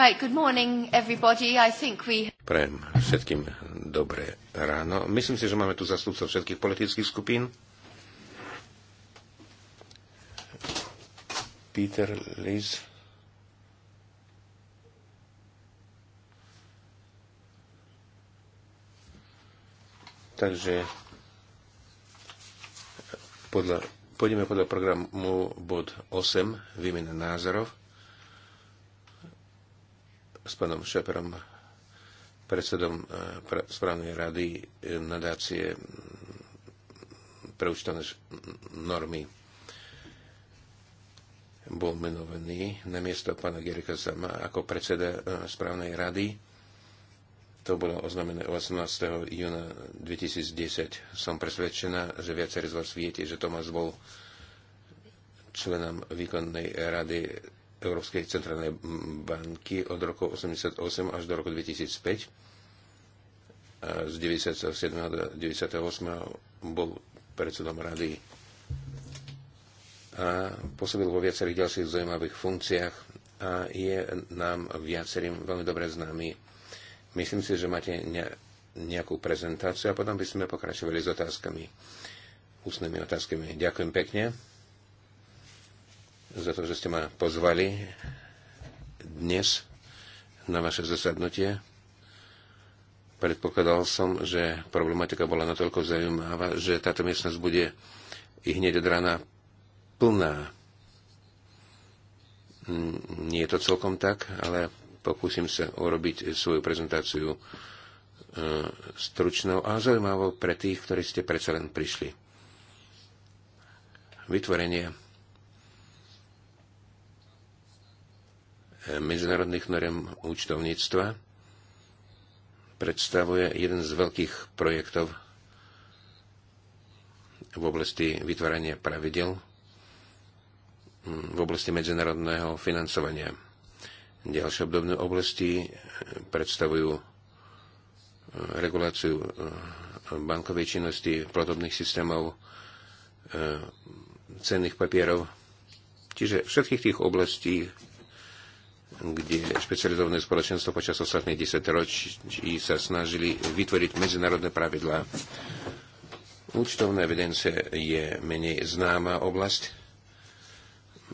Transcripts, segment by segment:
Right, good morning everybody. I think we... Prajem všetkým dobré ráno. Myslím si, že máme tu zastupcov všetkých politických skupín. Peter, Liz. Takže podľa, pôjdeme podľa programu bod 8, výmena názorov s pánom Šeperom, predsedom e, správnej rady e, nadácie pre normy. Bol menovaný na miesto pána Gerika Zama ako predseda e, správnej rady. To bolo oznamené 18. júna 2010. Som presvedčená, že viacerí z vás viete, že Tomáš bol členom výkonnej rady Európskej centrálnej banky od roku 1988 až do roku 2005. A z 1997 do 1998 bol predsedom rady a pôsobil vo viacerých ďalších zaujímavých funkciách a je nám viacerým veľmi dobre známy. Myslím si, že máte nejakú prezentáciu a potom by sme pokračovali s otázkami, ústnymi otázkami. Ďakujem pekne za to, že ste ma pozvali dnes na vaše zasadnutie. Predpokladal som, že problematika bola natoľko zaujímavá, že táto miestnosť bude i hneď od rána plná. Nie je to celkom tak, ale pokúsim sa urobiť svoju prezentáciu e, stručnou a zaujímavou pre tých, ktorí ste predsa len prišli. Vytvorenie medzinárodných noriem účtovníctva predstavuje jeden z veľkých projektov v oblasti vytvárania pravidel mm, v oblasti medzinárodného financovania. Ďalšie obdobné oblasti predstavujú e, reguláciu e, bankovej činnosti, platobných systémov, e, cenných papierov. Čiže všetkých tých oblastí kde špecializované spoločenstvo počas ostatných 10 sa snažili vytvoriť medzinárodné pravidlá. Účtovná evidencia je menej známa oblasť,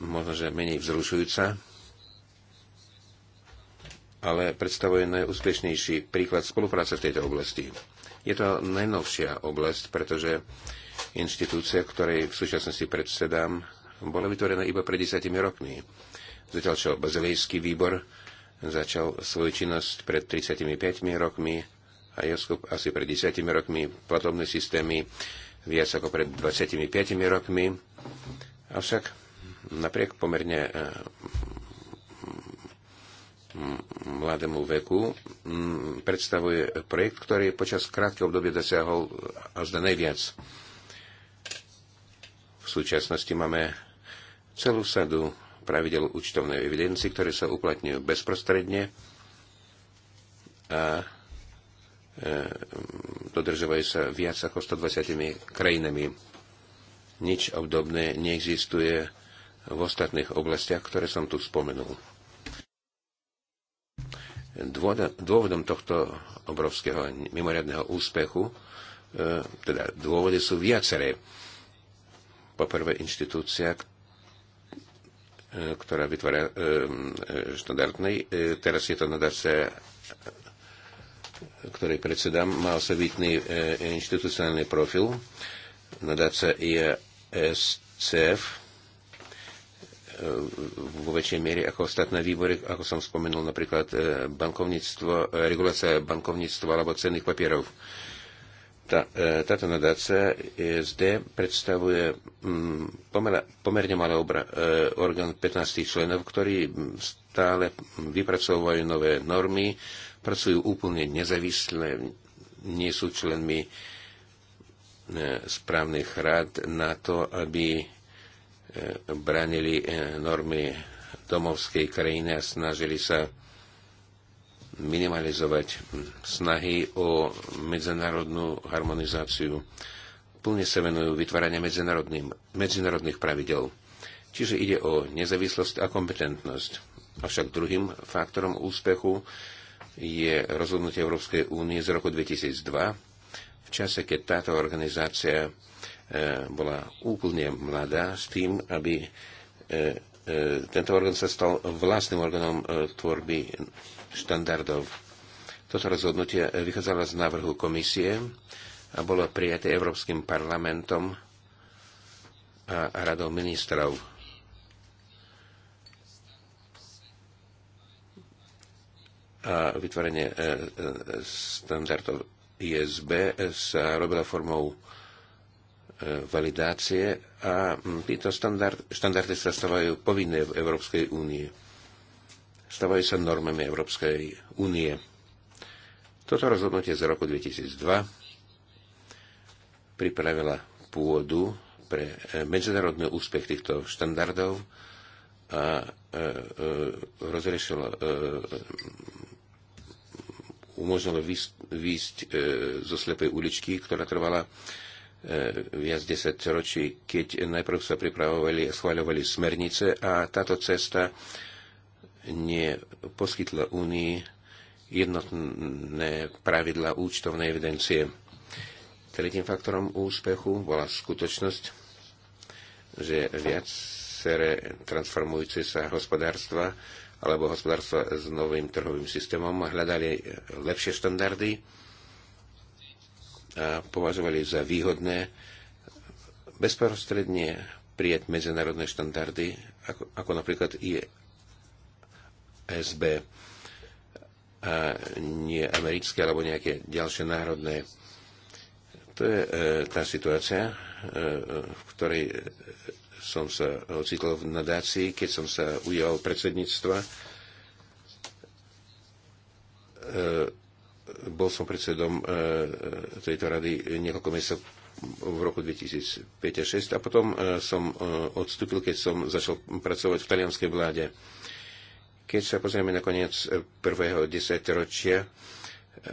možno, že menej vzrušujúca, ale predstavuje najúspešnejší príklad spolupráce v tejto oblasti. Je to najnovšia oblasť, pretože inštitúcia, ktorej v súčasnosti predsedám, bola vytvorená iba pred desiatimi rokmi. Zatiaľ čo Bazilejský výbor začal svoju činnosť pred 35 rokmi a Joskup asi pred 10 rokmi, platobné systémy viac ako pred 25 rokmi. Avšak napriek pomerne eh, mladému veku predstavuje projekt, ktorý počas krátkeho obdobia dosiahol až do najviac. V súčasnosti máme celú sadu pravidel účtovnej evidencie, ktoré sa uplatňujú bezprostredne a e, dodržovajú sa viac ako 120 krajinami. Nič obdobné neexistuje v ostatných oblastiach, ktoré som tu spomenul. Dôvodom tohto obrovského mimoriadného úspechu, e, teda dôvody sú viaceré. Poprvé inštitúcia, E, ktorá vytvára e, e, štandardnej. Teraz je to nadácia, ktorej predsedám, má osobitný inštitucionálny profil. Nadácia je SCF vo väčšej miere ako ostatné výbory, ako som spomenul, napríklad bankovníctvo, regulácia bankovníctva alebo cenných papierov tá, e, táto nadácia ESD predstavuje mm, pomer, pomerne malý e, orgán 15 členov, ktorí stále vypracovajú nové normy, pracujú úplne nezávisle, nie sú členmi e, správnych rád na to, aby e, bránili normy domovskej krajiny a snažili sa minimalizovať snahy o medzinárodnú harmonizáciu. Plne sa venujú vytvárania medzinárodných pravidel. Čiže ide o nezávislosť a kompetentnosť. Avšak druhým faktorom úspechu je rozhodnutie Európskej únie z roku 2002, v čase, keď táto organizácia e, bola úplne mladá, s tým, aby e, e, tento orgán sa stal vlastným orgánom tvorby štandardov. Toto rozhodnutie vychádzalo z návrhu komisie a bolo prijaté Európskym parlamentom a radou ministrov. a vytvorenie e, e, standardov ISB sa robilo formou e, validácie a títo štandardy sa stávajú povinné v Európskej únii stávajú sa normami Európskej únie. Toto rozhodnutie z roku 2002 pripravila pôdu pre e, medzinárodný úspech týchto štandardov a e, e, rozriešilo umožnilo výjsť zo slepej uličky, ktorá trvala viac 10 ročí, keď najprv sa pripravovali a schváľovali smernice a táto cesta neposkytla Únii jednotné pravidla účtovnej evidencie. Tretím faktorom úspechu bola skutočnosť, že viaceré transformujúce sa hospodárstva alebo hospodárstva s novým trhovým systémom hľadali lepšie štandardy a považovali za výhodné bezprostredne prijať medzinárodné štandardy, ako, ako napríklad SB a e, nie americké alebo nejaké ďalšie národné. To je e, tá situácia, e, v ktorej som sa ocitol v nadácii, keď som sa ujal predsedníctva. E, bol som predsedom e, tejto rady niekoľko mesiacov v roku 2005 a 2006 a potom e, som e, odstúpil, keď som začal pracovať v talianskej vláde. E, keď sa pozrieme na koniec eh, prvého desaťročia, eh, eh,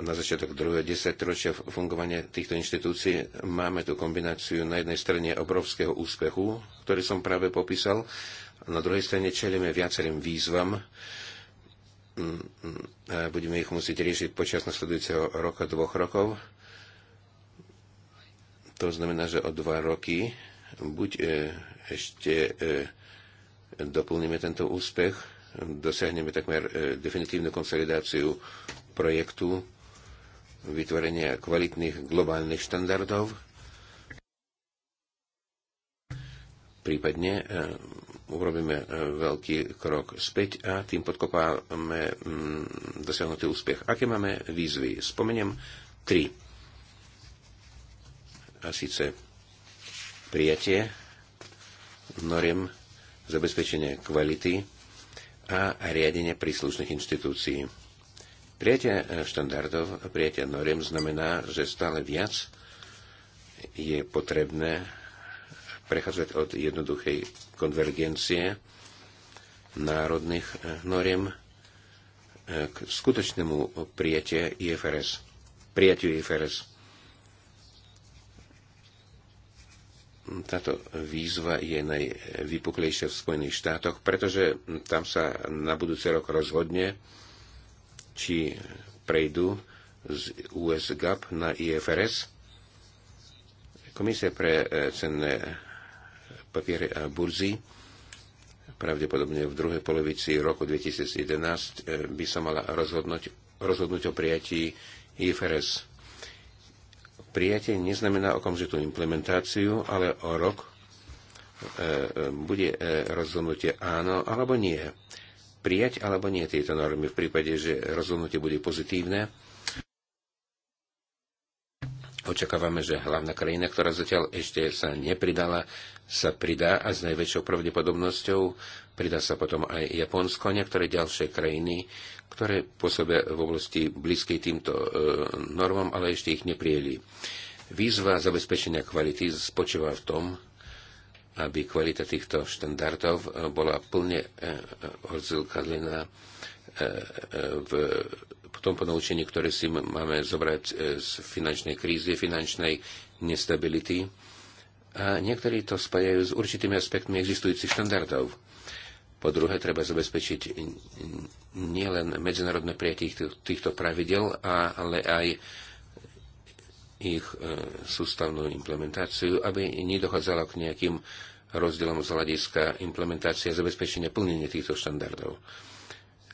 na začiatok druhého desaťročia fungovania týchto inštitúcií, máme tu kombináciu na jednej strane obrovského úspechu, ktorý som práve popísal, a na druhej strane čelíme viacerým výzvam, mm, mm, a budeme ich musieť riešiť počas nasledujúceho roka, dvoch rokov. To znamená, že o dva roky buď ešte doplníme tento úspech, dosiahneme takmer e, definitívnu konsolidáciu projektu vytvorenia kvalitných globálnych štandardov, prípadne e, urobíme e, veľký krok späť a tým podkopáme mm, dosiahnutý úspech. Aké máme výzvy? Spomeniem tri. A síce prijatie noriem, zabezpečenie kvality, a riadenie príslušných inštitúcií. Prijatie e, štandardov, a prijatie noriem znamená, že stále viac je potrebné prechádzať od jednoduchej konvergencie národných e, noriem e, k skutočnému prijatiu IFRS, prijatiu IFRS. Táto výzva je najvypuklejšia v Spojených štátoch, pretože tam sa na budúci rok rozhodne, či prejdú z US GAP na IFRS. Komisia pre e, cenné papiere a burzy pravdepodobne v druhej polovici roku 2011 e, by sa mala rozhodnúť, rozhodnúť o prijatí IFRS. Prijatie neznamená okamžitú implementáciu, ale o rok e, e, bude e, rozhodnutie áno alebo nie. Prijať alebo nie tieto normy v prípade, že rozhodnutie bude pozitívne, očakávame, že hlavná krajina, ktorá zatiaľ ešte sa nepridala, sa pridá a s najväčšou pravdepodobnosťou pridá sa potom aj Japonsko a niektoré ďalšie krajiny, ktoré pôsobia v oblasti blízkej týmto e, normám, ale ešte ich neprijeli. Výzva zabezpečenia kvality spočíva v tom, aby kvalita týchto štandardov e, bola plne e, e, e v tom ponaučení, ktoré si máme zobrať e, z finančnej krízy, finančnej nestability. A niektorí to spájajú s určitými aspektmi existujúcich štandardov. Po druhé, treba zabezpečiť nielen medzinárodné prijatie týchto pravidel, ale aj ich e, sústavnú implementáciu, aby nedochádzalo k nejakým rozdielom z hľadiska implementácie a zabezpečenia plnenia týchto štandardov.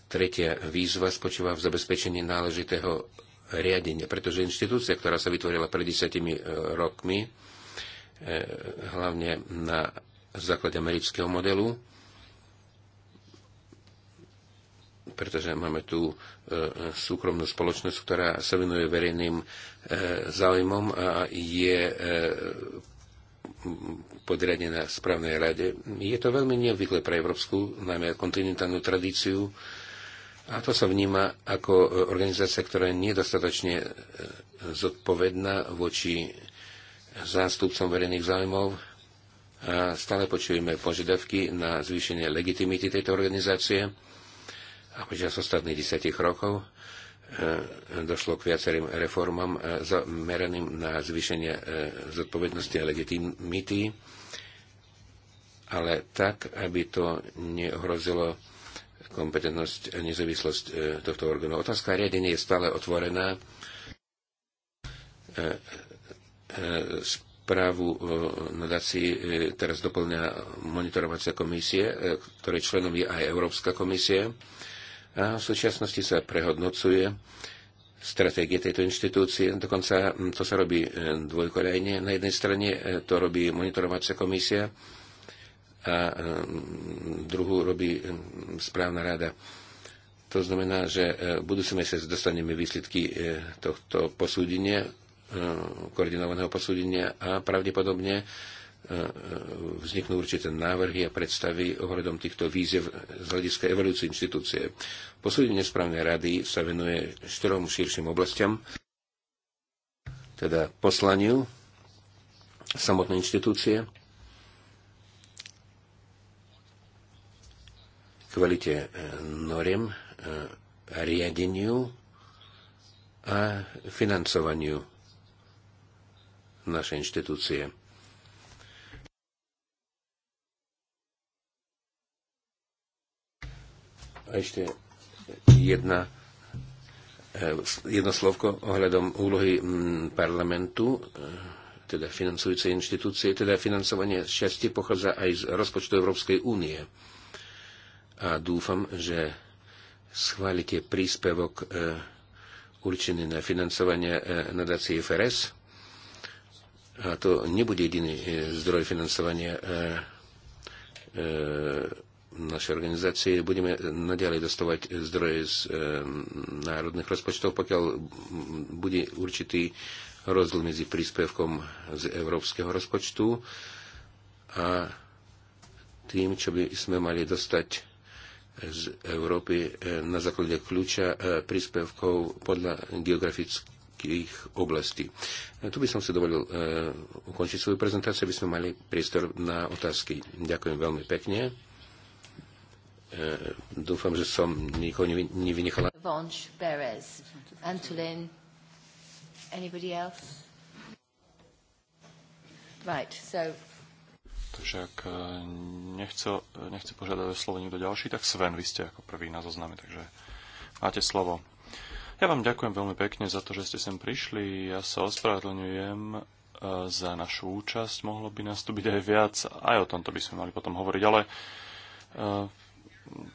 Tretia výzva spočíva v zabezpečení náležitého riadenia, pretože inštitúcia, ktorá sa vytvorila pred desiatimi e, rokmi, e, hlavne na základe amerického modelu, pretože máme tu e, súkromnú spoločnosť, ktorá sa venuje verejným záujmom a je podriadená správnej rade. Je to veľmi neobvyklé pre európsku, najmä kontinentálnu tradíciu, a to sa vníma ako e, organizácia, ktorá je nedostatočne e, zodpovedná voči zástupcom verejných zájmov. A stále počujeme požiadavky na zvýšenie legitimity tejto organizácie. A počas ostatných desiatich rokov e, došlo k viacerým reformám zameraným na zvýšenie zodpovednosti a legitimity, ale tak, aby to neohrozilo kompetentnosť a eh, nezávislosť eh, tohto orgánu. Otázka riadenia je stále otvorená. Eh, správu nadáci teraz doplňa monitorovacia komisie, ktorej členom je aj Európska komisia. A v súčasnosti sa prehodnocuje stratégie tejto inštitúcie. Dokonca hm, to sa robí dvojkoľajne. Na jednej strane to robí monitorovacia komisia, a e, druhú robí e, správna rada. To znamená, že v e, budúci mesiac dostaneme výsledky tohto posúdenia, koordinovaného posúdenia a pravdepodobne vzniknú určité návrhy a predstavy ohľadom týchto víziev z hľadiska evolúcie inštitúcie. Posúdenie správnej rady sa venuje štyrom širším oblastiam, teda poslaniu samotnej inštitúcie, kvalite e, noriem, e, riadeniu a financovaniu našej inštitúcie. A ešte jedna, e, jedno slovko ohľadom úlohy parlamentu, teda financujúcej inštitúcie, teda financovanie šťastie pochádza aj z rozpočtu Európskej únie a dúfam, že schválite príspevok e, určený na financovanie e, nadácie FRS. A to nebude jediný e, zdroj financovania našej organizácie. Budeme nadalej dostávať zdroje z národných rozpočtov, pokiaľ bude určitý rozdiel medzi príspevkom z európskeho rozpočtu a tým, čo by sme mali dostať z Európy e, na základe kľúča e, príspevkov podľa geografických ich oblasti. E, tu by som si dovolil e, ukončiť svoju prezentáciu, aby sme mali priestor na otázky. Ďakujem veľmi pekne. E, Dúfam, že som nikoho nevynechala. Right, so však e, nechce, e, nechce požiadať o slovo nikto ďalší, tak Sven, vy ste ako prvý na zozname, takže máte slovo. Ja vám ďakujem veľmi pekne za to, že ste sem prišli. Ja sa ospravedlňujem e, za našu účasť. Mohlo by nás tu byť aj viac. Aj o tomto by sme mali potom hovoriť, ale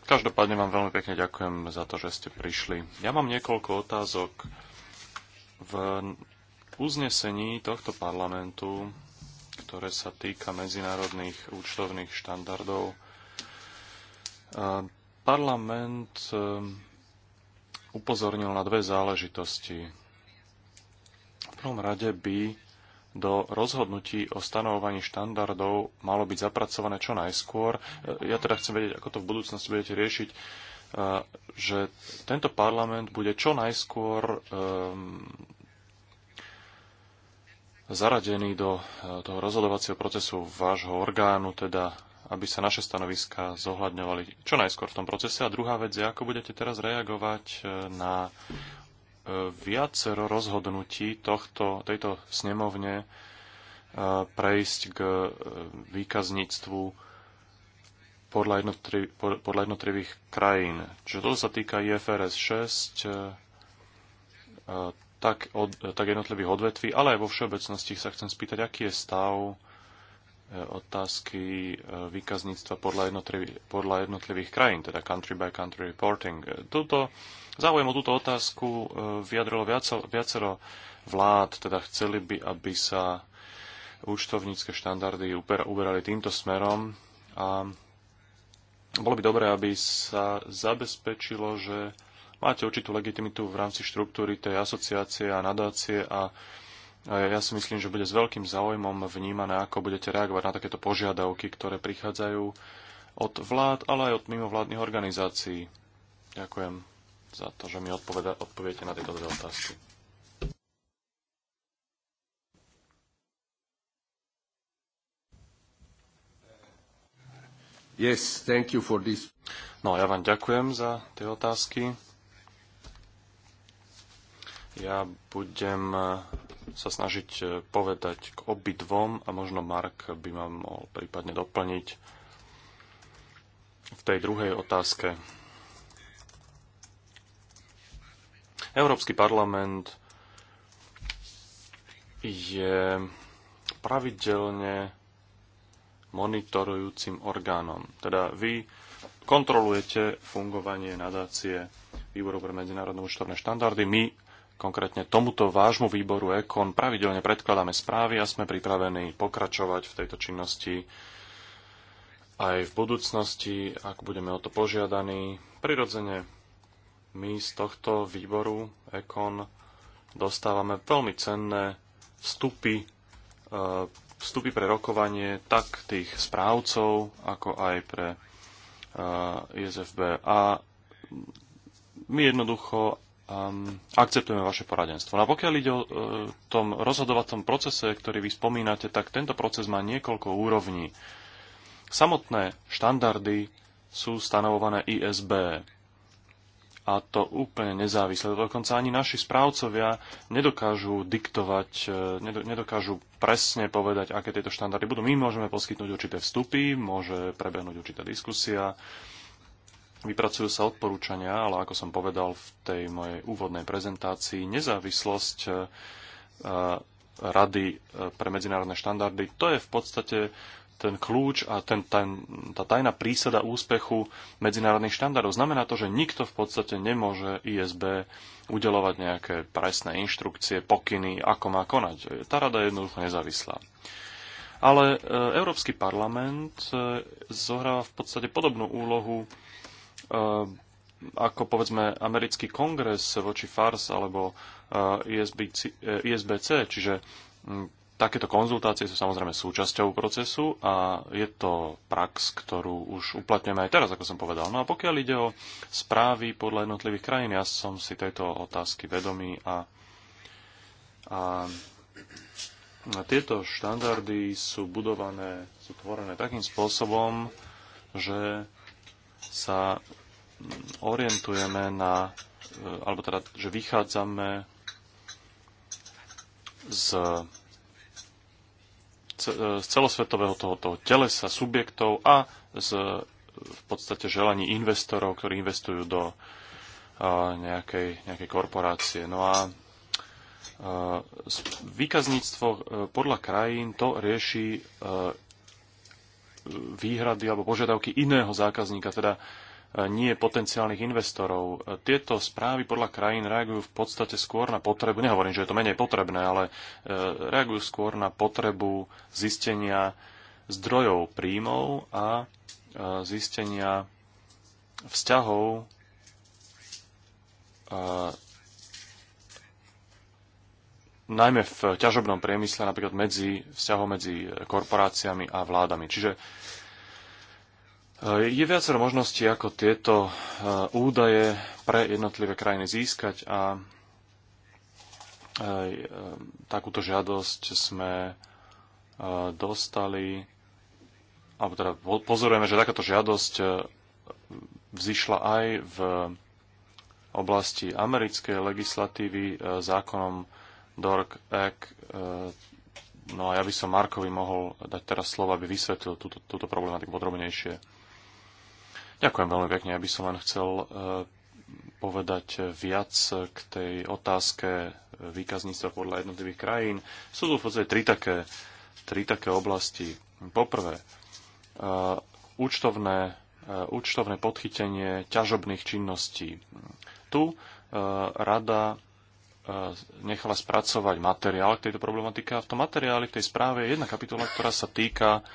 každopádne vám veľmi pekne ďakujem za to, že ste prišli. Ja mám niekoľko otázok. V uznesení tohto parlamentu ktoré sa týka medzinárodných účtovných štandardov. Parlament e, upozornil na dve záležitosti. V prvom rade by do rozhodnutí o stanovovaní štandardov malo byť zapracované čo najskôr. E, ja teda chcem vedieť, ako to v budúcnosti budete riešiť, e, že tento parlament bude čo najskôr zaradení do eh, toho rozhodovacieho procesu vášho orgánu, teda aby sa naše stanoviska zohľadňovali čo najskôr v tom procese. A druhá vec je, ako budete teraz reagovať eh, na eh, viacero rozhodnutí tohto, tejto snemovne prejsť k výkazníctvu podľa, jednotliv, podľa jednotlivých krajín. Čiže toto sa týka IFRS 6, tak, od, tak jednotlivých odvetví, ale aj vo všeobecnosti sa chcem spýtať, aký je stav e, otázky e, výkazníctva podľa, jednotlivých, podľa jednotlivých krajín, teda country by country reporting. E, Tuto, záujem o túto otázku vyjadrilo viacero, viacero vlád, teda chceli by, aby sa účtovnícke štandardy uberali týmto smerom a bolo by dobré, aby sa zabezpečilo, že máte určitú legitimitu v rámci štruktúry tej asociácie a nadácie a ja si myslím, že bude s veľkým záujmom vnímané, ako budete reagovať na takéto požiadavky, ktoré prichádzajú od vlád, ale aj od mimovládnych organizácií. Ďakujem za to, že mi odpoveda, odpoviete na tieto dve otázky. Yes, thank you for this. No, ja vám ďakujem za tie otázky. Ja budem e, sa snažiť e, povedať k obidvom a možno Mark by ma mohol prípadne doplniť v tej druhej otázke. Európsky parlament je pravidelne monitorujúcim orgánom. Teda vy kontrolujete fungovanie nadácie Výboru pre medzinárodné účtovné štandardy. My konkrétne tomuto vášmu výboru EKON pravidelne predkladáme správy a sme pripravení pokračovať v tejto činnosti aj v budúcnosti, ak budeme o to požiadaní. Prirodzene my z tohto výboru EKON dostávame veľmi cenné vstupy, eh, vstupy pre rokovanie tak tých správcov, ako aj pre eh, ISFB. A my jednoducho um, akceptujeme vaše poradenstvo. No a pokiaľ ide o uh, tom rozhodovacom procese, ktorý vy spomínate, tak tento proces má niekoľko úrovní. Samotné štandardy sú stanovované ISB. A to úplne nezávisle. Dokonca ani naši správcovia nedokážu diktovať, e, nedokážu presne povedať, aké tieto štandardy budú. My môžeme poskytnúť určité vstupy, môže prebehnúť určitá diskusia, Vypracujú sa odporúčania, ale ako som povedal v tej mojej úvodnej prezentácii, nezávislosť e, e, Rady e, pre medzinárodné štandardy, to je v podstate ten kľúč a ten, ten, tá tajná prísada úspechu medzinárodných štandardov. Znamená to, že nikto v podstate nemôže ISB udelovať nejaké presné inštrukcie, pokyny, ako má konať. Tá rada je jednoducho nezávislá. Ale Európsky parlament zohráva v podstate podobnú úlohu Ehm, ako povedzme americký kongres voči FARS alebo eh, eh, ISBC, čiže hm, takéto konzultácie sú samozrejme súčasťou procesu a je to prax, ktorú už uplatňujeme aj teraz, ako som povedal. No a pokiaľ ide o správy podľa jednotlivých krajín, ja som si tejto otázky vedomý a, a tieto štandardy sú budované, sú tvorené takým spôsobom, že sa orientujeme na, e, alebo teda, že vychádzame z, e, z celosvetového tohoto telesa subjektov a z e, v podstate želaní investorov, ktorí investujú do nejakej, nejakej korporácie. No a výkazníctvo podľa krajín to rieši výhrady alebo požiadavky iného zákazníka, teda E, nie potenciálnych investorov. E, tieto správy podľa krajín reagujú v podstate skôr na potrebu, nehovorím, že je to menej potrebné, ale e, reagujú skôr na potrebu zistenia zdrojov príjmov a zistenia vzťahov najmä v ťažobnom priemysle, napríklad medzi, vzťahov medzi korporáciami a vládami. Čiže Eh, je viacero možností, ako tieto eh, údaje pre jednotlivé krajiny získať a eh, takúto žiadosť sme dostali, alebo teda pozorujeme, že takáto žiadosť vzýšla aj v oblasti americkej legislatívy zákonom DORC Act. No a ja by som Markovi mohol dať teraz slovo, aby vysvetlil túto, túto problematiku podrobnejšie. Ďakujem veľmi pekne. Ja by som len chcel e, povedať viac k tej otázke e, výkazníctva podľa jednotlivých krajín. Sú tu v podstate tri také, tri také oblasti. Poprvé, e, účtovné, účtovné podchytenie ťažobných činností. Tu rada nechala spracovať materiál k tejto problematike a v tom materiáli, v tej správe je jedna kapitola, ktorá sa týka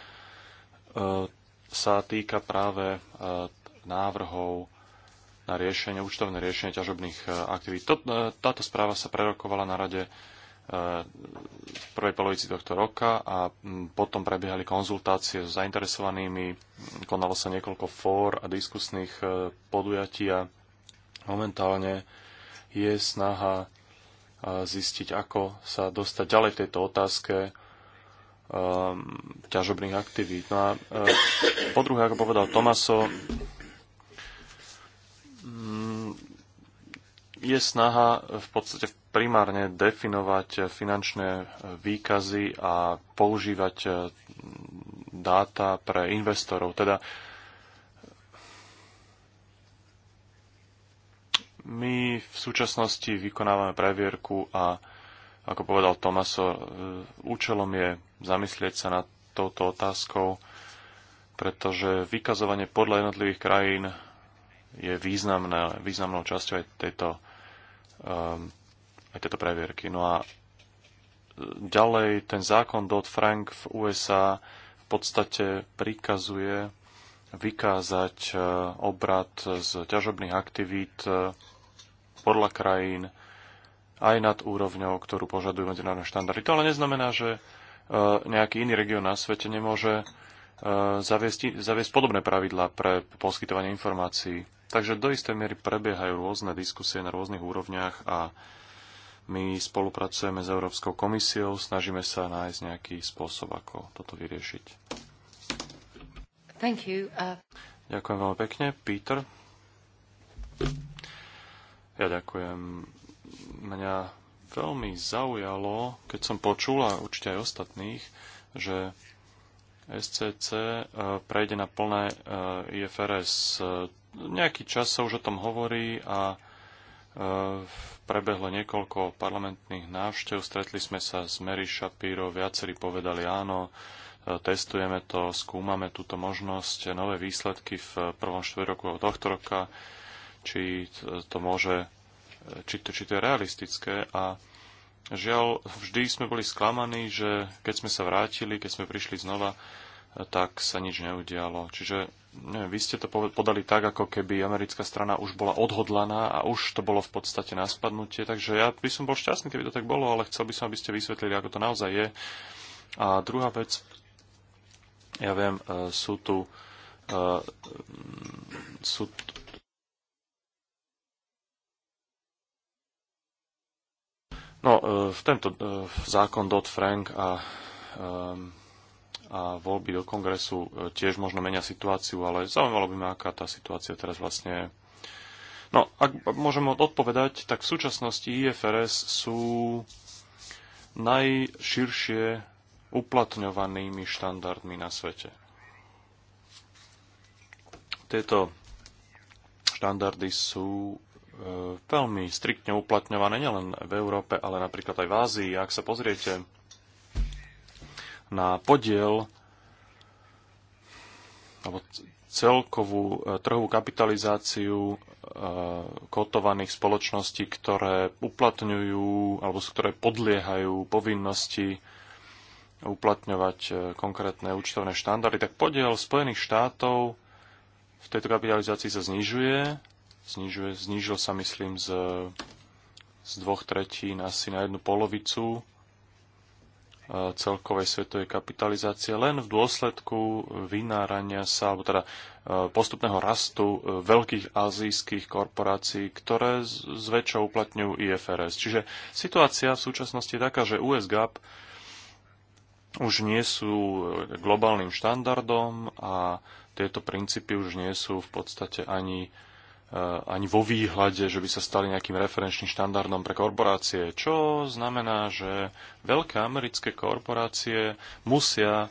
sa týka práve e, návrhov na riešenie, účtovné riešenie ťažobných e, aktivít. E, táto správa sa prerokovala na rade v prvej polovici tohto roka a potom prebiehali konzultácie s zainteresovanými, konalo sa niekoľko fór a diskusných podujatí a momentálne je snaha zistiť, ako sa dostať ďalej v tejto otázke Um, ťažobných aktivít. No a eh, po druhé, ako povedal Tomaso, mm, je snaha v podstate primárne definovať finančné eh, výkazy a používať eh, dáta pre investorov. Teda my v súčasnosti vykonávame previerku a ako povedal Tomaso, e, účelom je zamyslieť sa nad touto otázkou, pretože vykazovanie podľa jednotlivých krajín je významné, významnou časťou aj tejto, ehm, aj tejto previerky. No a e, ďalej ten zákon Dodd-Frank v USA v podstate prikazuje vykázať e, obrad z ťažobných aktivít podľa krajín aj nad úrovňou, ktorú požadujú medzinárodné štandardy. To ale neznamená, že e, nejaký iný región na svete nemôže e, zaviesť, zaviesť podobné pravidlá pre poskytovanie informácií. Takže do istej miery prebiehajú rôzne diskusie na rôznych úrovniach a my spolupracujeme s Európskou komisiou, snažíme sa nájsť nejaký spôsob, ako toto vyriešiť. Thank you. Uh... Ďakujem veľmi pekne. Peter? Ja ďakujem mňa veľmi zaujalo, keď som počul, a určite aj ostatných, že SCC e, prejde na plné e, IFRS. E, nejaký čas sa už o tom hovorí a prebehlo niekoľko parlamentných návštev. Stretli sme sa s Mary Shapiro, viacerí povedali áno, testujeme to, skúmame túto možnosť, nové výsledky v prvom štvrť roku tohto roka, či to môže či to, či to je realistické a žiaľ, vždy sme boli sklamaní, že keď sme sa vrátili, keď sme prišli znova, tak sa nič neudialo. Čiže neviem, vy ste to podali tak, ako keby americká strana už bola odhodlaná a už to bolo v podstate na spadnutie. Takže ja by som bol šťastný, keby to tak bolo, ale chcel by som, aby ste vysvetlili, ako to naozaj je. A druhá vec, ja viem, e, sú tu, e, sú tu No, e, tento e, zákon Dodd-Frank a, a voľby do kongresu e, tiež možno menia situáciu, ale zaujímalo by ma, aká tá situácia teraz vlastne je. No, ak môžem odpovedať, tak v súčasnosti IFRS sú najširšie uplatňovanými štandardmi na svete. Tieto štandardy sú veľmi striktne uplatňované nielen v Európe, ale napríklad aj v Ázii. Ak sa pozriete na podiel alebo celkovú e, trhovú kapitalizáciu e, kotovaných spoločností, ktoré uplatňujú alebo ktoré podliehajú povinnosti uplatňovať e, konkrétne účtovné štandardy, tak podiel Spojených štátov v tejto kapitalizácii sa znižuje znižuje, znižil sa, myslím, z, z dvoch tretín asi na jednu polovicu e, celkovej svetovej kapitalizácie len v dôsledku vynárania sa, alebo teda e, postupného rastu e, veľkých azijských korporácií, ktoré zväčša uplatňujú IFRS. Čiže situácia v súčasnosti je taká, že USGAP už nie sú globálnym štandardom a tieto princípy už nie sú v podstate ani Eh, ani vo výhľade, že by sa stali nejakým referenčným štandardom pre korporácie, čo znamená, že veľké americké korporácie musia,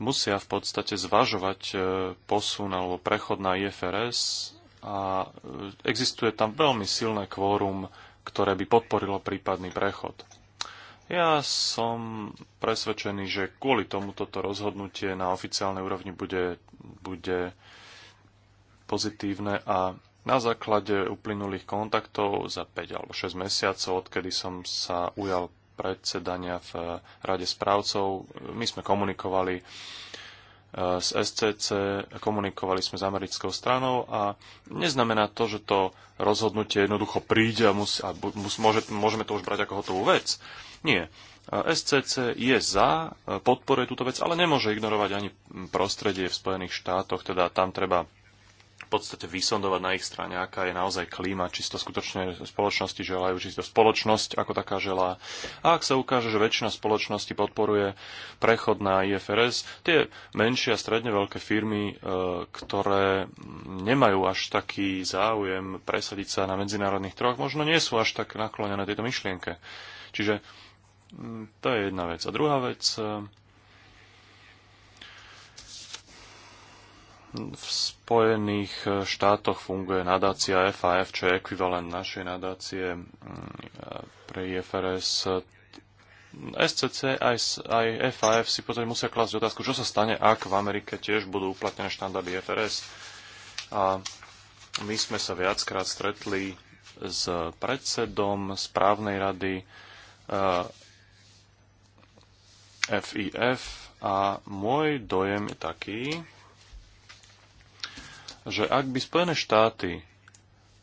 musia v podstate zvažovať eh, posun alebo prechod na IFRS a eh, existuje tam veľmi silné kvórum, ktoré by podporilo prípadný prechod. Ja som presvedčený, že kvôli tomuto rozhodnutie na oficiálnej úrovni bude, bude uh, pozitívne a na základe uplynulých kontaktov za 5 alebo 6 mesiacov, odkedy som sa ujal predsedania v Rade správcov, my sme komunikovali eh, s SCC, komunikovali sme s americkou stranou a neznamená to, že to rozhodnutie jednoducho príde a, mus, a mus, môže, môžeme to už brať ako hotovú vec. Nie. Eh, SCC je za, eh, podporuje túto vec, ale nemôže ignorovať ani prostredie v Spojených štátoch, teda tam treba v podstate vysondovať na ich strane, aká je naozaj klíma, či to skutočne spoločnosti želajú, či to spoločnosť ako taká želá. A ak sa ukáže, že väčšina spoločnosti podporuje prechod na IFRS, tie menšie a stredne veľké firmy, e, ktoré nemajú až taký záujem presadiť sa na medzinárodných troch, možno nie sú až tak naklonené tejto myšlienke. Čiže mm, to je jedna vec. A druhá vec, e, V Spojených eh, štátoch funguje nadácia FAF, čo je ekvivalent našej nadácie mm, eh, pre IFRS. SCC aj, aj FAF si potom musia klásť otázku, čo sa stane, ak v Amerike tiež budú uplatnené štandardy FRS. A my sme sa viackrát stretli s predsedom správnej rady FIF eh, a môj dojem je taký, že ak by Spojené štáty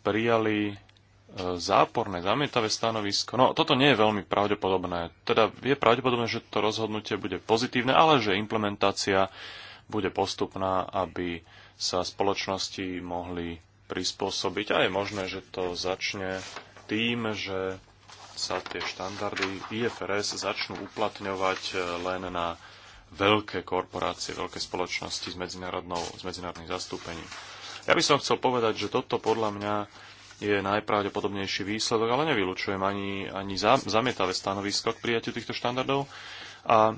prijali e, záporné, zamietavé stanovisko. No, toto nie je veľmi pravdepodobné. Teda je pravdepodobné, že to rozhodnutie bude pozitívne, ale že implementácia bude postupná, aby sa spoločnosti mohli prispôsobiť. A je možné, že to začne tým, že sa tie štandardy IFRS začnú uplatňovať e, len na veľké korporácie, veľké spoločnosti s, medzinárodnou, s medzinárodným zastúpením. Ja by som chcel povedať, že toto podľa mňa je najpravdepodobnejší výsledok, ale nevylučujem ani, ani zamietavé stanovisko k prijatiu týchto štandardov. A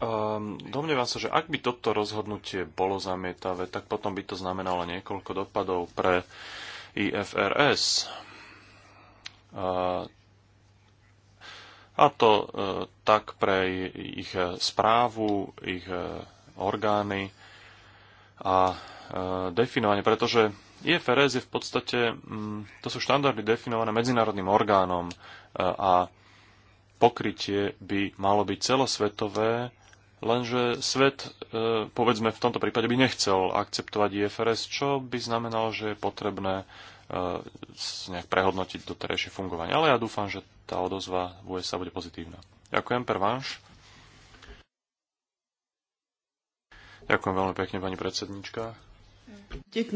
Um, domnievam sa, že ak by toto rozhodnutie bolo zamietavé, tak potom by to znamenalo niekoľko dopadov pre IFRS. A, a to uh, tak pre ich správu, ich uh, orgány a Eh, definovanie, pretože IFRS je v podstate, mm, to sú štandardy definované medzinárodným orgánom eh, a pokrytie by malo byť celosvetové, lenže svet, eh, povedzme, v tomto prípade by nechcel akceptovať IFRS, čo by znamenalo, že je potrebné nejak prehodnotiť doterajšie fungovanie. Ale ja dúfam, že tá odozva v USA bude pozitívna. Ďakujem, Pervanš. Ďakujem veľmi pekne, pani predsednička. Euh,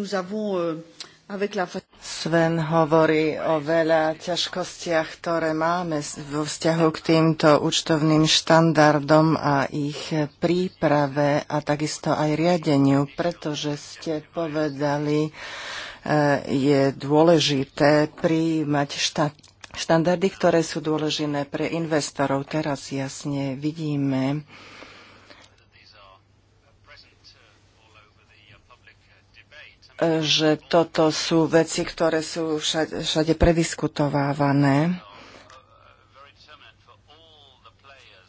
Sven hovorí o veľa ťažkostiach, ktoré máme vo vzťahu k týmto účtovným štandardom a ich príprave a takisto aj riadeniu, pretože ste povedali, e, je dôležité prijímať štát, štandardy, ktoré sú dôležité pre investorov. Teraz jasne vidíme, že toto sú veci, ktoré sú všade, všade prediskutovávané.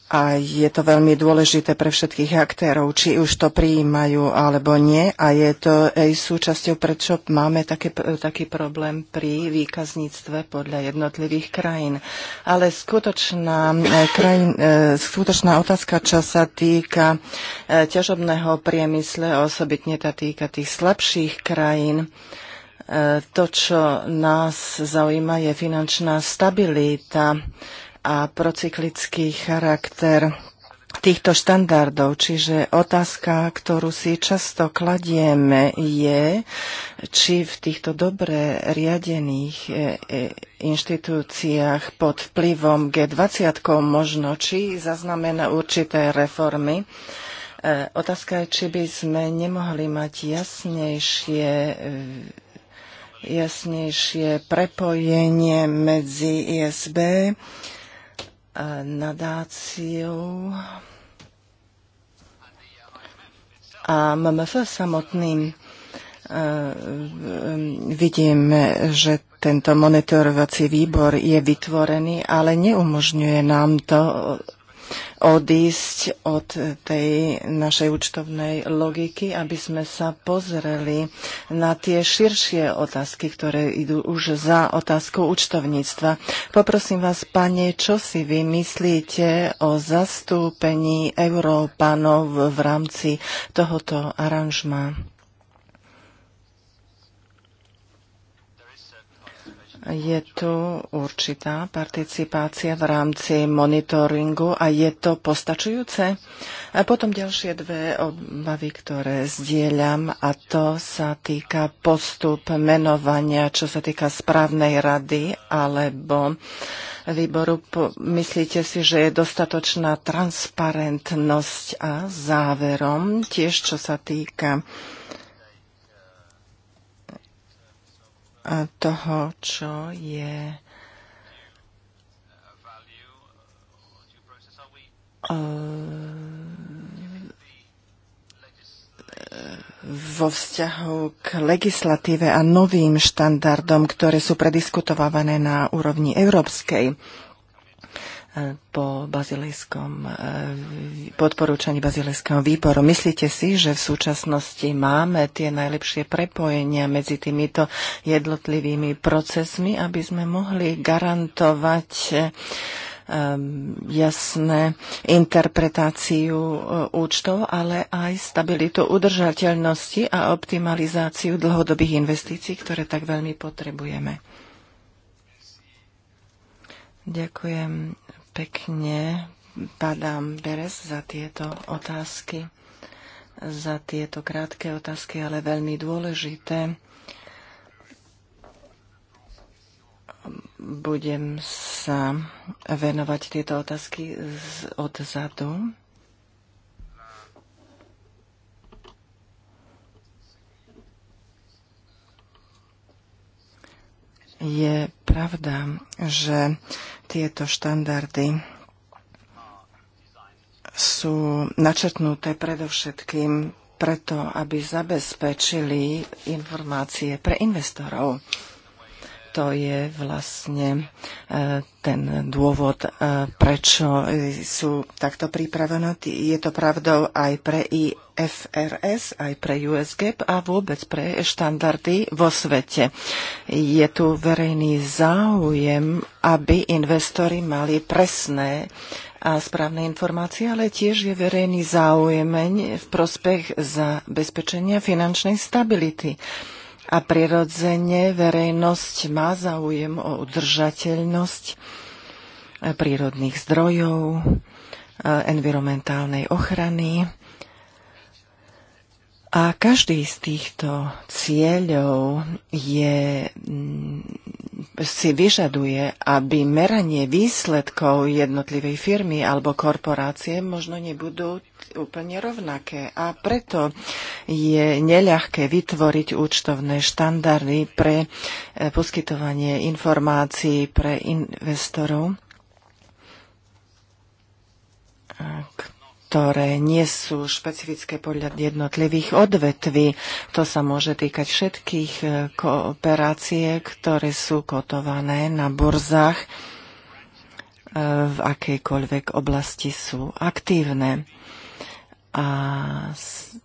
a je to veľmi dôležité pre všetkých aktérov, či už to prijímajú alebo nie. A je to aj súčasťou, prečo máme také, taký problém pri výkazníctve podľa jednotlivých krajín. Ale skutočná, e, krajín, e, skutočná otázka, čo sa týka e, ťažobného priemysle, osobitne tá týka tých slabších krajín, to, čo nás zaujíma, je finančná stabilita a procyklický charakter týchto štandardov. Čiže otázka, ktorú si často kladieme, je, či v týchto dobre riadených e, e, inštitúciách pod vplyvom G20 možno, či zaznamená určité reformy. E, otázka je, či by sme nemohli mať jasnejšie jasnejšie prepojenie medzi ISB, nadáciou a MMF samotným. E, vidím, že tento monitorovací výbor je vytvorený, ale neumožňuje nám to odísť od tej našej účtovnej logiky, aby sme sa pozreli na tie širšie otázky, ktoré idú už za otázku účtovníctva. Poprosím vás, pane, čo si vy myslíte o zastúpení Európanov v rámci tohoto aranžma? je tu určitá participácia v rámci monitoringu a je to postačujúce. A potom ďalšie dve obavy, ktoré zdieľam a to sa týka postup menovania, čo sa týka správnej rady alebo výboru. Myslíte si, že je dostatočná transparentnosť a záverom tiež, čo sa týka toho, čo je e, e, vo vzťahu k legislatíve a novým štandardom, ktoré sú prediskutovávané na úrovni európskej po bazilejskom, e, podporúčaní bazilejského výboru. Myslíte si, že v súčasnosti máme tie najlepšie prepojenia medzi týmito jednotlivými procesmi, aby sme mohli garantovať e, jasné interpretáciu e, účtov, ale aj stabilitu udržateľnosti a optimalizáciu dlhodobých investícií, ktoré tak veľmi potrebujeme. Ďakujem pekne, padám Beres, za tieto otázky, za tieto krátke otázky, ale veľmi dôležité. Budem sa venovať tieto otázky odzadu. je pravda, že tieto štandardy sú načrtnuté predovšetkým preto, aby zabezpečili informácie pre investorov to je vlastne e, ten dôvod, e, prečo sú takto pripravené. Je to pravdou aj pre IFRS, aj pre USGAP e a vôbec pre štandardy vo svete. Je tu verejný záujem, aby investori mali presné a správne informácie, ale tiež je verejný záujemeň v prospech zabezpečenia finančnej stability a prirodzene verejnosť má záujem o udržateľnosť e, prírodných zdrojov, e, environmentálnej ochrany a každý z týchto cieľov je, mm, si vyžaduje, aby meranie výsledkov jednotlivej firmy alebo korporácie možno nebudú úplne rovnaké. A preto je neľahké vytvoriť účtovné štandardy pre e, poskytovanie informácií pre investorov, ktoré nie sú špecifické podľa jednotlivých odvetví. To sa môže týkať všetkých e, kooperácie, ktoré sú kotované na burzách e, v akejkoľvek oblasti sú aktívne. A s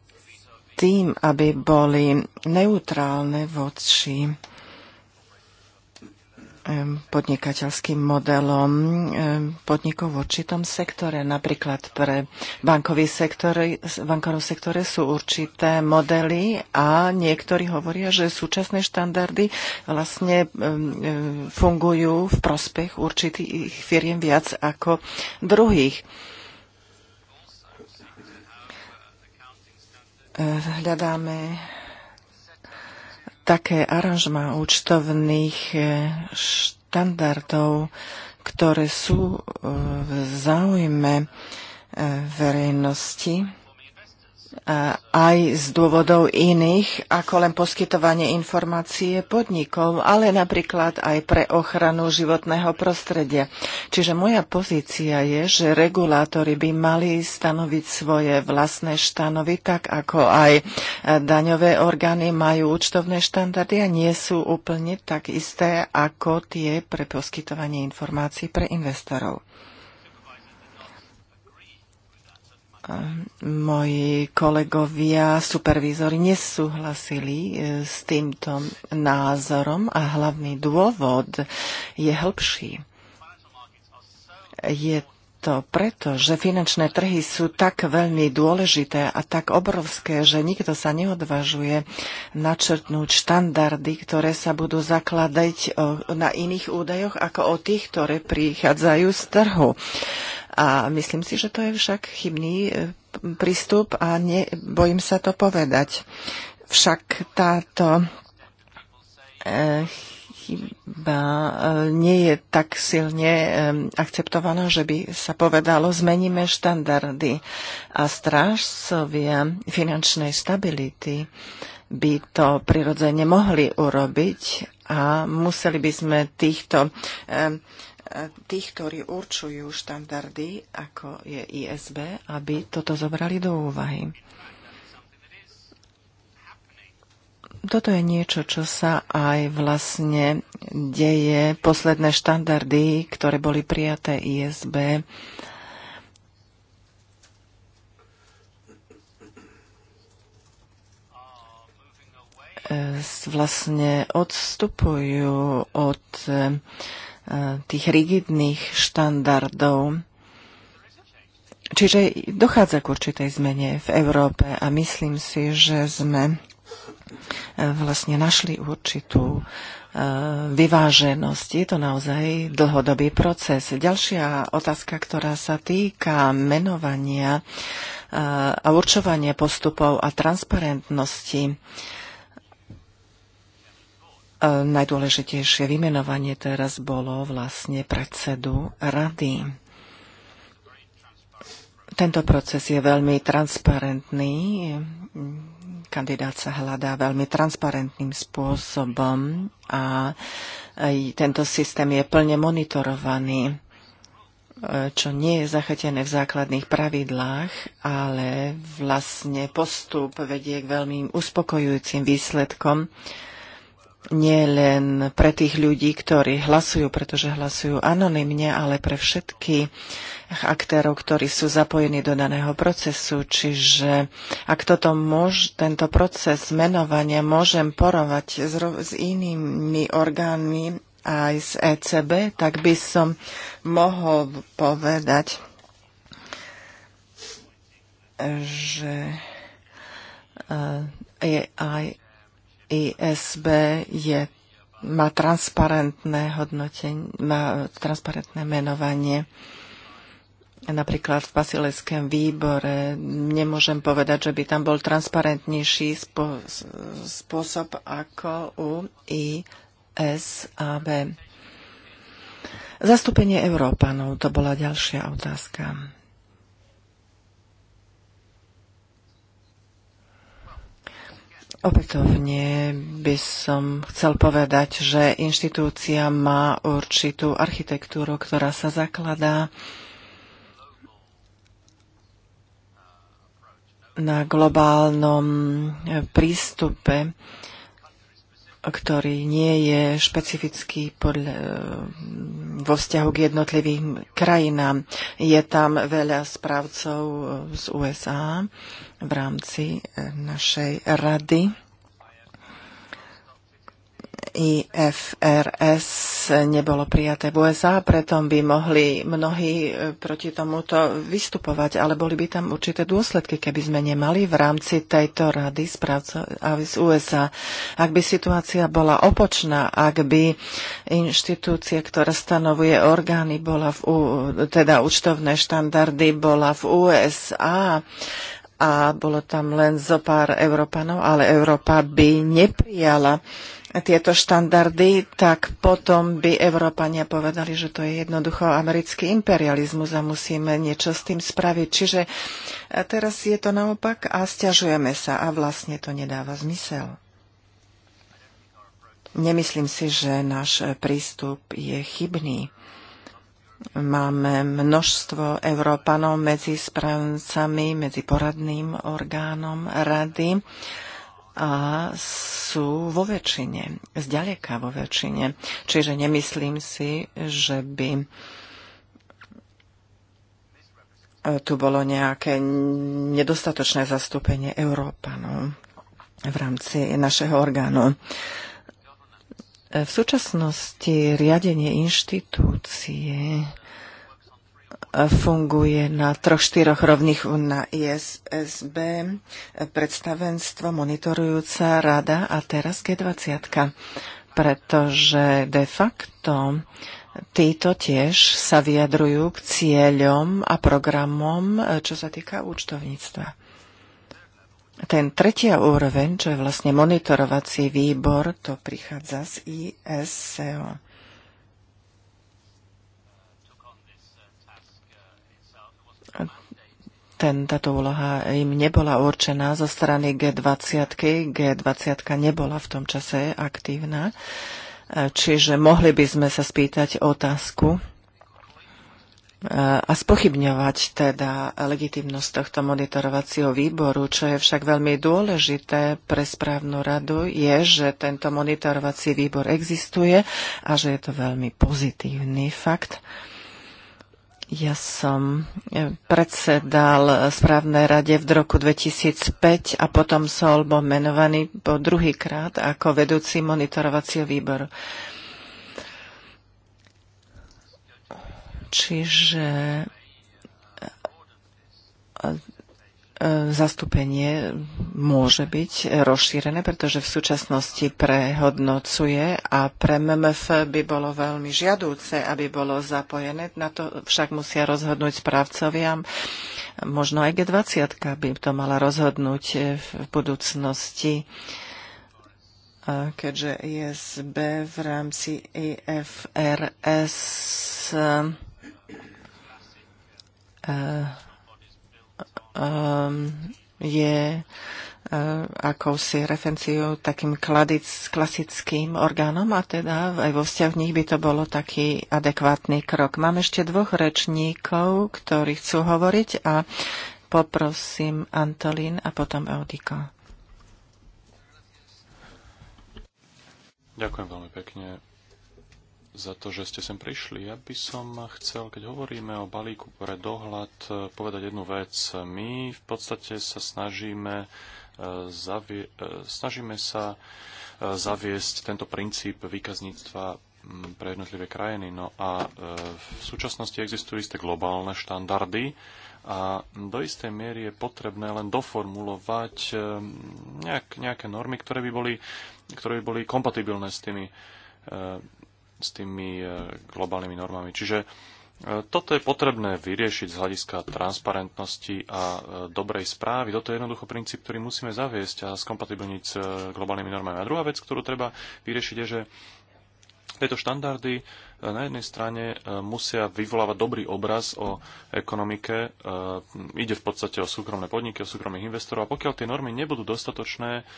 tým, aby boli neutrálne voči podnikateľským modelom podnikov v určitom sektore. Napríklad pre bankový sektor, bankovom sektore sú určité modely a niektorí hovoria, že súčasné štandardy vlastne fungujú v prospech určitých firiem viac ako druhých. Hľadáme také aranžma účtovných eh, štandardov, ktoré sú eh, v záujme eh, verejnosti aj z dôvodov iných, ako len poskytovanie informácie podnikov, ale napríklad aj pre ochranu životného prostredia. Čiže moja pozícia je, že regulátori by mali stanoviť svoje vlastné štanovy, tak ako aj daňové orgány majú účtovné štandardy a nie sú úplne tak isté ako tie pre poskytovanie informácií pre investorov. moji kolegovia, supervízori nesúhlasili e, s týmto názorom a hlavný dôvod je hĺbší. Je to preto, že finančné trhy sú tak veľmi dôležité a tak obrovské, že nikto sa neodvažuje načrtnúť štandardy, ktoré sa budú zakladať na iných údajoch ako o tých, ktoré prichádzajú z trhu. A myslím si, že to je však chybný e, prístup a ne, bojím sa to povedať. Však táto e, chyba e, nie je tak silne e, akceptovaná, že by sa povedalo, zmeníme štandardy a strážcovia finančnej stability by to prirodzene mohli urobiť a museli by sme týchto, e, tých, ktorí určujú štandardy, ako je ISB, aby toto zobrali do úvahy. toto je niečo, čo sa aj vlastne deje. Posledné štandardy, ktoré boli prijaté ISB, vlastne odstupujú od e, tých rigidných štandardov. Čiže dochádza k určitej zmene v Európe a myslím si, že sme E, vlastne našli určitú e, vyváženosť. Je to naozaj dlhodobý proces. Ďalšia otázka, ktorá sa týka menovania e, a určovania postupov a transparentnosti. Najdôležitejšie vymenovanie teraz bolo vlastne predsedu rady. Tento proces je veľmi transparentný kandidát sa hľadá veľmi transparentným spôsobom a tento systém je plne monitorovaný, e, čo nie je zachytené v základných pravidlách, ale vlastne postup vedie k veľmi uspokojujúcim výsledkom nie len pre tých ľudí, ktorí hlasujú, pretože hlasujú anonymne, ale pre všetky aktérov, ktorí sú zapojení do daného procesu. Čiže ak toto môž, tento proces menovania môžem porovať s, s inými orgánmi aj z ECB, tak by som mohol povedať, že e, aj ISB je, má transparentné hodnotenie, má transparentné menovanie napríklad v basileckém výbore. Nemôžem povedať, že by tam bol transparentnejší spôsob ako u ISAB. Zastúpenie Európanov, to bola ďalšia otázka. Opätovne by som chcel povedať, že inštitúcia má určitú architektúru, ktorá sa zakladá na globálnom e, prístupe, ktorý nie je špecifický podľa, e, vo vzťahu k jednotlivým krajinám. Je tam veľa správcov e, z USA v rámci našej rady IFRS nebolo prijaté v USA, preto by mohli mnohí e, proti tomuto vystupovať, ale boli by tam určité dôsledky, keby sme nemali v rámci tejto rady správcov z USA. Ak by situácia bola opočná, ak by inštitúcia, ktorá stanovuje orgány, bola v, teda účtovné štandardy, bola v USA, a bolo tam len zo pár Európanov, ale Európa by neprijala uh, tieto štandardy, tak potom by Európania povedali, že to je jednoducho americký imperializmus a musíme niečo s tým spraviť. Čiže teraz je to naopak a stiažujeme sa a vlastne to nedáva zmysel. Nemyslím si, že náš prístup je chybný. Máme množstvo Európanov medzi správcami, medzi poradným orgánom rady a sú vo väčšine, zďaleka vo väčšine. Čiže nemyslím si, že by e, tu bolo nejaké nedostatočné zastúpenie Európanov v rámci našeho orgánu. E, v súčasnosti riadenie inštitúcie funguje na troch, štyroch rovných na ISSB, predstavenstvo, monitorujúca rada a teraz G20, pretože de facto títo tiež sa vyjadrujú k cieľom a programom, čo sa týka účtovníctva. Ten tretia úroveň, čo je vlastne monitorovací výbor, to prichádza z ISCO. ten, táto úloha im nebola určená zo strany G20. G20 nebola v tom čase aktívna, e, čiže mohli by sme sa spýtať otázku e, a spochybňovať teda legitimnosť tohto monitorovacieho výboru, čo je však veľmi dôležité pre správnu radu, je, že tento monitorovací výbor existuje a že je to veľmi pozitívny fakt. Uh, ja som e, predsedal správnej rade v roku 2005 a potom som bol menovaný po druhýkrát ako vedúci monitorovacieho výboru. Čiže e, E, zastúpenie môže byť rozšírené, pretože v súčasnosti prehodnocuje a pre MMF by bolo veľmi žiadúce, aby bolo zapojené. Na to však musia rozhodnúť správcovia. Možno aj G20 by to mala rozhodnúť v budúcnosti e, keďže ISB v rámci IFRS e, um, je uh, akousi referenciou takým kladic, klasickým orgánom a teda aj vo vzťahu nich by to bolo taký adekvátny krok. Mám ešte dvoch rečníkov, ktorí chcú hovoriť a poprosím Antolín a potom Eudiko. Ďakujem veľmi pekne za to, že ste sem prišli. Ja by som chcel, keď hovoríme o balíku pre dohľad, eh, povedať jednu vec. My v podstate sa snažíme, eh, zavie, eh, snažíme sa zaviesť tento princíp výkazníctva mm, pre jednotlivé krajiny. No a v súčasnosti existujú isté globálne štandardy, a do istej miery je potrebné len doformulovať nejak, nejaké normy, ktoré by boli, ktoré by boli kompatibilné s tými s tými e, globálnymi normami. Čiže e, toto je potrebné vyriešiť z hľadiska transparentnosti a e, dobrej správy. Toto je jednoducho princíp, ktorý musíme zaviesť a skompatibilniť s globálnymi normami. A druhá vec, ktorú treba vyriešiť, je, že tieto štandardy na jednej strane musia vyvolávať dobrý obraz o ekonomike. Ide v podstate o súkromné podniky, o súkromných investorov. A pokiaľ tie normy nebudú dostatočné,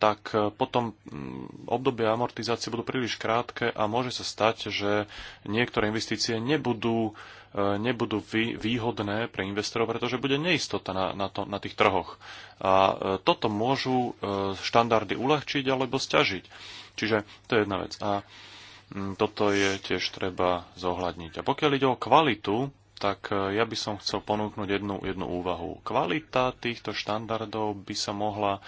tak potom mm, obdobie amortizácie budú príliš krátke a môže sa stať, že niektoré investície nebudú, e, nebudú výhodné pre investorov, pretože bude neistota na, na, to, na tých trhoch. A e, toto môžu e, štandardy uľahčiť alebo stiažiť. Čiže to je jedna vec. A mm, toto je tiež treba zohľadniť. A pokiaľ ide o kvalitu, tak ja by som chcel ponúknuť jednu, jednu úvahu. Kvalita týchto štandardov by sa mohla uh,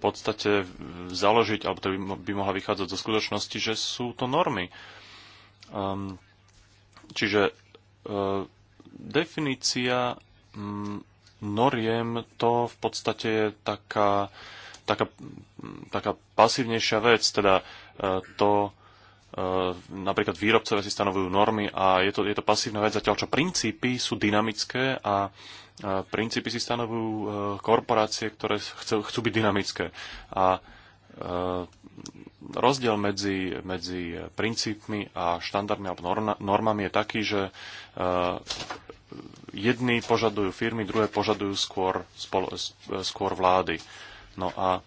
podstate založiť, alebo to by mohla vychádzať zo skutočnosti, že sú to normy. Um, čiže uh, definícia um, noriem to v podstate je taká, taká, taká pasívnejšia vec, teda uh, to Eh, napríklad výrobcovia si stanovujú normy a je to, je to pasívna vec, zatiaľ čo princípy sú dynamické a princípy si stanovujú eh, korporácie, ktoré chcú, chcú byť dynamické. A eh, rozdiel medzi, medzi princípmi a štandardmi alebo normami je taký, že jedni požadujú firmy, druhé požadujú skôr, skôr vlády. No a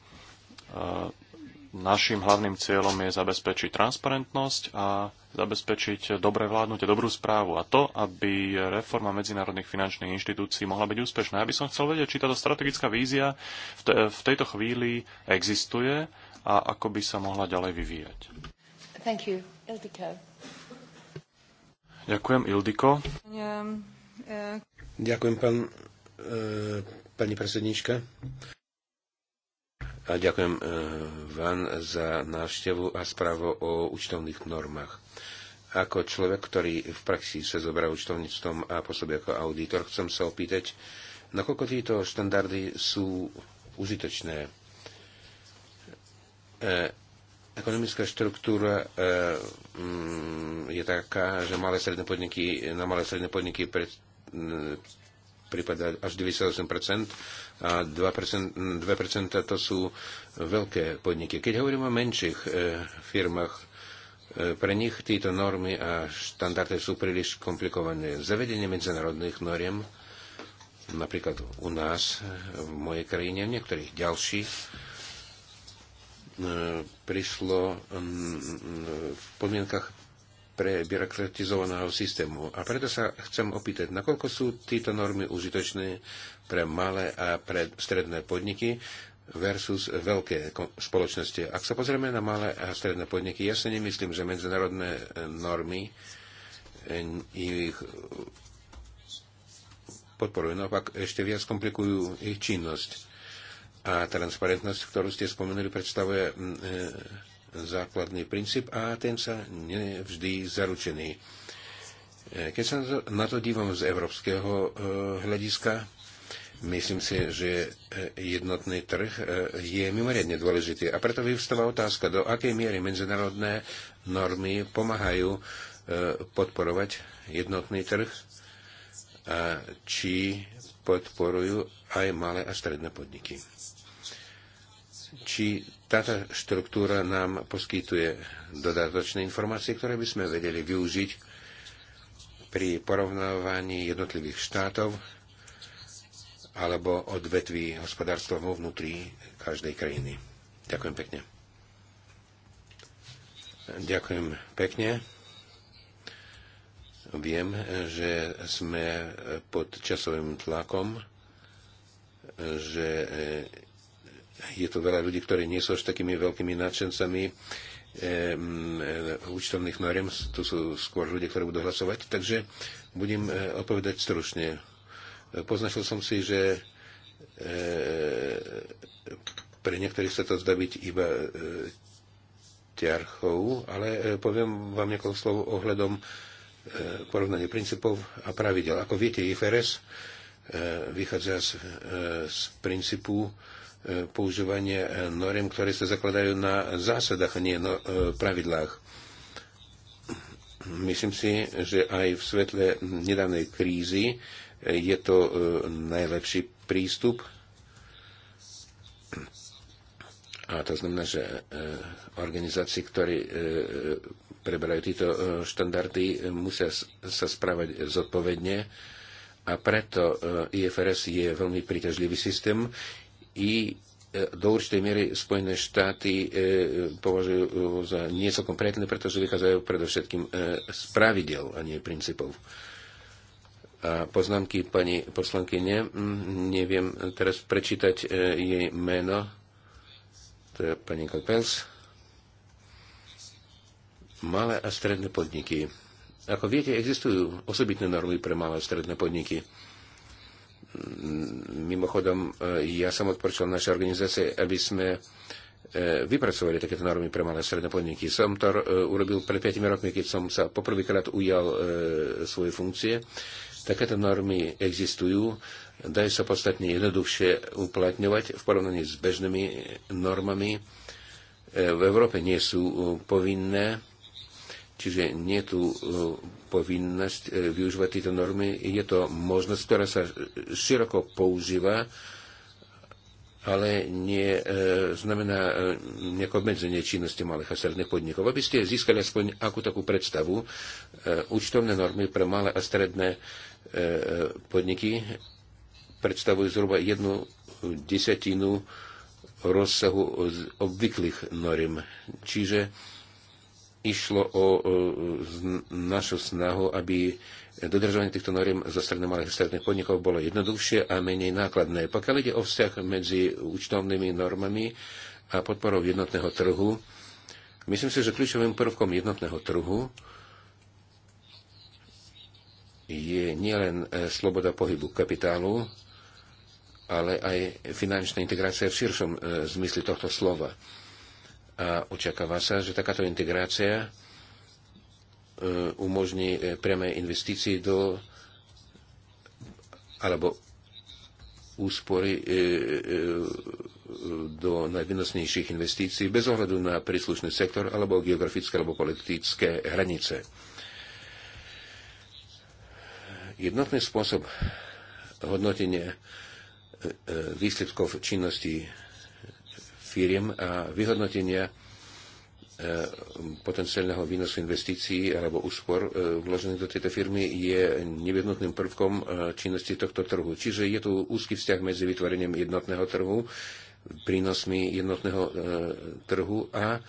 Naším hlavným cieľom je zabezpečiť transparentnosť a zabezpečiť dobré vládnutie, dobrú správu a to, aby reforma medzinárodných finančných inštitúcií mohla byť úspešná. Ja by som chcel vedieť, či táto strategická vízia v, te, v tejto chvíli existuje a ako by sa mohla ďalej vyvíjať. Thank you. Ildiko. Ďakujem, Ildiko. Ďakujem, eh, eh. pán, e, pani predsednička. A ďakujem eh, vám za návštevu a správu o účtovných normách. Ako človek, ktorý v praxi sa zoberá účtovníctvom a pôsobí ako auditor, chcem sa opýtať, nakoľko tieto štandardy sú užitočné. Eh, ekonomická štruktúra eh, mm, je taká, že malé stredné podniky, na malé stredné podniky mm, prípade až 98% a 2%, 2% to sú veľké podniky. Keď hovorím o menších e, firmách, e, pre nich tieto normy a štandardy sú príliš komplikované. Zavedenie medzinárodných noriem, napríklad u nás, v mojej krajine, v niektorých ďalších, e, prišlo v podmienkach pre byrokratizovaného systému. A preto sa chcem opýtať, nakoľko sú títo normy užitočné pre malé a pre stredné podniky versus veľké spoločnosti. Ak sa pozrieme na malé a stredné podniky, ja sa nemyslím, že medzinárodné eh, normy eh, ich podporujú, naopak ešte viac komplikujú ich činnosť. A transparentnosť, ktorú ste spomenuli, predstavuje mm, eh, základný princíp a ten sa nevždy zaručený. E, keď sa na to dívam z európskeho e, hľadiska, myslím si, že e, jednotný trh je mimoriadne dôležitý. A preto vyvstáva otázka, do akej miery medzinárodné normy pomáhajú podporovať jednotný trh a či podporujú aj malé a stredné podniky. Či táto štruktúra nám poskytuje dodatočné informácie, ktoré by sme vedeli využiť pri porovnávaní jednotlivých štátov alebo odvetví hospodárstva vo vnútri každej krajiny. Ďakujem pekne. Ďakujem pekne. Viem, že sme pod časovým tlakom, že je tu veľa ľudí, ktorí nie sú až takými veľkými nadšencami eh, účtovných noriem, tu sú skôr ľudia, ktorí budú hlasovať, takže budem eh, odpovedať stručne. Poznačil som si, že eh, pre niektorých sa to zdá byť iba ťarchou, ale poviem vám niekoľko slov ohľadom porovnania princípov a pravidel. Ako viete, IFRS vychádza z, z princípu používanie eh, noriem, ktoré sa zakladajú na zásadách, a nie na no, eh, pravidlách. Myslím si, že aj v svetle nedávnej krízy eh, je to najlepší prístup. A to znamená, že organizácie, ktoré preberajú tieto štandardy, musia sa správať zodpovedne a preto IFRS je veľmi príťažlivý systém i e, do určitej miery Spojené štáty e, považujú e, za niecelkom priateľné, pretože vychádzajú predovšetkým e, z pravidel a nie princípov. A poznámky pani poslankyne, neviem teraz prečítať e, jej meno, to je pani Kopels. Malé a stredné podniky. Ako viete, existujú osobitné normy pre malé a stredné podniky Mimochodom, e, ja som odporčil našej organizácie, aby sme e, vypracovali takéto normy pre malé a stredné podniky. Som to e, urobil pred 5 rokmi, keď som sa poprvýkrát ujal svoje funkcie. Takéto normy existujú, dajú sa podstatne jednoduchšie uplatňovať v porovnaní s bežnými normami. V Európe nie sú povinné Čiže nie je tu e, povinnosť e, využívať tieto normy. Je to možnosť, ktorá sa široko používa, ale nie e, znamená nejaké obmedzenie činnosti malých a stredných podnikov. Aby ste získali aspoň akú takú predstavu, účtovné normy pre malé a stredné podniky predstavujú zhruba jednu desiatinu rozsahu obvyklých norm. Čiže išlo o našu snahu, aby dodržovanie týchto noriem zo strany malých stredných podnikov bolo jednoduchšie a menej nákladné. Pokiaľ ide o vzťah medzi účtovnými normami a podporou jednotného trhu, myslím si, že kľúčovým prvkom jednotného trhu je nielen e, sloboda pohybu kapitálu, ale aj finančná integrácia v širšom e, zmysle tohto slova. A očakáva sa, že takáto integrácia e, umožní e, priame investície do alebo úspory e, do najvýnosnejších investícií bez ohľadu na príslušný sektor alebo geografické alebo politické hranice. Jednotný spôsob hodnotenia výsledkov činnosti firiem a vyhodnotenia e, potenciálneho výnosu investícií alebo úspor e, vložených do tejto firmy je nevyhnutným prvkom e, činnosti tohto trhu. Čiže je tu úzky vzťah medzi vytvorením jednotného trhu, prínosmi jednotného trhu a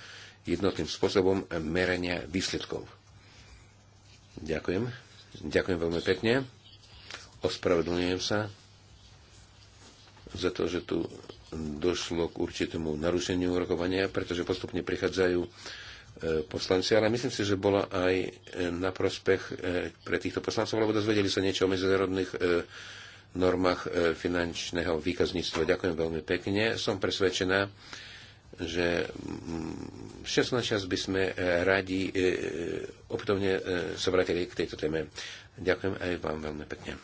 jednotným spôsobom merania výsledkov. Ďakujem. Ďakujem veľmi pekne. Ospravedlňujem sa za to, že tu došlo k určitému narušeniu rokovania, pretože postupne prichádzajú e, poslanci, ale myslím si, že bola aj e, na prospech e, pre týchto poslancov, lebo dozvedeli sa niečo o medzinárodných normách finančného výkazníctva. Ďakujem veľmi pekne. Som presvedčená, že 16 mm, čas by sme radi opätovne sa vrátili k tejto téme. Ďakujem aj vám veľmi pekne.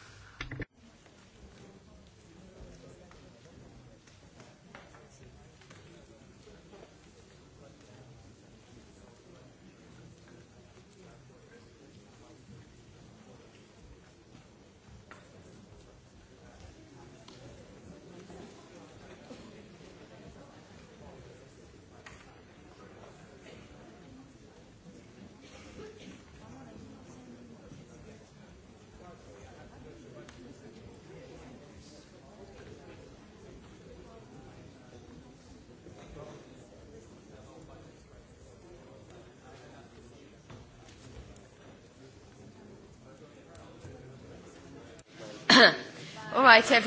A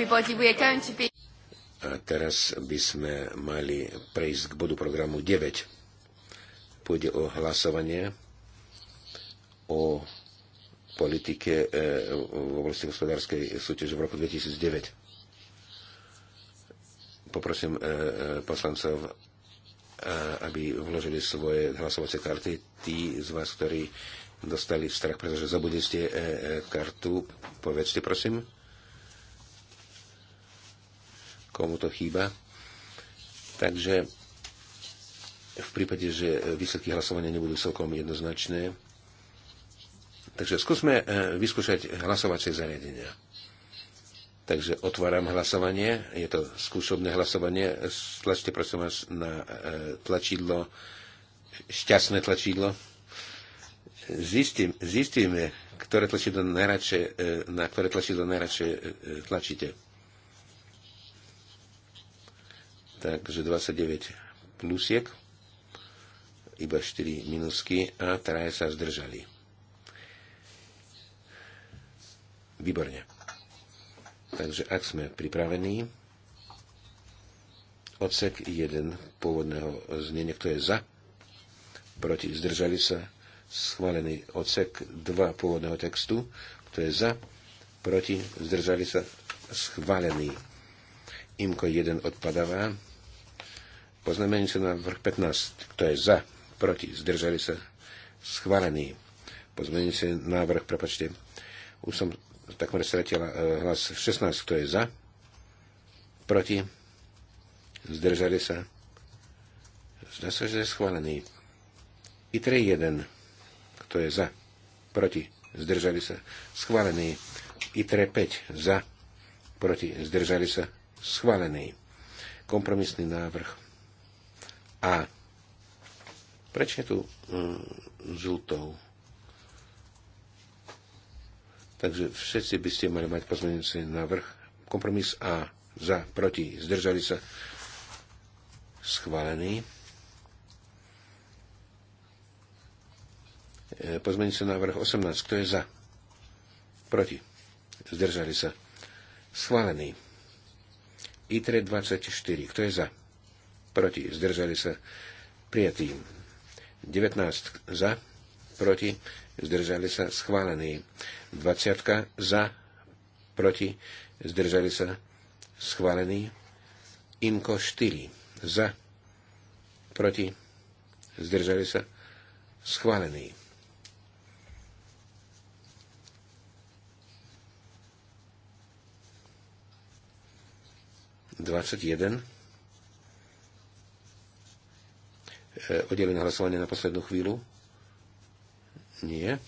teraz by sme mali prejsť k bodu programu 9. Pôjde o hlasovanie o politike e, v oblasti hospodárskej súťaže v roku 2009. Poprosím e, e, poslancov, aby vložili svoje hlasovacie karty. Tí z vás, ktorí dostali strach, pretože zabudli ste kartu, povedzte prosím komu to chýba. Takže v prípade, že výsledky hlasovania nebudú celkom jednoznačné. Takže skúsme e, vyskúšať hlasovacie zariadenia. Takže otváram hlasovanie, je to skúšobné hlasovanie. Tlačte prosím vás na e, tlačidlo, šťastné tlačidlo. Zistím, zistíme, ktoré tlačidlo najradšie, na ktoré tlačidlo najradšie tlačíte. takže 29 plusiek, iba 4 minusky a traje sa zdržali. Výborne. Takže ak sme pripravení, odsek 1 pôvodného znenia, kto je za, proti, zdržali sa, schválený odsek 2 pôvodného textu, kto je za, proti, zdržali sa, schválený. Imko 1 odpadáva. Poznamenie na vrch 15. Kto je za? Proti? Zdržali sa? Schválený. Poznamenice na vrch, prepačte. Už som takmer stretila e, hlas 16. Kto je za? Proti? Zdržali sa? Zdá sa, že je schválený. ITRE 1. Kto je za? Proti? Zdržali sa? Schválený. ITRE 5. Za? Proti? Zdržali sa? Schválený. Kompromisný návrh a prečo je tu mm, žltou? Takže všetci by ste mali mať pozmeňujúci návrh. Kompromis A za, proti, zdržali sa schválený. E, pozmeňujúci návrh 18. Kto je za? Proti. Zdržali sa. Schválený. ITRE 24. Kto je za? proti, zdržali sa prijatí. 19 za, proti, zdržali sa schválení. 20 za, proti, zdržali sa schválení. Inko 4 za, proti, zdržali sa schválení. Dvadsať jeden. E, oddelené hlasovanie na poslednú chvíľu? Nie.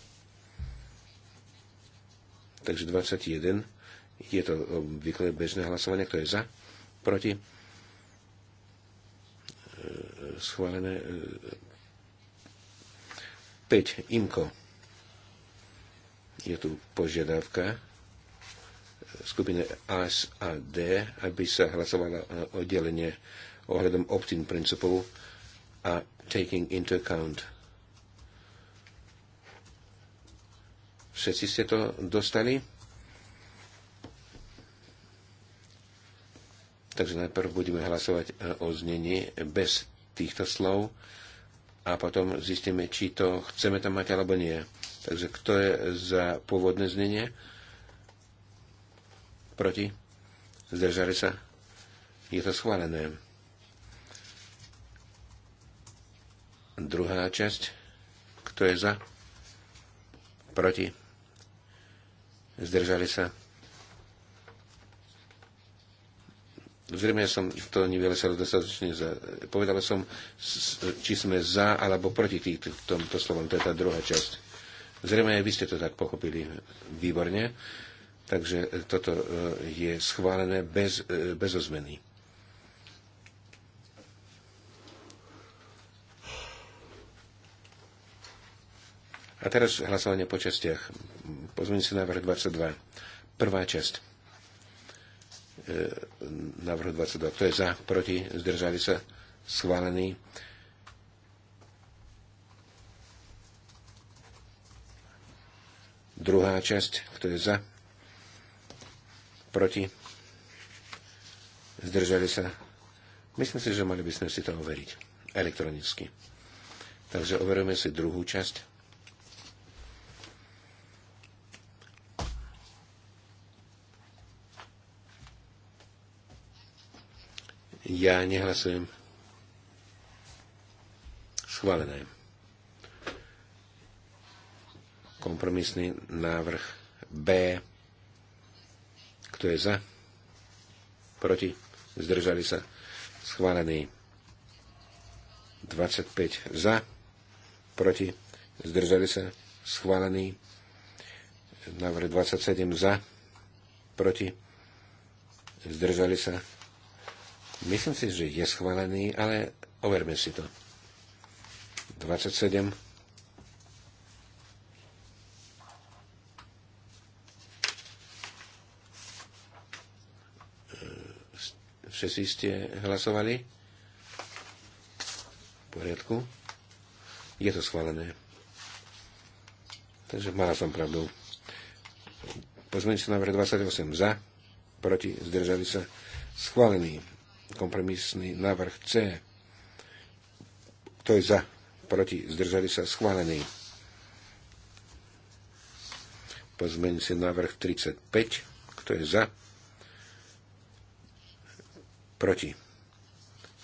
Takže 21. Je to e, obvykle bežné hlasovanie. Kto je za? Proti? E, schválené. 5. Imko. Je tu požiadavka skupiny AS a D, aby sa hlasovala oddelenie ohľadom opt-in princípov are taking into account. Všetci ste to dostali? Takže najprv budeme hlasovať e, o znení bez týchto slov a potom zistíme, či to chceme tam mať alebo nie. Takže kto je za pôvodné znenie? Proti? Zdržali sa? Je to schválené. Druhá časť. Kto je za? Proti? Zdržali sa? Zrejme ja som to nevyhlasal dostatočne za. Povedal som, či sme za alebo proti týchto, tomto slovom. To je tá druhá časť. Zrejme aj vy ste to tak pochopili výborne. Takže toto e, je schválené bez, e, bez ozmeny. A teraz hlasovanie po častiach. Pozmeňujúci návrh 22. Prvá časť e, návrh 22. Kto je za, proti, zdržali sa, schválený. Druhá časť, kto je za, proti, zdržali sa. Myslím si, že mali by sme si to overiť elektronicky. Takže overujeme si druhú časť Ja nehlasujem. Schválené. Kompromisný návrh B. Kto je za? Proti? Zdržali sa? Schválený. 25 za. Proti? Zdržali sa? Schválený. Návrh 27 za. Proti? Zdržali sa? Myslím si, že je schválený, ale overme si to. 27. E, všetci ste hlasovali? V poriadku. Je to schválené. Takže mala som pravdu. Pozmeňte sa návrh 28 za, proti, zdržali sa, schválený. Kompromisný návrh C. Kto je za? Proti? Zdržali sa? Schválený. Pozmeň si návrh 35. Kto je za? Proti?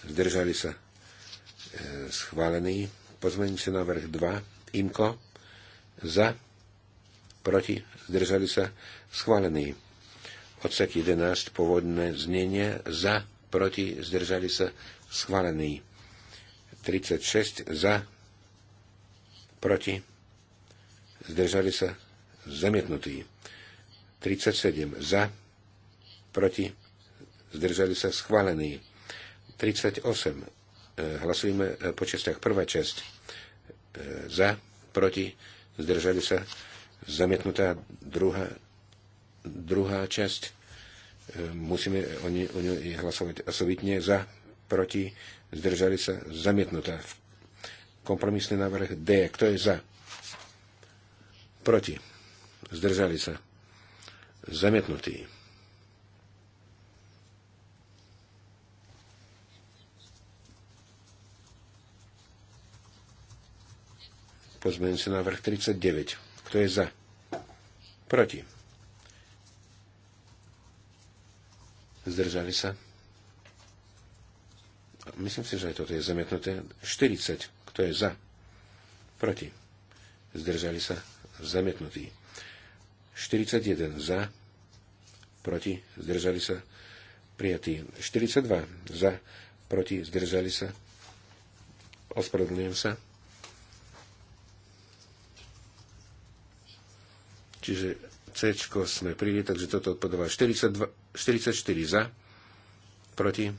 Zdržali sa? E, schválený. Pozmeň si návrh 2. Imko. Za? Proti? Zdržali sa? Schválený odsek 11, pôvodné znenie za, proti, zdržali sa, schválený. 36 za, proti, zdržali sa, zamietnutý. 37 za, proti, zdržali sa, schválený. 38 e, hlasujeme e, po častiach. Prvá časť e, za, proti, zdržali sa, zamietnutá druhá, druhá časť Musíme o, ne, o nej hlasovať osobitne za, proti, zdržali sa, zamietnutá. Kompromisný návrh D. Kto je za? Proti. Zdržali sa. Zamietnutý. Pozmeňujúci návrh 39. Kto je za? Proti. Zdržali sa? Myslím si, že aj toto je zamietnuté. 40. Kto je za? Proti. Zdržali sa? Zamietnutí. 41 za. Proti. Zdržali sa? Prijatí. 42 za. Proti. Zdržali sa? Ospravedlňujem sa. Čiže C sme prijeli, takže toto odpadáva 42, 44 za, proti,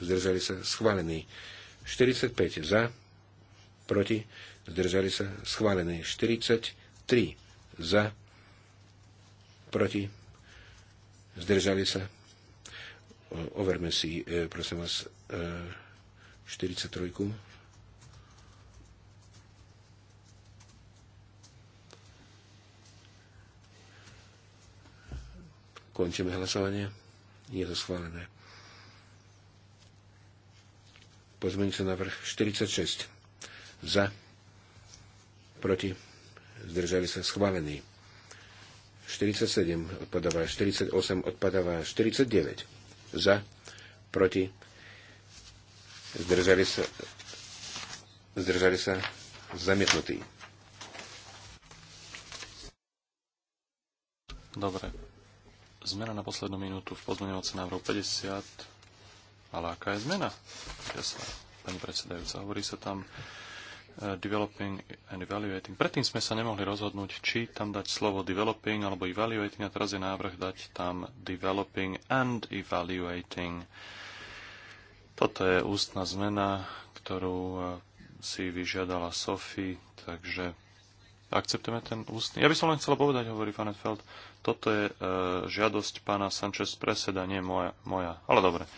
zdržali sa schválení. 45 za, proti, zdržali sa schválení. 43 za, proti, zdržali sa. Overme si, e, prosím vás, 43. E, Končíme hlasovanie. Je to schválené. na vrch 46. Za. Proti. Zdržali sa schválení. 47 odpadáva, 48 odpadáva, 49 za, proti, zdržali sa, zdržali sa zamietnutí. Dobre, Zmena na poslednú minútu v pozmeňovací návrhu 50. Ale aká je zmena? Jasné, pani predsedajúca. Hovorí sa tam eh, developing and evaluating. Predtým sme sa nemohli rozhodnúť, či tam dať slovo developing alebo evaluating a teraz je návrh dať tam developing and evaluating. Toto je ústna zmena, ktorú eh, si vyžiadala Sophie, takže akceptujeme ten ústny. Ja by som len chcela povedať, hovorí Fanetfeld, toto je e, žiadosť pána Sanchez preseda, nie moja, moja. Ale dobre.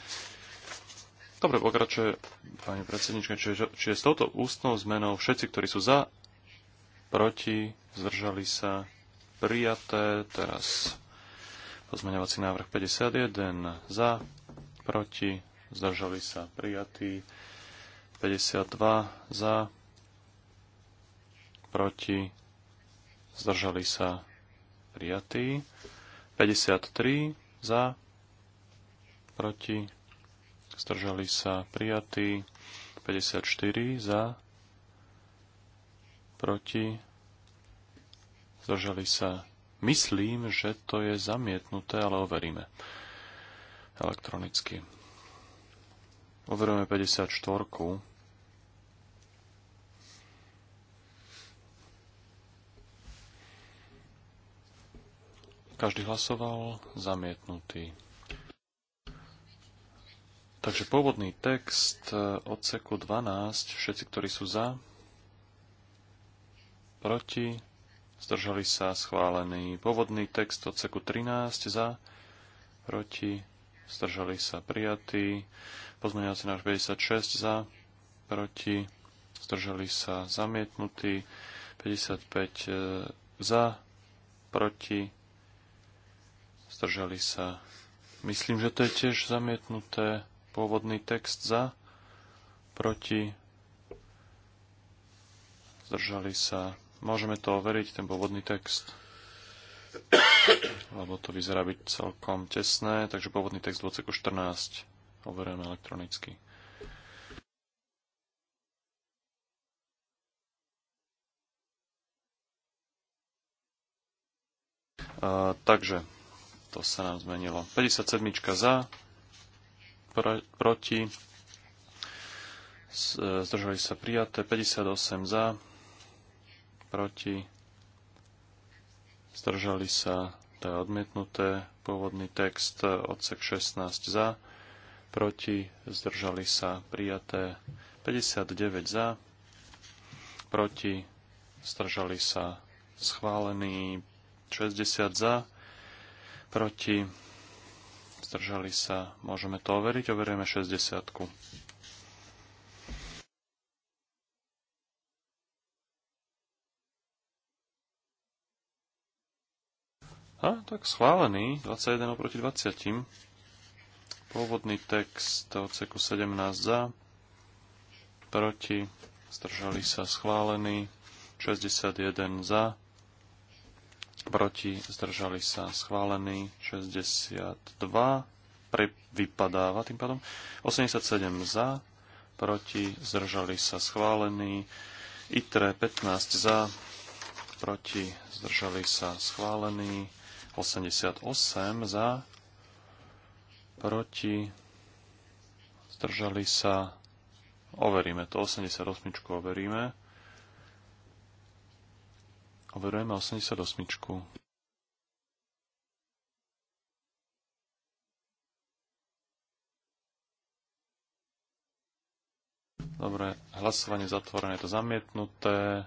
Dobre, pokračuje pani predsednička. Čiže, čiže s touto ústnou zmenou všetci, ktorí sú za, proti, zdržali sa, prijaté. Teraz pozmeňovací návrh 51 za, proti, zdržali sa, prijatý. 52 za, proti, zdržali sa, prijatý. 53 za, proti, zdržali sa prijatí. 54 za, proti, zdržali sa. Myslím, že to je zamietnuté, ale overíme elektronicky. Overujeme 54. Každý hlasoval. Zamietnutý. Takže pôvodný text e, odseku 12. Všetci, ktorí sú za, proti, zdržali sa schválený. Pôvodný text odseku 13 za, proti, zdržali sa prijatý. Pozmeňovací náš 56 za, proti, zdržali sa zamietnutý. 55 e, za, proti, Zdržali sa. Myslím, že to je tiež zamietnuté. Pôvodný text za. Proti. Zdržali sa. Môžeme to overiť, ten pôvodný text. Lebo to vyzerá byť celkom tesné. Takže pôvodný text 14 Overujeme elektronicky. Uh, takže to sa nám zmenilo. 57 za, proti, e, zdržali sa prijaté, 58 za, proti, zdržali sa, to je odmietnuté, pôvodný text, e, odsek 16 za, proti, zdržali sa, prijaté, 59 za, proti, zdržali sa, schválený, 60 za, proti, zdržali sa, môžeme to overiť, overujeme 60. A, tak schválený, 21 oproti 20. Pôvodný text odseku 17 za, proti, zdržali sa schválený, 61 za, proti, zdržali sa schválený 62, pre, vypadáva tým pádom, 87 za, proti, zdržali sa schválený, ITRE 15 za, proti, zdržali sa schválený, 88 za, proti, zdržali sa, overíme to, 88 overíme, Overujeme 88. Dobre, hlasovanie zatvorené, je to zamietnuté.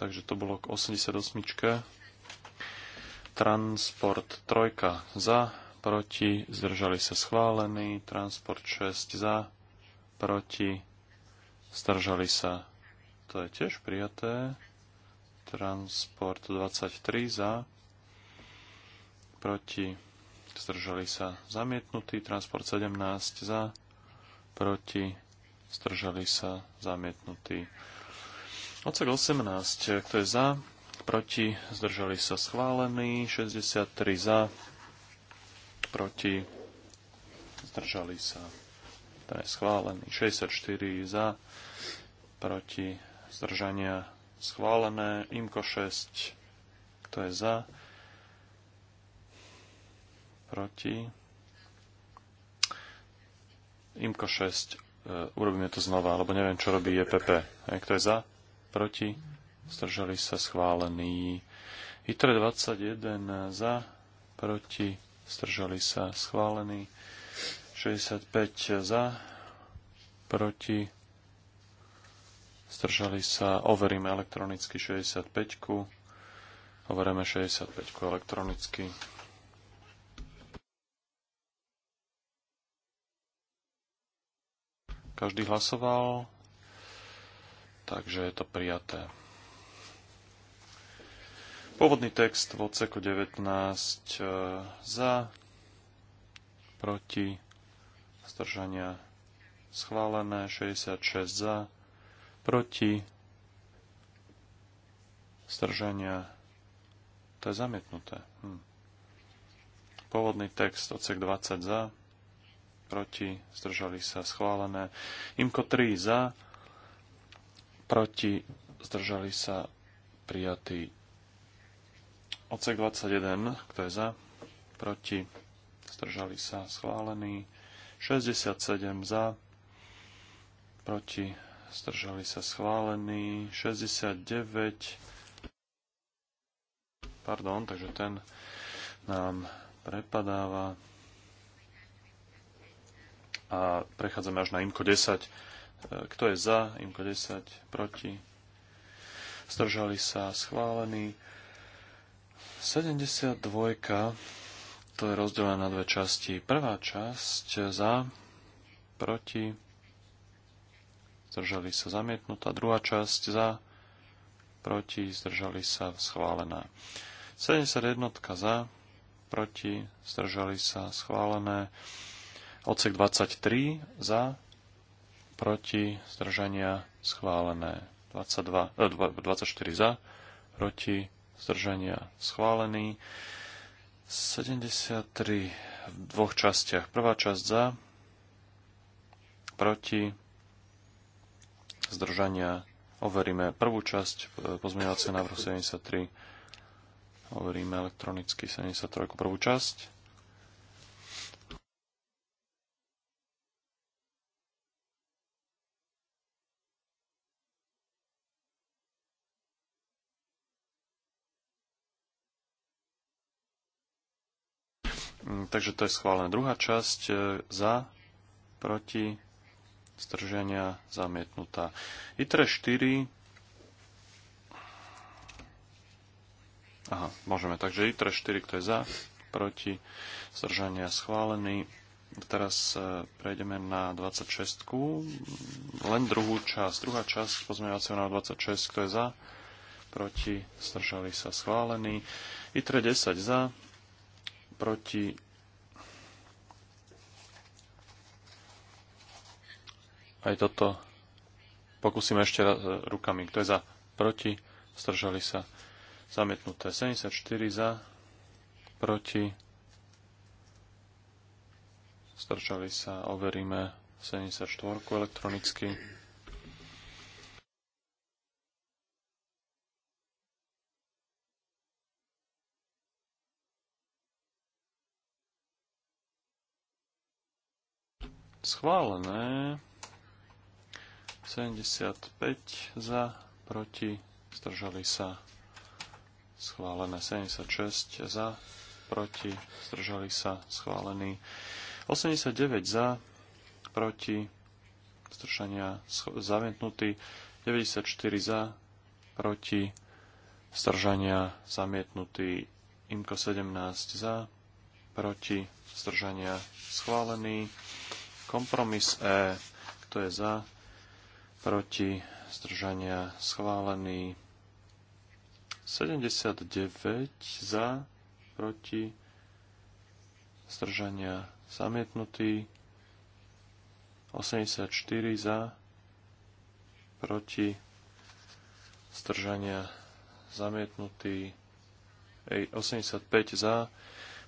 Takže to bolo k 88. Transport 3 za, proti, zdržali sa schválený. Transport 6 za, proti, zdržali sa to je tiež prijaté. Transport 23 za, proti, zdržali sa zamietnutí. Transport 17 za, proti, zdržali sa zamietnutí. Odsek 18, kto je za, proti, zdržali sa schválení. 63 za, proti, zdržali sa. Ten je schválený. 64 za, proti, zdržania schválené, IMKO 6, kto je za, proti, IMKO 6, e, urobíme to znova, lebo neviem, čo robí EPP. E, kto je za, proti, zdržali sa schválení. ITRE 21 e, za, proti, zdržali sa schválení, 65 za, proti, Zdržali sa. Overíme elektronicky 65. -ku. Overíme 65 elektronicky. Každý hlasoval, takže je to prijaté. Pôvodný text v odseku 19 e, za, proti, zdržania schválené, 66 za, proti, stržania. to je zamietnuté. Hm. Pôvodný text, odsek 20 za, proti, zdržali sa, schválené. Imko 3 za, proti, zdržali sa, prijatý. Odsek 21, kto je za, proti, zdržali sa, schválený. 67 za, proti, zdržali sa schválený, 69, pardon, takže ten nám prepadáva a prechádzame až na IMKO 10. E, kto je za? IMKO 10, proti, zdržali sa schválení 72, to je rozdelené na dve časti. Prvá časť za, proti, zdržali sa zamietnutá. Druhá časť za, proti, zdržali sa schválená. 71 za, proti, zdržali sa schválené. Odsek 23 za, proti, zdržania schválené. 22, eh, 24 za, proti, zdržania schválený. 73 v dvoch častiach. Prvá časť za, proti, zdržania. Overíme prvú časť eh, pozmeňovacieho návrhu 73. Overíme elektronicky 73. prvú časť. Mm, takže to je schválené. Druhá časť eh, za, proti, Zdrženia zamietnutá. ITRE 4, aha, môžeme, takže ITRE 4, kto je za, proti, zdržania, schválený. Teraz e, prejdeme na 26, len druhú časť. Druhá časť pozmeňovacieho na 26, kto je za, proti, zdržali sa, schválený. ITRE 10 za, proti, Aj toto pokúsime ešte raz e, rukami. Kto je za? Proti? Zdržali sa. Zamietnuté. 74 za. Proti? Zdržali sa. Overíme 74 elektronicky. schválené. 75 za, proti, zdržali sa schválené 76 za, proti, zdržali sa schválený 89 za, proti, zdržania zamietnutý 94 za, proti, zdržania zamietnutý IMKO 17 za, proti, zdržania schválený kompromis E, kto je za, proti, zdržania schválený. 79 za, proti, zdržania zamietnutý. 84 za, proti, zdržania zamietnutý. 85 za,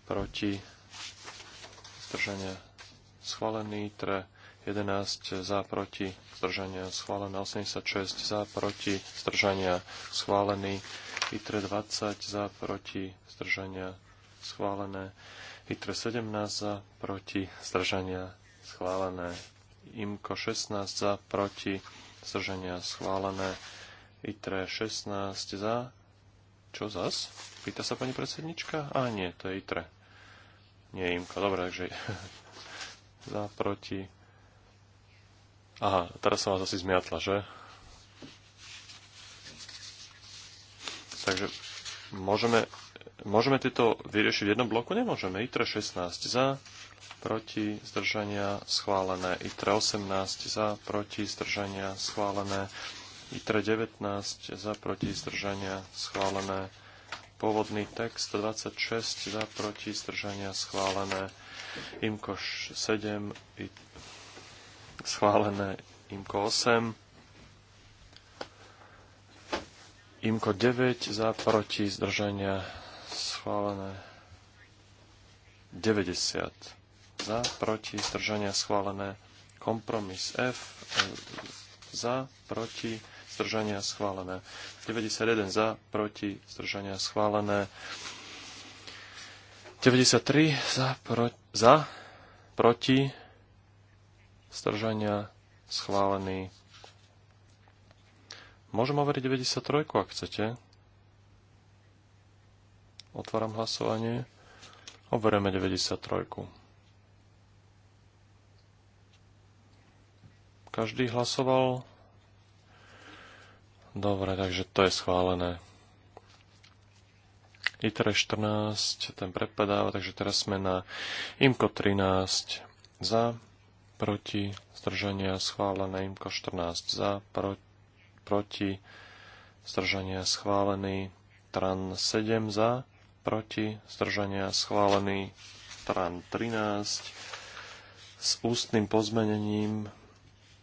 proti, zdržania schválený. Tre 11 za proti zdržania schválené, 86 za proti zdržania schválený, ITRE 20 za proti zdržania schválené, ITRE 17 za proti zdržania schválené, IMKO 16 za proti zdržania schválené, ITRE 16 za čo zas? Pýta sa pani predsednička? A nie, to je ITRE. Nie je IMKO, dobre, takže za proti Aha, teraz som vás asi zmiatla, že? Takže môžeme, môžeme tieto vyriešiť v jednom bloku? Nemôžeme. ITRE 16 za, proti, zdržania, schválené. ITRE 18 za, proti, zdržania, schválené. ITRE 19 za, proti, zdržania, schválené. Pôvodný text 26 za, proti, zdržania, schválené. IMKO 7, IT schválené IMKO 8, IMKO 9 za, proti, zdržania, schválené 90 za, proti, zdržania, schválené kompromis F za, proti, zdržania, schválené 91 za, proti, zdržania, schválené 93 za, pro, za proti, Stržania schválený. Môžem overiť 93, ak chcete. Otváram hlasovanie. Overujeme 93. Každý hlasoval. Dobre, takže to je schválené. ITR 14, ten prepadáva, takže teraz sme na IMCO 13 za, proti, zdržania schválené, imko 14 za, pro, proti, zdržania schválený, tran 7 za, proti, zdržania schválený, tran 13 s ústnym pozmenením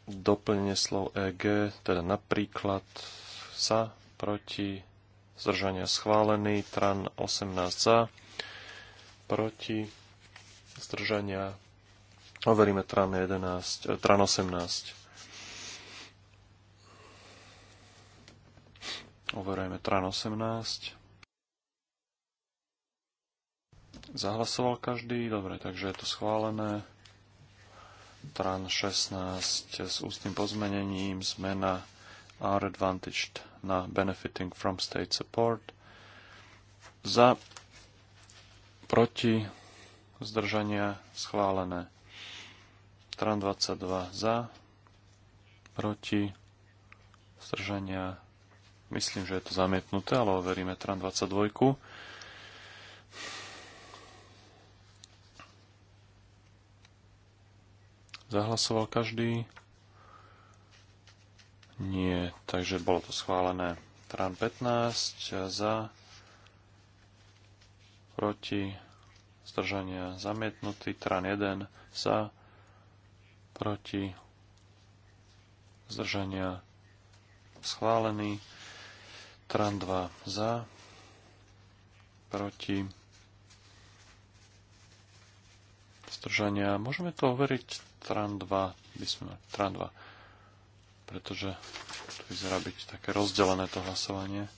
doplnenie slov EG, teda napríklad za, proti, zdržania schválený, tran 18 za, proti, zdržania Overíme trán 11, trán 18. Overujeme trán 18. Zahlasoval každý? Dobre, takže je to schválené. Tran 16 s ústnym pozmenením zmena are advantaged na benefiting from state support. Za proti zdržania schválené. Strán 22 za, proti, zdržania, myslím, že je to zamietnuté, ale overíme trán 22. Zahlasoval každý? Nie, takže bolo to schválené. trán 15 za, proti, zdržania, zamietnutý, trán 1 za, proti, zdržania schválený, tran 2 za, proti, zdržania. Môžeme to overiť tran 2, by sme mali, tran 2, pretože to vyzerá byť také rozdelené to hlasovanie.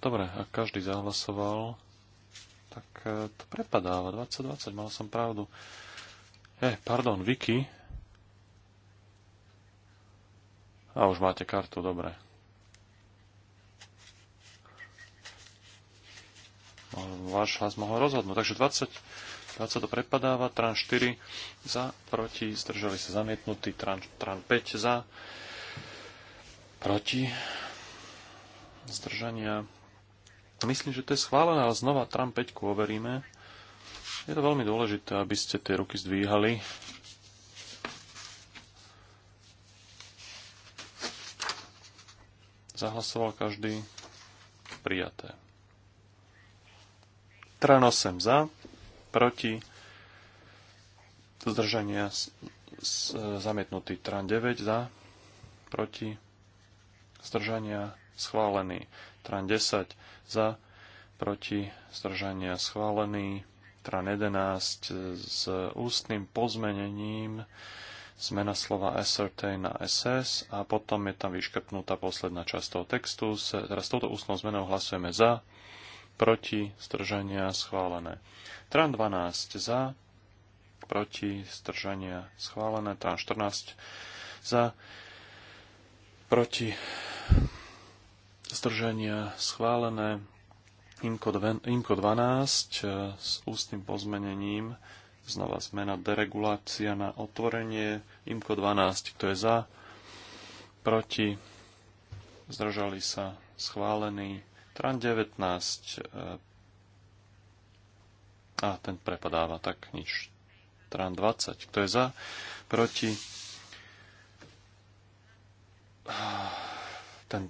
Dobre, a každý zahlasoval tak e, to prepadáva. 2020, mal som pravdu. Eh, pardon, Vicky. A už máte kartu, dobre. No, váš hlas mohol rozhodnúť. Takže 20, 20 to prepadáva, tran 4 za, proti, zdržali sa zamietnutí, tran, tran 5 za, proti, zdržania Myslím, že to je schválené, ale znova Trump 5 overíme. Je to veľmi dôležité, aby ste tie ruky zdvíhali. Zahlasoval každý. Prijaté. Tran 8 za, proti, zdržania zamietnutý. Tran 9 za, proti, zdržania schválený. Tran 10 za, proti, zdržania schválený, tran 11 e, s ústnym pozmenením zmena slova ascertain na SS a potom je tam vyškrtnutá posledná časť toho textu. Teraz touto ústnou zmenou hlasujeme za, proti, zdržania, schválené. Tran 12 za, proti, zdržania, schválené. Tran 14 za, proti, zdrženia schválené. IMCO 12 e, s ústnym pozmenením, znova zmena deregulácia na otvorenie. IMCO 12, kto je za, proti, zdržali sa schválený. TRAN 19, e, a ten prepadáva, tak nič. TRAN 20, kto je za, proti, ten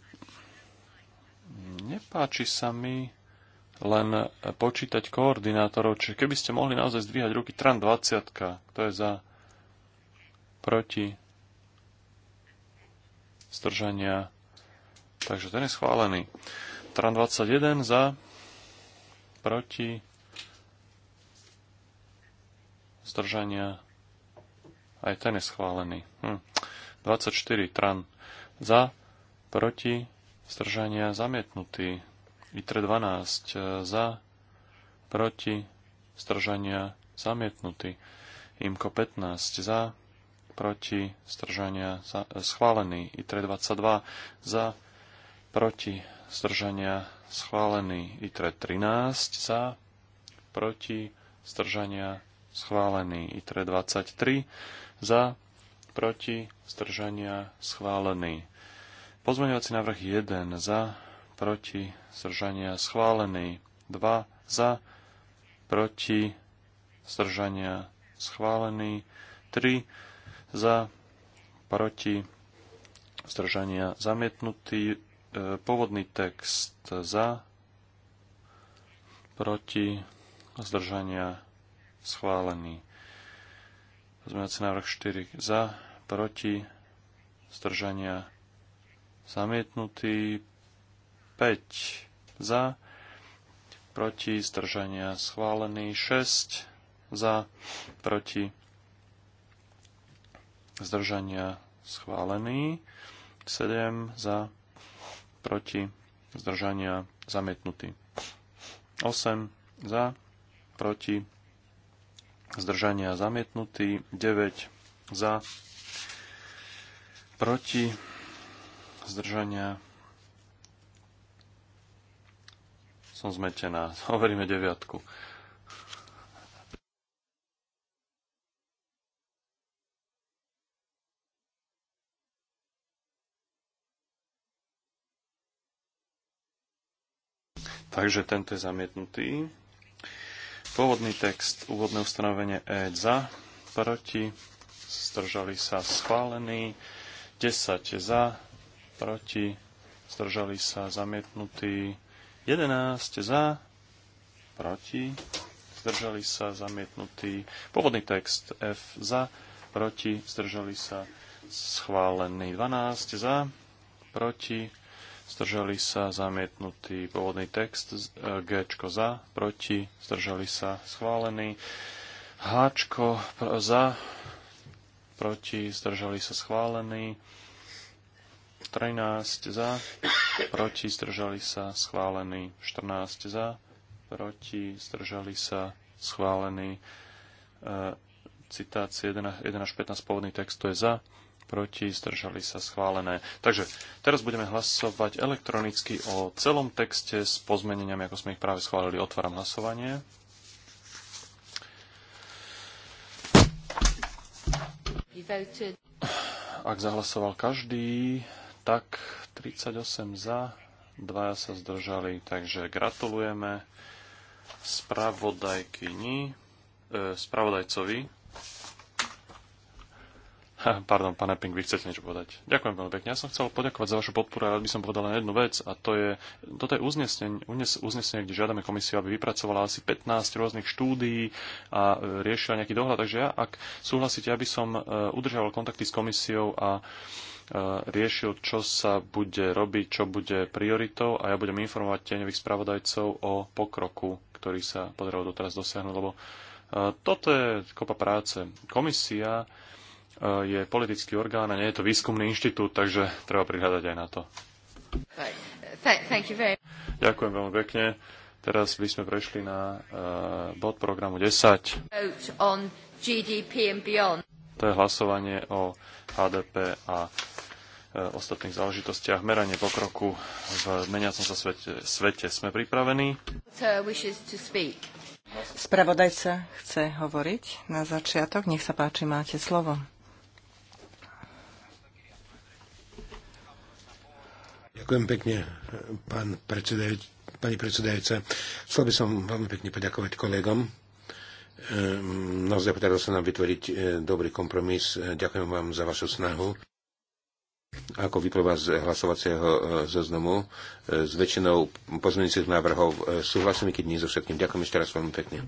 Nepáči sa mi len počítať koordinátorov, čiže keby ste mohli naozaj zdvíhať ruky TRAN 20, kto je za, proti, stržania. takže ten je schválený. TRAN 21 za, proti, stržania. aj ten je schválený. Hm. 24 TRAN za, proti, zdržania zamietnutý. ITRE 12 e, za, proti, zdržania zamietnutý. IMKO 15 za, proti, zdržania za, e, schválený. ITRE 22 za, proti, zdržania schválený. ITRE 13 za, proti, zdržania schválený. ITRE 23 za, proti, zdržania schválený. Pozmeňovací návrh 1 za, proti, zdržania schválený. 2 za, proti, zdržania schválený. 3 za, proti, zdržania zamietnutý. E, pôvodný text za, proti, zdržania schválený. Pozmeňovací návrh 4 za, proti, zdržania schválený zamietnutý 5 za, proti zdržania schválený 6 za, proti zdržania schválený 7 za, proti zdržania zamietnutý 8 za, proti zdržania zamietnutý 9 za, proti zdržania. Som zmetená. Overíme deviatku. Takže tento je zamietnutý. Pôvodný text, úvodné ustanovenie E za, proti, zdržali sa schválený, 10 za, proti, zdržali sa zamietnutí 11 za, proti, zdržali sa zamietnutí pôvodný text F za, proti, zdržali sa schválený 12 za, proti, zdržali sa zamietnutý pôvodný text e, G za, proti, zdržali sa schválený H za, proti, zdržali sa schválený 13 za, proti zdržali sa schválený 14 za, proti zdržali sa schválený e, citácie 1, 1 až 15 pôvodný text to je za, proti zdržali sa schválené. Takže teraz budeme hlasovať elektronicky o celom texte s pozmeneniami, ako sme ich práve schválili. Otváram hlasovanie. Ak zahlasoval každý, tak 38 za, dvaja sa zdržali, takže gratulujeme spravodajkyni, e, spravodajcovi. Ha, pardon, pane Pink, vy chcete niečo povedať. Ďakujem veľmi pekne. Ja som chcel poďakovať za vašu podporu, ale by som povedal len jednu vec, a to je, toto je uznesenie, uznesenie, kde žiadame komisiu, aby vypracovala asi 15 rôznych štúdií a e, riešila nejaký dohľad. Takže ja, ak súhlasíte, aby som e, udržal kontakty s komisiou a Eh, riešil, čo sa bude robiť, čo bude prioritou a ja budem informovať tieňových spravodajcov o pokroku, ktorý sa podarilo doteraz dosiahnuť, lebo eh, toto je kopa práce. Komisia eh, je politický orgán a nie je to výskumný inštitút, takže treba prihľadať aj na to. Ďakujem veľmi pekne. Teraz by sme prešli na bod programu 10. To je hlasovanie o HDP a Eh, ostatných záležitostiach, meranie pokroku v meniacom sa svete. svete. Sme pripravení? Spravodajca chce hovoriť na začiatok. Nech sa páči, máte slovo. Ďakujem pekne, pán predsedajúci, pani predsedajúca. Chcel by som veľmi pekne poďakovať kolegom. Ehm, naozaj podarilo sa nám vytvoriť eh, dobrý kompromis. Ďakujem vám za vašu snahu ako vyplýva z hlasovacieho e, zoznamu, e, s väčšinou pozmeňujúcich návrhov e, súhlasím, keď nie so všetkým. Ďakujem ešte raz veľmi pekne.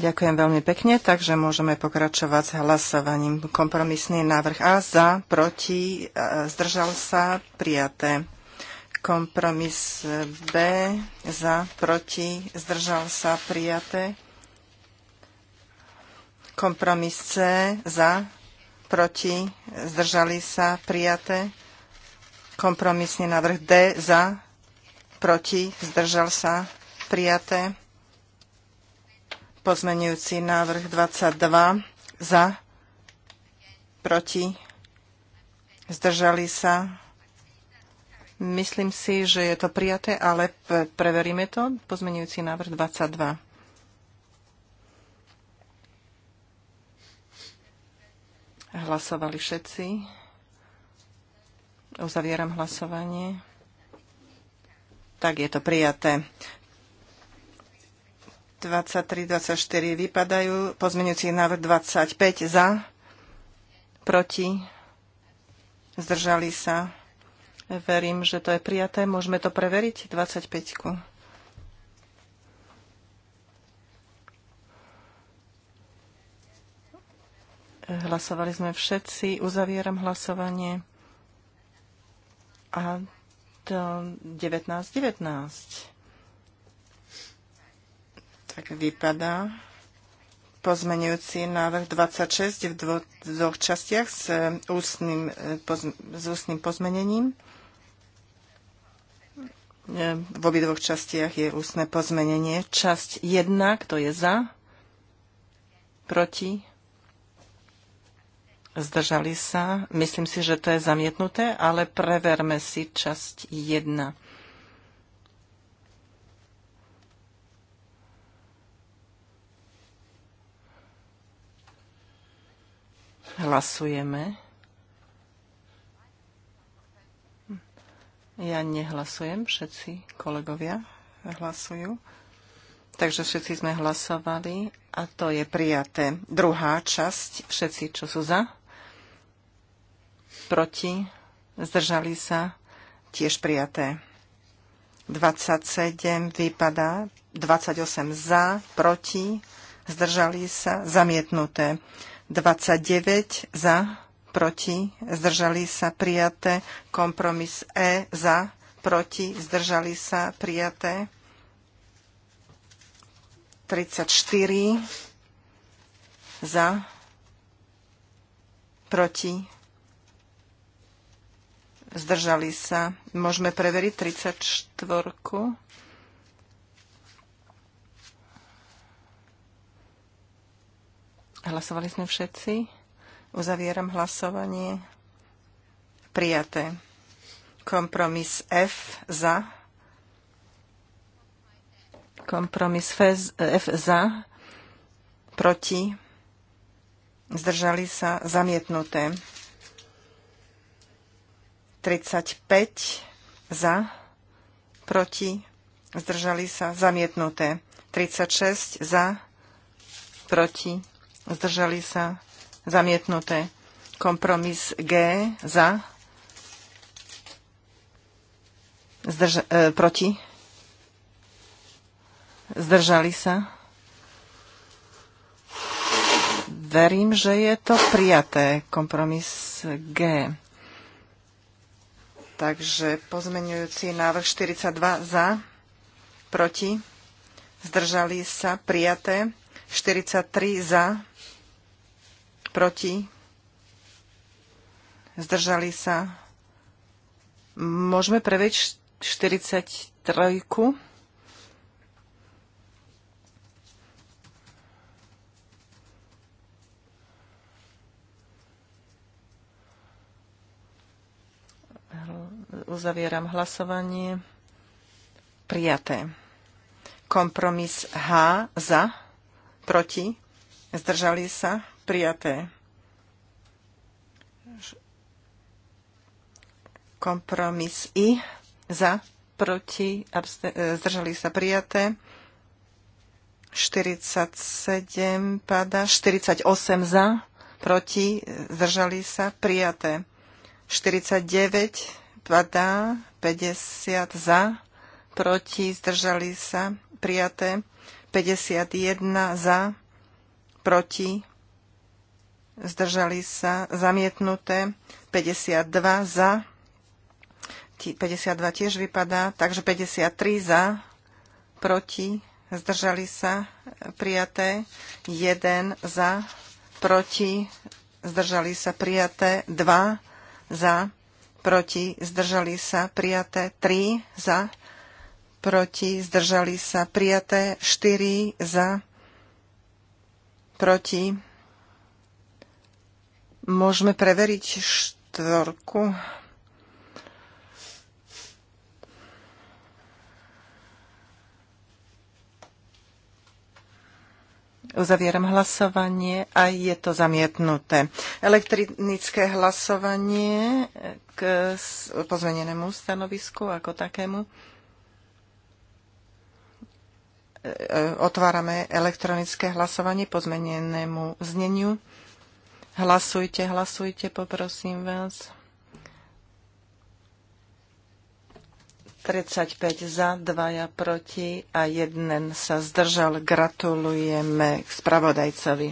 Ďakujem veľmi pekne, takže môžeme pokračovať s hlasovaním. Kompromisný návrh A za, proti, zdržal sa, prijaté. Kompromis B za, proti, zdržal sa, prijaté. Kompromis C za, proti, zdržali sa, prijaté. Kompromisný návrh D za, proti, zdržal sa, prijaté. Pozmenujúci návrh 22 za, proti, zdržali sa. Myslím si, že je to prijaté, ale preveríme to. Pozmenujúci návrh 22. Hlasovali všetci. Uzavieram hlasovanie. Tak je to prijaté. 23, 24 vypadajú. Pozmenujúci návrh 25 za, proti, zdržali sa. Verím, že to je prijaté. Môžeme to preveriť? 25. Hlasovali sme všetci. Uzavieram hlasovanie. A to 19, 19. Tak vypadá pozmenujúci návrh 26 v dvoch častiach s e, ústnym, e, s ústnym pozmenením. E, v obidvoch častiach je ústne pozmenenie. Časť 1, kto je za, proti, zdržali sa. Myslím si, že to je zamietnuté, ale preverme si časť 1. Hlasujeme. Ja nehlasujem, všetci kolegovia hlasujú. Takže všetci sme hlasovali a to je prijaté. Druhá časť, všetci, čo sú za, proti, zdržali sa, tiež prijaté. 27 vypadá, 28 za, proti, zdržali sa, zamietnuté. 29 za, proti, zdržali sa, prijaté. Kompromis E za, proti, zdržali sa, prijaté. 34 za, proti, zdržali sa. Môžeme preveriť 34. -ku. Hlasovali sme všetci. Uzavieram hlasovanie. Prijaté. Kompromis F za. Kompromis F za. Proti. Zdržali sa. Zamietnuté. 35 za, proti, zdržali sa, zamietnuté. 36 za, proti, zdržali sa, zamietnuté. Kompromis G za, zdrž, e, proti, zdržali sa. Verím, že je to prijaté. Kompromis G. Takže pozmeňujúci návrh 42 za, proti, zdržali sa, prijaté. 43 za, proti, zdržali sa. Môžeme preveť 43. Uzavieram hlasovanie. Prijaté. Kompromis H za, proti, zdržali sa, prijaté. Kompromis I za, proti, e, zdržali sa, prijaté. 47 pada, 48 za, proti, e, zdržali sa, prijaté. 49 2, 50 za, proti, zdržali sa, prijaté 51 za, proti, zdržali sa, zamietnuté 52 za, 52 tiež vypadá, takže 53 za, proti, zdržali sa, prijaté 1 za, proti, zdržali sa, prijaté 2 za, proti, zdržali sa, prijaté 3 za, proti, zdržali sa, prijaté 4 za, proti. Môžeme preveriť štvorku. Uzavieram hlasovanie a je to zamietnuté. Elektronické hlasovanie k pozmenenému stanovisku ako takému. E, e, otvárame elektronické hlasovanie pozmenenému zneniu. Hlasujte, hlasujte, poprosím vás. 35 za, 2 proti a jeden sa zdržal. Gratulujeme k spravodajcovi.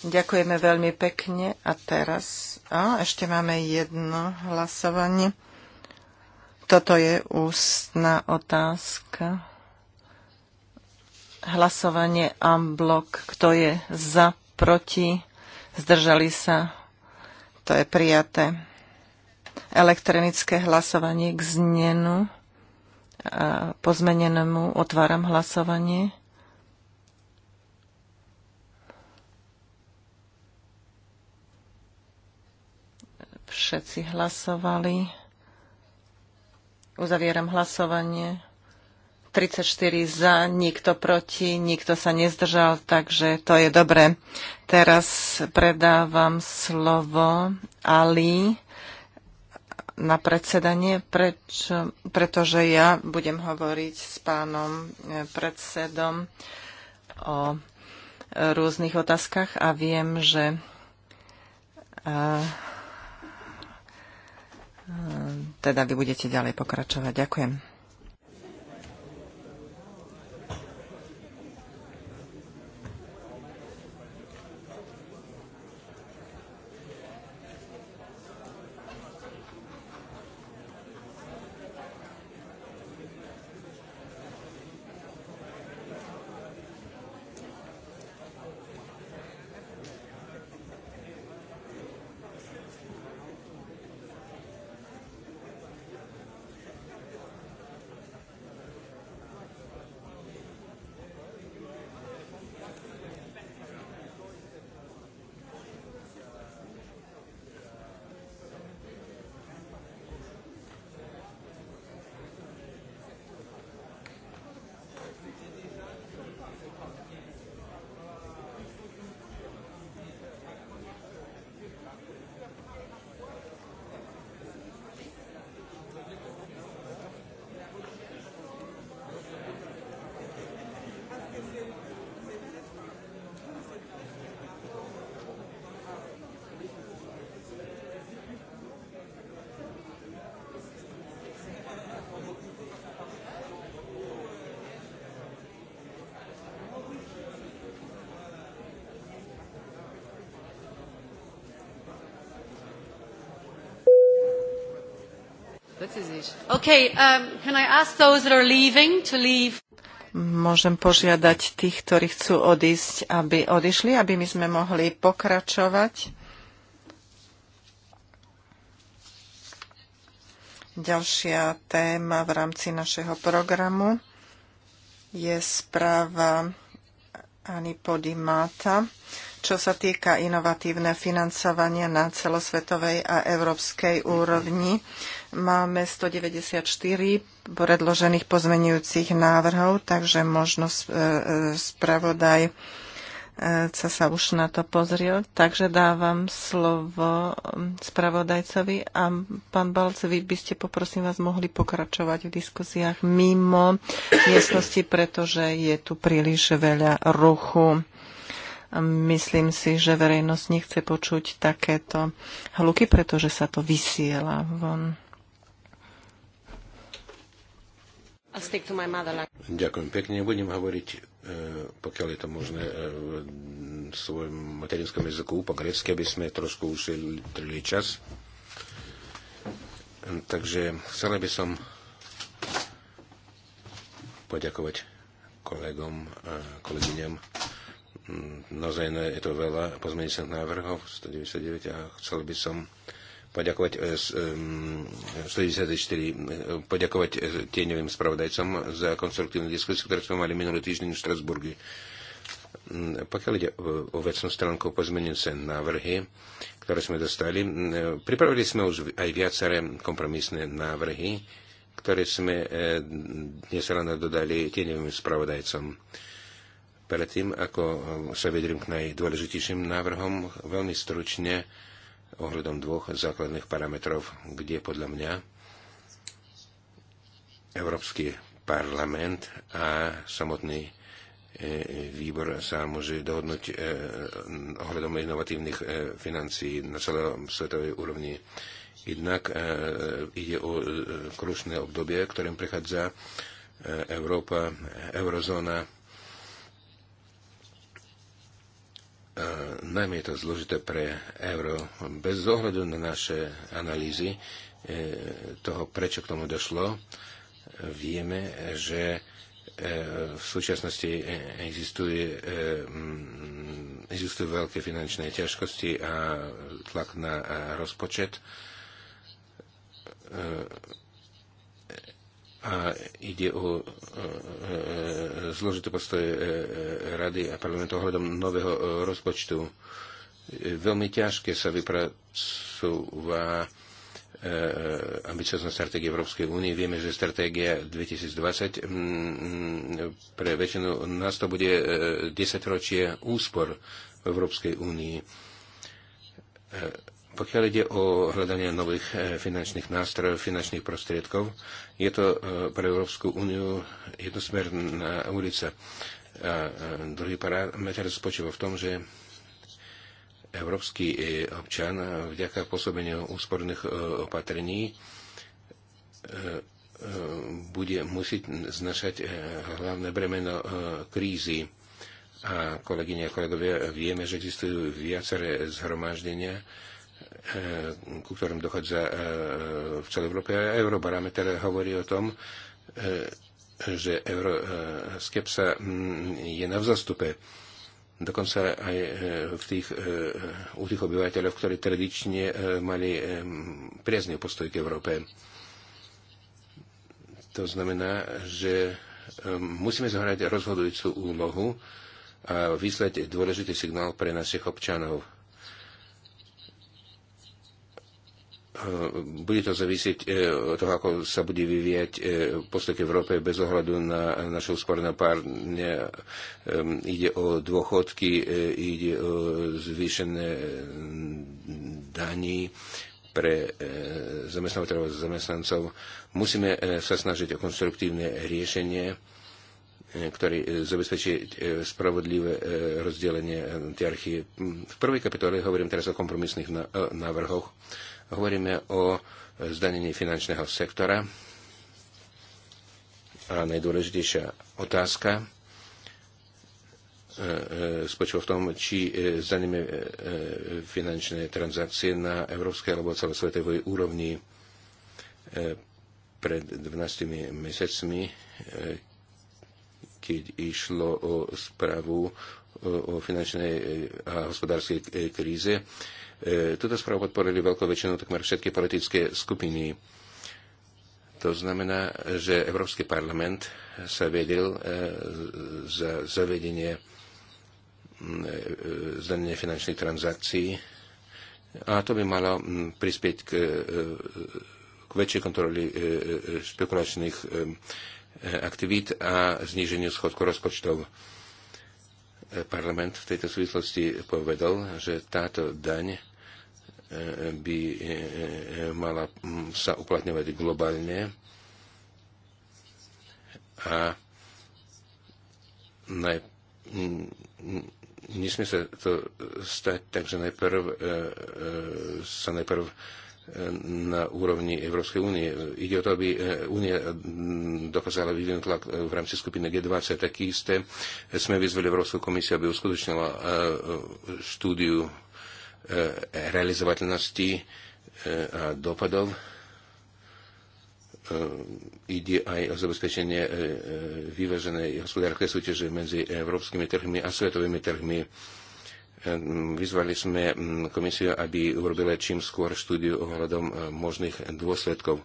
Ďakujeme veľmi pekne a teraz a ešte máme jedno hlasovanie. Toto je ústna otázka. Hlasovanie amblok. Kto je za, proti? Zdržali sa? To je prijaté elektronické hlasovanie k znenu a pozmenenému. Otváram hlasovanie. Všetci hlasovali. Uzavieram hlasovanie. 34 za, nikto proti, nikto sa nezdržal, takže to je dobre. Teraz predávam slovo Ali na predsedanie, preč, pretože ja budem hovoriť s pánom e, predsedom o e, rôznych otázkach a viem, že e, teda vy budete ďalej pokračovať. Ďakujem. Okay, um, can I ask those that are leaving to leave? Môžem požiadať tých, ktorí chcú odísť, aby odišli, aby my sme mohli pokračovať. Ďalšia téma v rámci našeho programu je správa Ani Podimata, čo sa týka inovatívne financovanie na celosvetovej a európskej úrovni Máme 194 predložených pozmenujúcich návrhov, takže možno e, e, spravodaj sa e, sa už na to pozrel. Takže dávam slovo spravodajcovi a pán Balc, vy by ste poprosím vás mohli pokračovať v diskusiách mimo miestnosti, pretože je tu príliš veľa ruchu. Myslím si, že verejnosť nechce počuť takéto hluky, pretože sa to vysiela von. Ďakujem pekne. Budem hovoriť, e, pokiaľ je to možné, e, v svojom materinskom jazyku po grecky, aby sme trošku ušetrili čas. E, takže chcela by som poďakovať kolegom a kolegyňam. Mm, naozaj je to veľa pozmeňujúcich návrhov, 199, a chcel by som poďakovať 194, e, e, e, poďakovať tieňovým spravodajcom za konstruktívnu diskusiu, ktorú sme mali minulý týždeň v Štrasburgu. Mm, pokiaľ ide o vecnú stránku pozmením sa návrhy, ktoré sme dostali, pripravili sme už aj viaceré kompromisné návrhy, ktoré sme dnes ráno dodali tieňovým spravodajcom. Predtým, ako sa vedrím k najdôležitejším návrhom, veľmi stručne ohľadom dvoch základných parametrov, kde podľa mňa Európsky parlament a samotný e, e, výbor sa môže dohodnúť e, ohľadom inovatívnych financií na svetovej úrovni. Jednak ide o krušné obdobie, ktorým prechádza Európa, eurozóna, najmä je to zložité pre euro. Bez ohľadu na naše analýzy e, toho, prečo k tomu došlo, vieme, že e, v súčasnosti existuje, e, mm, existujú veľké finančné ťažkosti a tlak na rozpočet a ide o e, e, zložité postoje e, Rady a parlamentu ohľadom nového rozpočtu. Veľmi ťažké sa vypracová ambiciozná stratégia Európskej únie. Vieme, že stratégia 2020 pre väčšinu nás to bude 10 ročie úspor v Európskej únii pokiaľ ide o hľadanie nových e, finančných nástrojov, finančných prostriedkov, je to e, pre Európsku úniu jednosmerná ulica. A e, druhý parameter spočíva v tom, že európsky občan vďaka pôsobeniu úsporných opatrení bude musieť znašať hlavné bremeno krízy. A kolegyne a kolegovia, vieme, že existujú viaceré zhromaždenia, Eh, ku ktorým dochádza eh, v celej Európe. A Eurobarometer hovorí o tom, eh, že euroskepsa mm, je na vzastupe. Dokonca aj v tých, u tých obyvateľov, ktorí tradične mali priazný postoj k Európe. To znamená, že musíme zohrať rozhodujúcu úlohu a vyslať dôležitý signál pre našich občanov E, bude to závisieť e, od toho, ako sa bude vyvíjať e, postup k Európe bez ohľadu na naše pár. párne. Ide o dôchodky, ide o zvýšené daní pre zamestnávateľov a zamestnancov. Musíme sa snažiť o konstruktívne riešenie ktorý zabezpečí spravodlivé rozdelenie hierarchie. V prvej kapitole hovorím teraz o kompromisných návrhoch. Na- Hovoríme o zdanení finančného sektora. A najdôležitejšia otázka e, e, spočíva v tom, či e, zdaníme finančné transakcie na európskej alebo celosvetovej úrovni. Pred 12 mesiacmi, keď išlo o správu o finančnej a hospodárskej kríze, E, Tuto správu podporili veľkou väčšinou takmer všetky politické skupiny. To znamená, že Európsky parlament sa vedel e, za zavedenie e, zdanenia finančných transakcií a to by malo prispieť k, k väčšej kontroli špekulačných aktivít a zníženiu schodku rozpočtov. Parlament v tejto súvislosti povedal, že táto daň by e, e, e, mala sa uplatňovať globálne a naj... nesmie sa to stať tak, že najprv sa najprv na úrovni Európskej únie. Ide o to, aby únia dokázala vyvinúť tlak v rámci skupiny G20. Taký isté sme vyzvali Európsku komisiu, aby uskutočnila štúdiu E, realizovateľnosti e, a dopadov. E, ide aj o zabezpečenie vyváženej hospodárskej súťaže medzi európskymi trhmi a svetovými trhmi. Vyzvali sme komisiu, aby urobila čím skôr štúdiu ohľadom možných dôsledkov.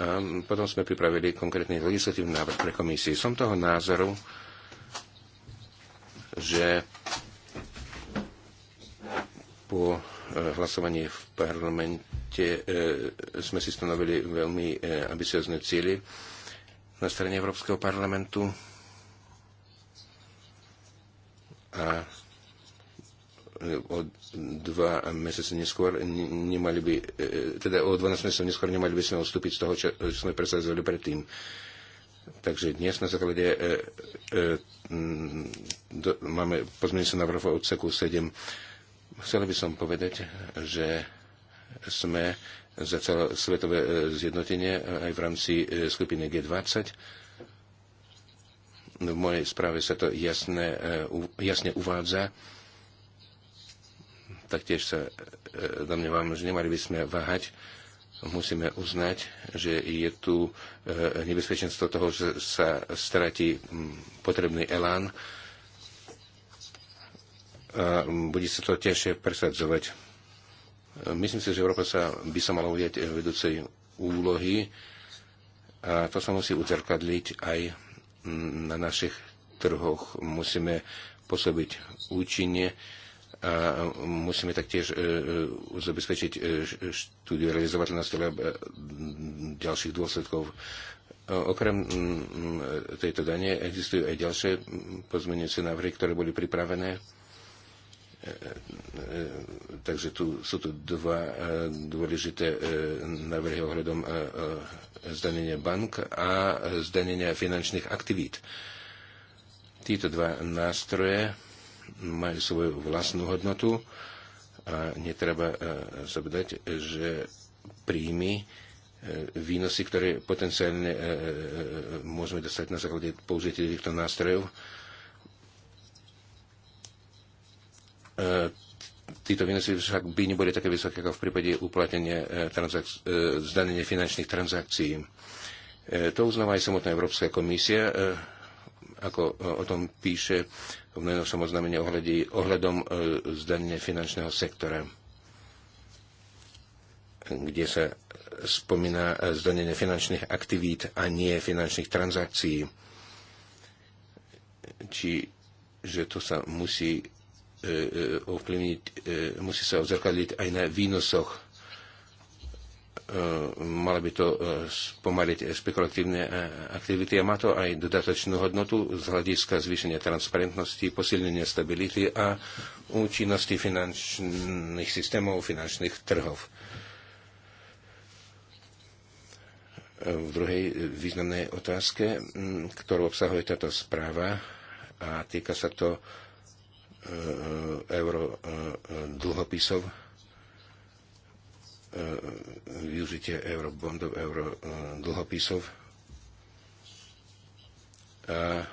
A potom sme pripravili konkrétny legislatívny návrh pre komisiu. Som toho názoru, že po e, hlasovaní v parlamente e, sme si stanovili veľmi e, ambiciozne cieľy na strane Európskeho parlamentu a o dva mesiace neskôr nemali by, teda o 12 mesiacov neskôr nemali by sme odstúpiť z toho, čo sme presadzovali predtým. Takže dnes na základe e, e, do, máme pozmeňujúce návrh v odseku 7 Chcel by som povedať, že sme za svetové e, zjednotenie e, aj v rámci e, skupiny G20. V mojej správe sa to jasne, jasne uvádza. Taktiež sa domnievam, že nemali by sme váhať. Musíme uznať, že je tu nebezpečenstvo toho, že sa stratí potrebný elán a bude sa to ťažšie presadzovať. Myslím si, že Európa sa by sa mala ujať vedúcej úlohy a to sa musí uzrkadliť aj na našich trhoch. Musíme pôsobiť účinne a musíme taktiež e, e, zabezpečiť e, štúdiu realizovateľnosti ďalších dôsledkov Okrem tejto dane existujú aj ďalšie pozmenujúce návrhy, ktoré boli pripravené. E, e, takže tu, sú tu dva e, dôležité návrhy ohľadom zdanenia bank a zdanenia finančných aktivít. Títo dva nástroje majú svoju vlastnú hodnotu a netreba zabudať, že príjmy výnosy, ktoré potenciálne môžeme dostať na základe použitia týchto nástrojov, E, títo výnosy však by neboli také vysoké ako v prípade uplatnenia e, e, zdanenia finančných transakcií. To uznáva aj samotná Európska komisia, ako o tom píše v najnovšom oznámení ohľadom zdanenia finančného sektora, kde sa spomína zdanenie finančných aktivít a nie finančných transakcií. Čiže to sa musí E, e, ovplyvniť, e, musí sa odzrkadliť aj na výnosoch. Mala by to spomaliť spekulatívne aktivity a má to aj dodatočnú hodnotu z hľadiska zvýšenia transparentnosti, posilnenia stability a účinnosti finančných systémov, finančných trhov. V druhej významnej otázke, ktorú obsahuje táto správa a týka sa to euro e, dlhopisov, e, využitie eurobondov, euro e, dlhopisov a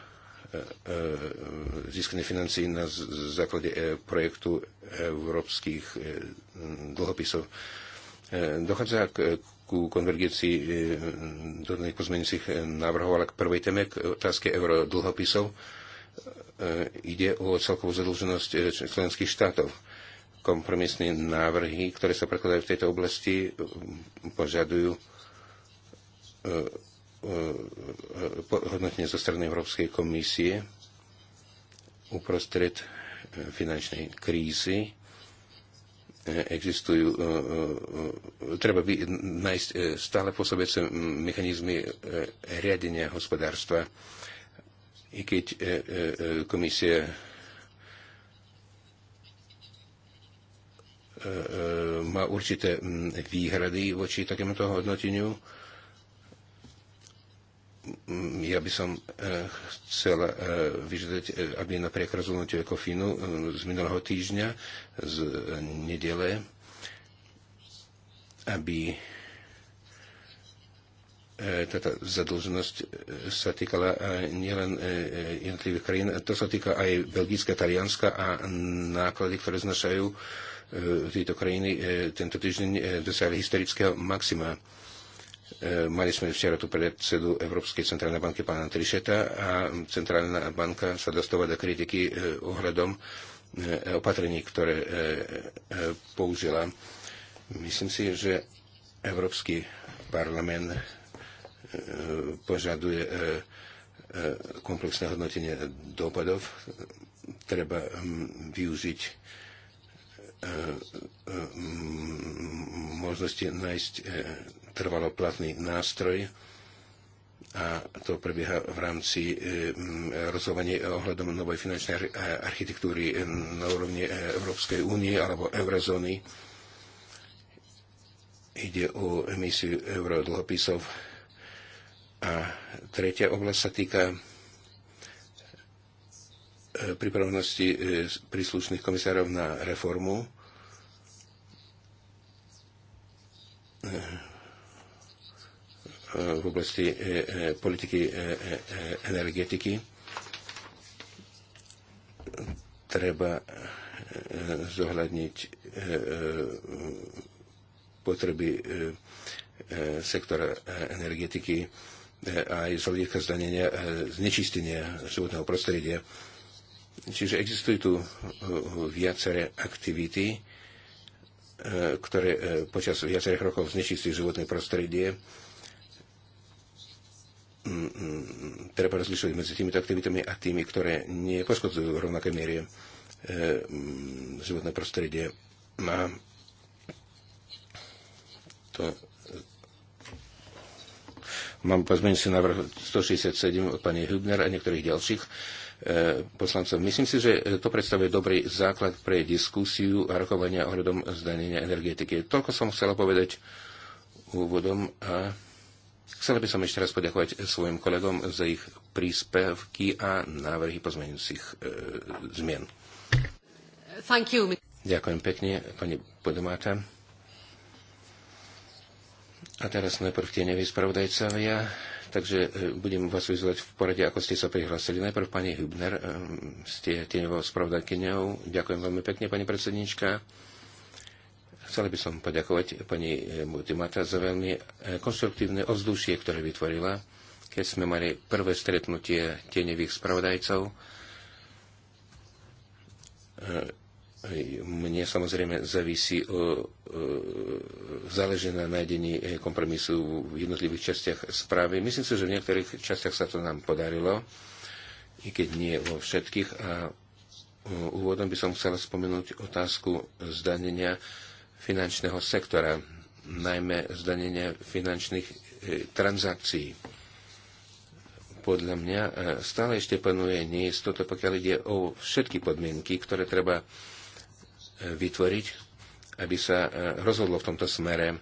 získanie financí na základe projektu európskych dlhopisov. Dochádza k ku konvergencii dodaných pozmeňujúcich návrhov, ale k prvej téme, k otázke euro dlhopisov E, ide o celkovú zadlženosť e, členských štátov. Kompromisné návrhy, ktoré sa prekladajú v tejto oblasti, požadujú e, hodnotenie zo strany Európskej komisie uprostred finančnej krízy existujú, treba by nájsť stále pôsobece mechanizmy riadenia hospodárstva i keď e, e, e, komisie má určité výhrady voči takémuto hodnoteniu. Ja by som chcel vyžadať, aby napriek rozhodnutiu Ekofinu z minulého týždňa, z nedele, aby E, táto teda zadlženosť e, sa týkala e, nielen jednotlivých krajín, to sa týka aj Belgická, Talianska a náklady, ktoré znašajú tieto krajiny tento týždeň dosiahli historického maxima. Mali sme včera tu predsedu Európskej centrálnej banky pána Trišeta a centrálna banka sa dostáva do kritiky ohľadom opatrení, ktoré použila. Myslím si, že Európsky parlament požaduje e, e, komplexné hodnotenie dopadov. Treba využiť e, možnosti nájsť trvalo platný nástroj a to prebieha v rámci rozhovanie ohľadom novej finančnej architektúry na úrovni Európskej únie alebo eurozóny. Ide o emisiu eurodlhopisov a tretia oblasť sa týka e, pripravenosti e, príslušných komisárov na reformu. E, v oblasti politiky energetiky. Treba zohľadniť potreby sektora energetiky E, aj z hľadiska zdanenia e, znečistenia životného prostredia. Čiže existujú tu e, viaceré aktivity, ktoré počas viacerých rokov znečistujú životné prostredie. Mm, mm, treba rozlišovať medzi týmito aktivitami a tými, ktoré nepoškodzujú v rovnakej miere mm, životné prostredie. A to Mám pozmeňujúci návrh 167 od pani Hübner a niektorých ďalších e, poslancov. Myslím si, že to predstavuje dobrý základ pre diskusiu a rokovania ohľadom zdanenia energetiky. Toľko som chcela povedať úvodom a chcela by som ešte raz poďakovať svojim kolegom za ich príspevky a návrhy pozmeňujúcich e, zmien. Ďakujem pekne, pani Podomáta. A teraz najprv tie nevy spravodajcovia, takže e, budem vás vyzvať v porade, ako ste sa prihlásili. Najprv pani Hübner, e, ste tieňovou spravodajkyňou. Ďakujem veľmi pekne, pani predsednička. Chcel by som poďakovať pani e, Mutimata za veľmi konstruktívne ovzdušie, ktoré vytvorila, keď sme mali prvé stretnutie tieňových spravodajcov mne samozrejme závisí, o, o, záleží na nájdení e, kompromisu v jednotlivých častiach správy. Myslím si, že v niektorých častiach sa to nám podarilo, i keď nie vo všetkých. A úvodom by som chcela spomenúť otázku zdanenia finančného sektora, najmä zdanenia finančných e, transakcií. Podľa mňa e, stále ešte panuje neistota, pokiaľ ide o všetky podmienky, ktoré treba vytvoriť, aby sa e, rozhodlo v tomto smere.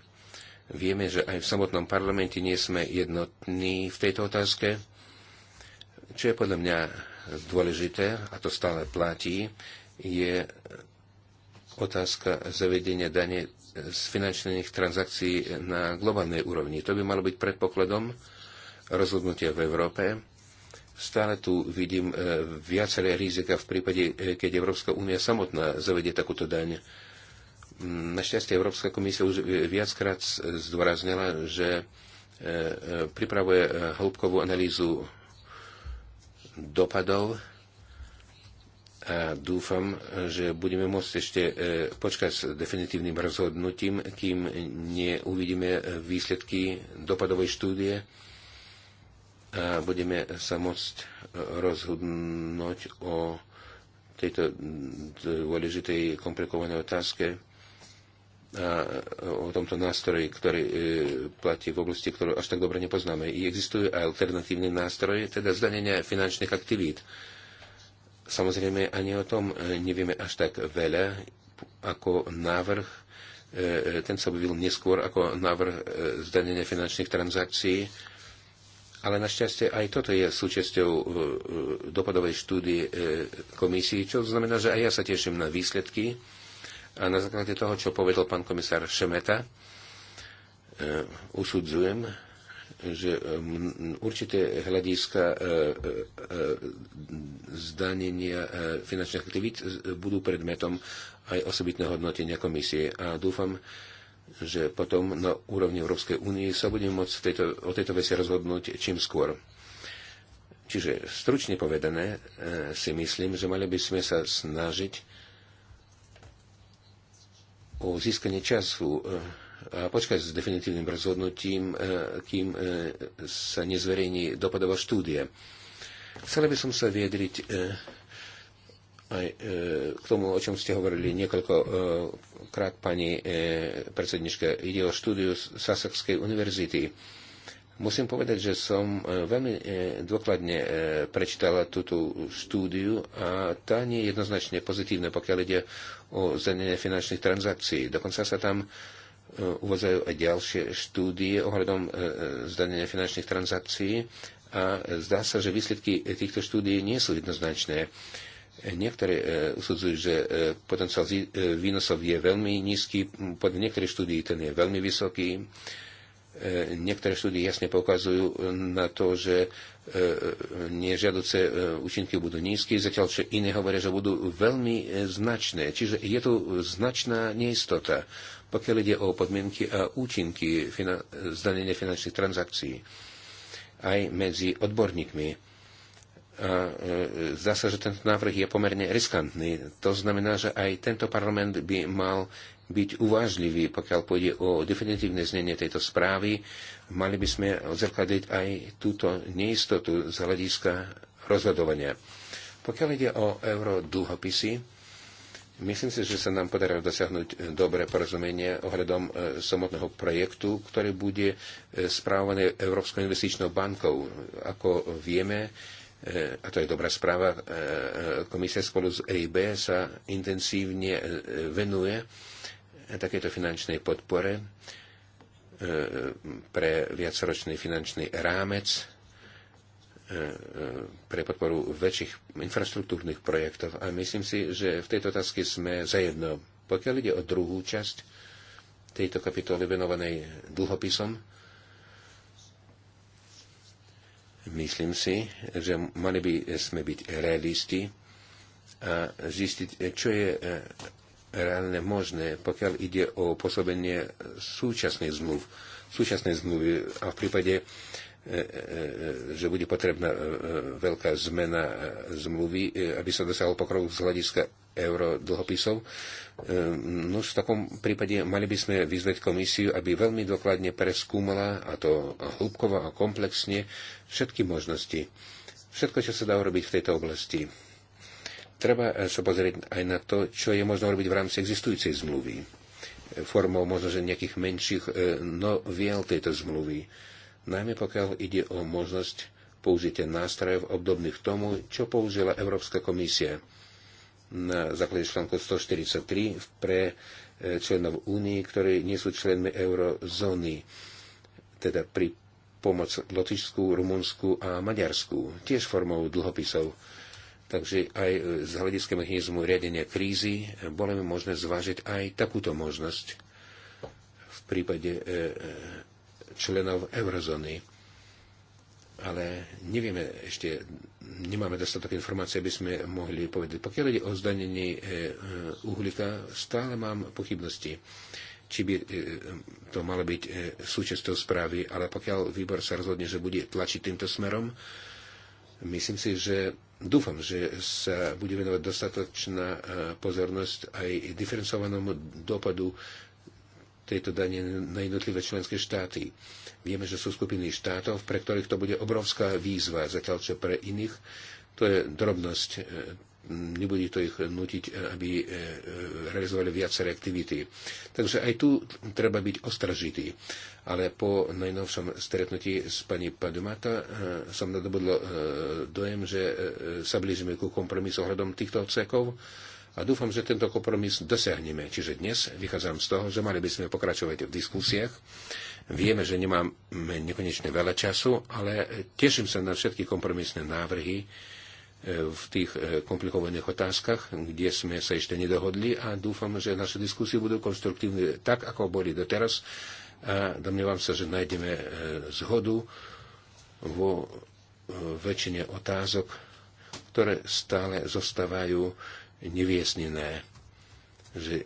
Vieme, že aj v samotnom parlamente nie sme jednotní v tejto otázke, čo je podľa mňa dôležité, a to stále platí, je otázka zavedenia dane z finančných transakcií na globálnej úrovni. To by malo byť predpokladom rozhodnutia v Európe Stále tu vidím e, viaceré rizika v prípade, e, keď Európska únia samotná zavedie takúto daň. Mm, našťastie Európska komisia už viackrát zdôraznila, že e, pripravuje hĺbkovú analýzu dopadov a dúfam, že budeme môcť ešte počkať s definitívnym rozhodnutím, kým neuvidíme výsledky dopadovej štúdie a budeme sa môcť rozhodnúť o tejto dôležitej komplikovanej otázke a o tomto nástroji, ktorý e, platí v oblasti, ktorú až tak dobre nepoznáme. I existujú aj alternatívne nástroje, teda zdanenia finančných aktivít. Samozrejme, ani o tom e, nevieme až tak veľa ako návrh. E, ten sa objavil neskôr ako návrh zdanenia finančných transakcií ale našťastie aj toto je súčasťou e, e, dopadovej štúdie e, komisii, čo znamená, že aj ja sa teším na výsledky. A na základe toho, čo povedal pán komisár Šemeta, usudzujem, že určité hľadiska zdanenia finančných aktivít budú predmetom aj osobitného hodnotenia komisie. A dúfam, že potom na úrovni Európskej únie sa budeme môcť tejto, o tejto veci rozhodnúť čím skôr. Čiže stručne povedané e, si myslím, že mali by sme sa snažiť o získanie času e, a počkať s definitívnym rozhodnutím, e, kým sa nezverejní dopadová štúdia. Chcel by som sa viedriť aj e, k tomu, o čom ste hovorili niekoľko e, krát, pani e, predsedničke, Ide o štúdiu z Sasekskej univerzity. Musím povedať, že som veľmi dôkladne prečítala túto štúdiu a tá nie je jednoznačne pozitívna, pokiaľ ide o zdanenie finančných transakcií. Dokonca sa tam uvozajú aj ďalšie štúdie ohľadom zdanenia finančných transakcií a zdá sa, že výsledky týchto štúdií nie sú jednoznačné. Niektoré e, usudzujú, že e, potenciál e, výnosov je veľmi nízky, podľa niektorých štúdií ten je veľmi vysoký. Niektoré štúdie jasne poukazujú na to, že nežiaduce účinky budú nízky, zatiaľ čo iné hovoria, že budú veľmi značné. Čiže je tu značná neistota, pokiaľ ide o podmienky a účinky zdanenia finančných transakcií aj medzi odborníkmi E, zdá sa, že tento návrh je pomerne riskantný. To znamená, že aj tento parlament by mal byť uvážlivý, pokiaľ pôjde o definitívne znenie tejto správy. Mali by sme odzrkadiť aj túto neistotu z hľadiska rozhodovania. Pokiaľ ide o euro dlhopisy, myslím si, že sa nám podarilo dosiahnuť dobré porozumenie ohľadom e, samotného projektu, ktorý bude e, správovaný Európskou investičnou bankou. Ako vieme, Eh, a to je dobrá správa, eh, eh, komisia spolu s EIB sa intenzívne venuje takéto finančnej podpore pre viacročný finančný rámec pre podporu väčších infraštruktúrnych projektov. A myslím si, že v tejto otázke sme zajedno. Pokiaľ ide o druhú časť tejto kapitoly venovanej dlhopisom, Myslím si, že mali by sme byť realisti a zistiť, čo je e, reálne možné, pokiaľ ide o pôsobenie súčasných zmluv. Súčasnej zmluvy a v prípade, e, e, že bude potrebná veľká zmena zmluvy, aby sa dosahol pokrok z hľadiska euro dlhopisov. Ehm, no v takom prípade mali by sme vyzvať komisiu, aby veľmi dokladne preskúmala, a to hĺbkovo a komplexne, všetky možnosti. Všetko, čo sa dá urobiť v tejto oblasti. Treba eh, sa pozrieť aj na to, čo je možno robiť v rámci existujúcej zmluvy. Eh, formou možno, že nejakých menších eh, noviel tejto zmluvy. Najmä pokiaľ ide o možnosť použitia nástrojov obdobných tomu, čo použila Európska komisia na základe článku 143 pre e, členov Únii, ktorí nie sú členmi eurozóny, teda pri pomoc Lotyšsku, Rumunsku a Maďarsku, tiež formou dlhopisov. Takže aj e, z hľadiska mechanizmu riadenia krízy e, bolo mi možné zvážiť aj takúto možnosť v prípade členov eurozóny ale nevieme ešte, nemáme dostatok informácií, aby sme mohli povedať. Pokiaľ ide o zdanenie e, e, uhlíka, stále mám pochybnosti, či by e, to malo byť súčasťou správy, ale pokiaľ výbor sa rozhodne, že bude tlačiť týmto smerom, myslím si, že dúfam, že sa bude venovať dostatočná pozornosť aj diferencovanému dopadu tejto dane na jednotlivé členské štáty. Vieme, že sú skupiny štátov, pre ktorých to bude obrovská výzva, zatiaľ čo pre iných to je drobnosť. E, nebude to ich nutiť, e, aby e, realizovali viaceré aktivity. Takže aj tu treba byť ostražitý. Ale po najnovšom stretnutí s pani Padumata som nadobudlo dojem, že sa blížime ku kompromisu ohľadom týchto obsekov a dúfam, že tento kompromis dosiahneme. Čiže dnes vychádzam z toho, že mali by sme pokračovať v diskusiách. Vieme, že nemáme nekonečne veľa času, ale teším sa na všetky kompromisné návrhy e, v tých e, komplikovaných otázkach, kde sme sa ešte nedohodli a dúfam, že naše diskusie budú konstruktívne tak, ako boli doteraz. A domnievam sa, že nájdeme e, zhodu vo väčšine otázok, ktoré stále zostávajú nevyjasnené, že eh,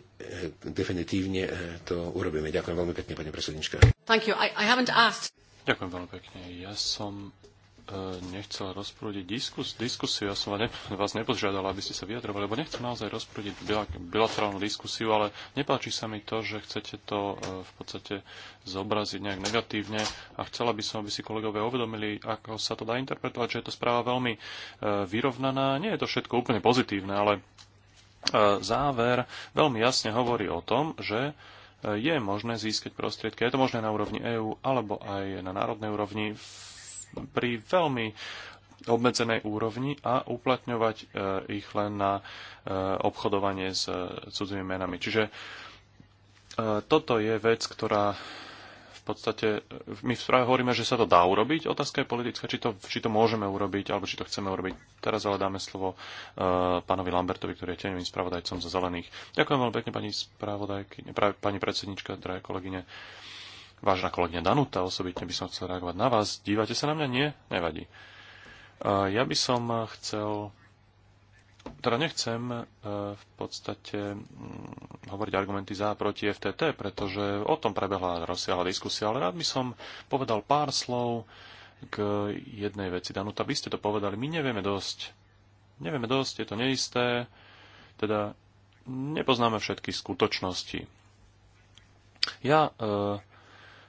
definitívne eh, to urobíme. Ďakujem veľmi pekne, pani predsednička. Thank you. I, I haven't asked. Ďakujem veľmi pekne. Ja som eh, nechcel rozprúdiť diskus, diskusiu. Ja som vás nepožiadal, aby ste sa vyjadrovali, lebo nechcem naozaj rozprúdiť bilaterálnu diskusiu, ale nepáči sa mi to, že chcete to v podstate zobraziť nejak negatívne a chcela by som, aby si kolegovia uvedomili, ako sa to dá interpretovať, že je to správa veľmi vyrovnaná. Nie je to všetko úplne pozitívne, ale záver veľmi jasne hovorí o tom, že e, je možné získať prostriedky. Je to možné na úrovni EÚ alebo aj na národnej úrovni pri veľmi obmedzenej úrovni a uplatňovať e, ich len na e, obchodovanie s cudzými menami. Čiže toto je vec, ktorá podstate my v správe hovoríme, že sa to dá urobiť. Otázka je politická, či to, či to môžeme urobiť, alebo či to chceme urobiť. Teraz ale dáme slovo uh, pánovi Lambertovi, ktorý je tenovým spravodajcom za zelených. Ďakujem veľmi pekne, pani spravodajky, pra, pani predsednička, drahé kolegyne. Vážna kolegyňa Danuta, osobitne by som chcel reagovať na vás. Dívate sa na mňa? Nie? Nevadí. Uh, ja by som chcel teda nechcem e, v podstate hovoriť argumenty za a proti FTT, pretože o tom prebehla rozsiahla diskusia, ale rád by som povedal pár slov k jednej veci. Danuta, vy ste to povedali, my nevieme dosť. Nevieme dosť, je to neisté, teda nepoznáme všetky skutočnosti. Ja e,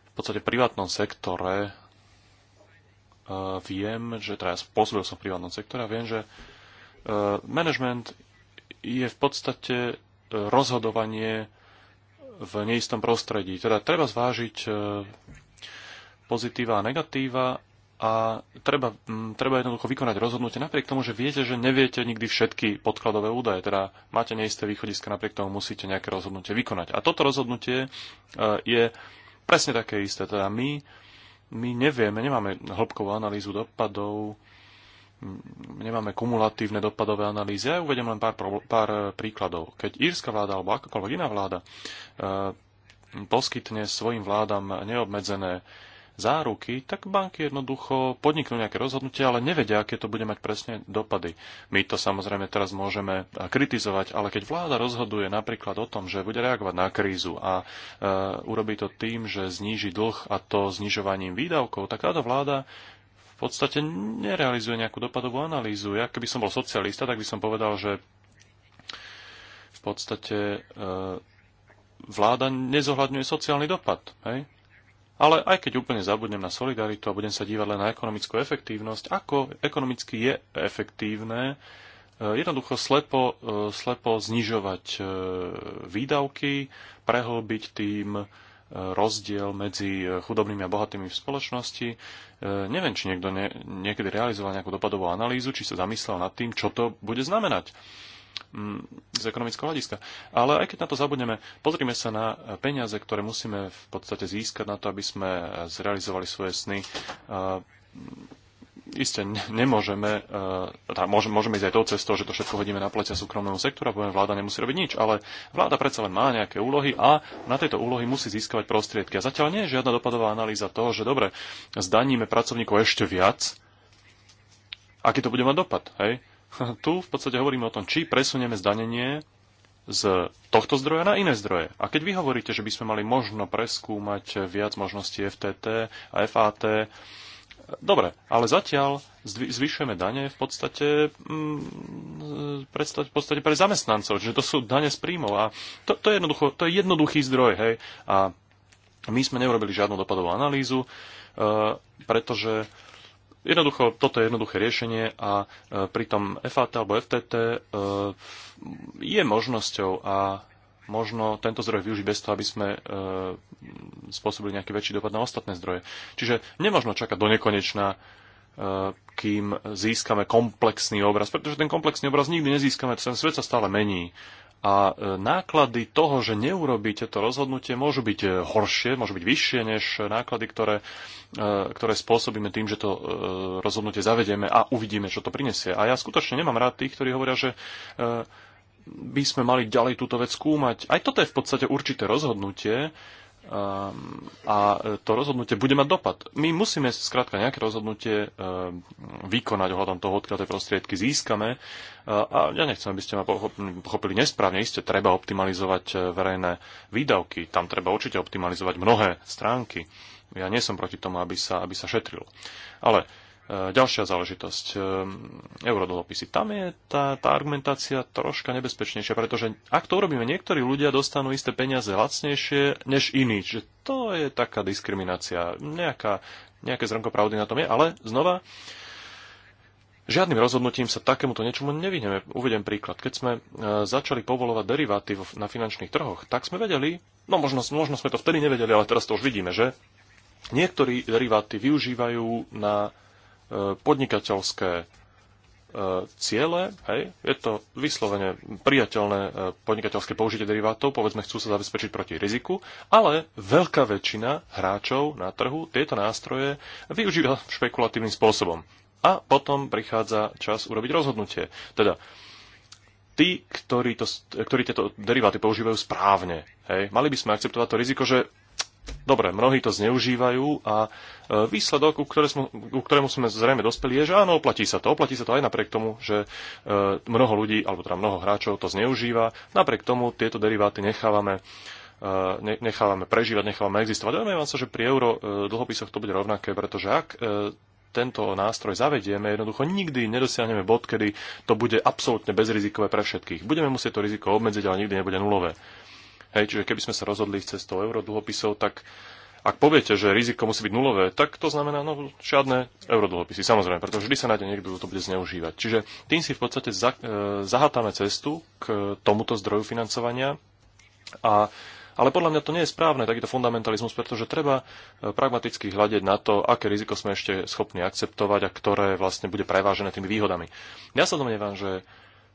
v podstate v privátnom sektore e, viem, že teraz pôsobil som v privátnom sektore a viem, že Eh, management je v podstate eh, rozhodovanie v neistom prostredí. Teda treba zvážiť eh, pozitíva a negatíva a treba, hm, treba jednoducho vykonať rozhodnutie napriek tomu, že viete, že neviete nikdy všetky podkladové údaje, teda máte neisté východiska, napriek tomu musíte nejaké rozhodnutie vykonať. A toto rozhodnutie je presne také isté. Teda my, my nevieme, nemáme hĺbkovú analýzu dopadov Mm, nemáme kumulatívne dopadové analýzy. Ja uvedem len pár, pár eh, príkladov. Keď írska vláda alebo akákoľvek iná vláda eh, poskytne svojim vládam neobmedzené záruky, tak banky jednoducho podniknú nejaké rozhodnutie, ale nevedia, aké to bude mať presne dopady. My to samozrejme teraz môžeme eh, kritizovať, ale keď vláda rozhoduje napríklad o tom, že bude reagovať na krízu a e, urobí to tým, že zníži dlh a to znižovaním výdavkov, tak táto vláda podstate nerealizuje nejakú dopadovú analýzu. Ja keby som bol socialista, tak by som povedal, že v podstate e, vláda nezohľadňuje sociálny dopad. Hej? Ale aj keď úplne zabudnem na solidaritu a budem sa dívať len na ekonomickú efektívnosť, ako ekonomicky je efektívne e, jednoducho slepo, e, slepo znižovať výdavky, prehlbiť tým rozdiel medzi chudobnými a bohatými v spoločnosti. E, neviem, či niekto niekedy realizoval nejakú dopadovú analýzu, či sa zamyslel nad tým, čo to bude znamenať mm, z ekonomického hľadiska. Ale aj keď na to zabudneme, pozrime sa na peniaze, ktoré musíme v podstate získať na to, aby sme zrealizovali svoje sny. E, Isté, nemôžeme, eh, teda môžeme, môžeme ísť aj tou cestou, že to všetko hodíme na plecia súkromnému sektoru a povieme, vláda nemusí robiť nič, ale vláda predsa len má nejaké úlohy a na tejto úlohy musí získavať prostriedky. A zatiaľ nie je žiadna dopadová analýza toho, že dobre, zdaníme pracovníkov ešte viac, aký to bude mať dopad. Hej? Tu v podstate hovoríme o tom, či presunieme zdanenie z tohto zdroja na iné zdroje. A keď vy hovoríte, že by sme mali možno preskúmať viac možností FTT a FAT Dobre, ale zatiaľ zvyšujeme dane v podstate, mm, e, v podstate pre zamestnancov, že to sú dane z príjmov a to, to, je, jednoducho, to je jednoduchý zdroj, hej, a my sme neurobili žiadnu dopadovú analýzu, e, pretože Jednoducho, toto je jednoduché riešenie a e, pritom pri tom FAT alebo FTT je možnosťou a možno tento zdroj využiť bez toho, aby sme e, spôsobili nejaký väčší dopad na ostatné zdroje. Čiže nemožno čakať do nekonečna, e, kým získame komplexný obraz, pretože ten komplexný obraz nikdy nezískame, ten svet sa stále mení. A e, náklady toho, že neurobíte to rozhodnutie, môžu byť e, horšie, môžu byť vyššie než náklady, ktoré, e, ktoré spôsobíme tým, že to rozhodnutie zavedieme a uvidíme, čo to prinesie. A ja skutočne nemám rád tých, ktorí hovoria, že by sme mali ďalej túto vec skúmať. Aj toto je v podstate určité rozhodnutie um, a to rozhodnutie bude mať dopad. My musíme skrátka nejaké rozhodnutie um, vykonať ohľadom toho, odkiaľ tie prostriedky získame. Uh, a ja nechcem, aby ste ma pochopili nesprávne. Isté, treba optimalizovať uh, verejné výdavky. Tam treba určite optimalizovať mnohé stránky. Ja nie som proti tomu, aby sa, aby sa šetrilo. Ale uh, E, ďalšia záležitosť, e, Eurodolopisy. Tam je tá, tá argumentácia troška nebezpečnejšia, pretože ak to urobíme, niektorí ľudia dostanú isté peniaze lacnejšie než iní. Čiže to je taká diskriminácia. Nejaká, nejaké zrnko pravdy na tom je, ale znova, Žiadnym rozhodnutím sa takémuto niečomu nevyhneme. Uvedem príklad. Keď sme e, začali povolovať deriváty na finančných trhoch, tak sme vedeli, no možno, možno sme to vtedy nevedeli, ale teraz to už vidíme, že niektorí deriváty využívajú na podnikateľské e, ciele, hej, je to vyslovene priateľné e, podnikateľské použitie derivátov, povedzme chcú sa zabezpečiť proti riziku, ale veľká väčšina hráčov na trhu tieto nástroje využíva špekulatívnym spôsobom. A potom prichádza čas urobiť rozhodnutie. Teda tí, ktorí, to, ktorí tieto deriváty používajú správne, hej, mali by sme akceptovať to riziko, že Dobre, mnohí to zneužívajú a e, výsledok, ku, sme, ku ktorému sme zrejme dospeli, je, že áno, oplatí sa to. Oplatí sa to aj napriek tomu, že e, mnoho ľudí, alebo teda mnoho hráčov to zneužíva. Napriek tomu tieto deriváty nechávame e, nechávame prežívať, nechávame existovať. Domnievam sa, že pri euro dlhopisoch to bude rovnaké, pretože ak tento nástroj zavedieme, jednoducho nikdy nedosiahneme bod, kedy to bude absolútne bezrizikové pre všetkých. Budeme musieť to riziko obmedziť, ale nikdy nebude nulové. Hej, čiže keby sme sa rozhodli ísť cestou eurodlhopisov, tak ak poviete, že riziko musí byť nulové, tak to znamená no, žiadne eurodlhopisy, samozrejme, pretože vždy sa nájde niekto, kto to bude zneužívať. Čiže tým si v podstate za, e, zahatáme cestu k tomuto zdroju financovania, a, ale podľa mňa to nie je správne, takýto fundamentalizmus, pretože treba e, pragmaticky hľadiť na to, aké riziko sme ešte schopní akceptovať a ktoré vlastne bude prevážené tými výhodami. Ja sa domnievam, že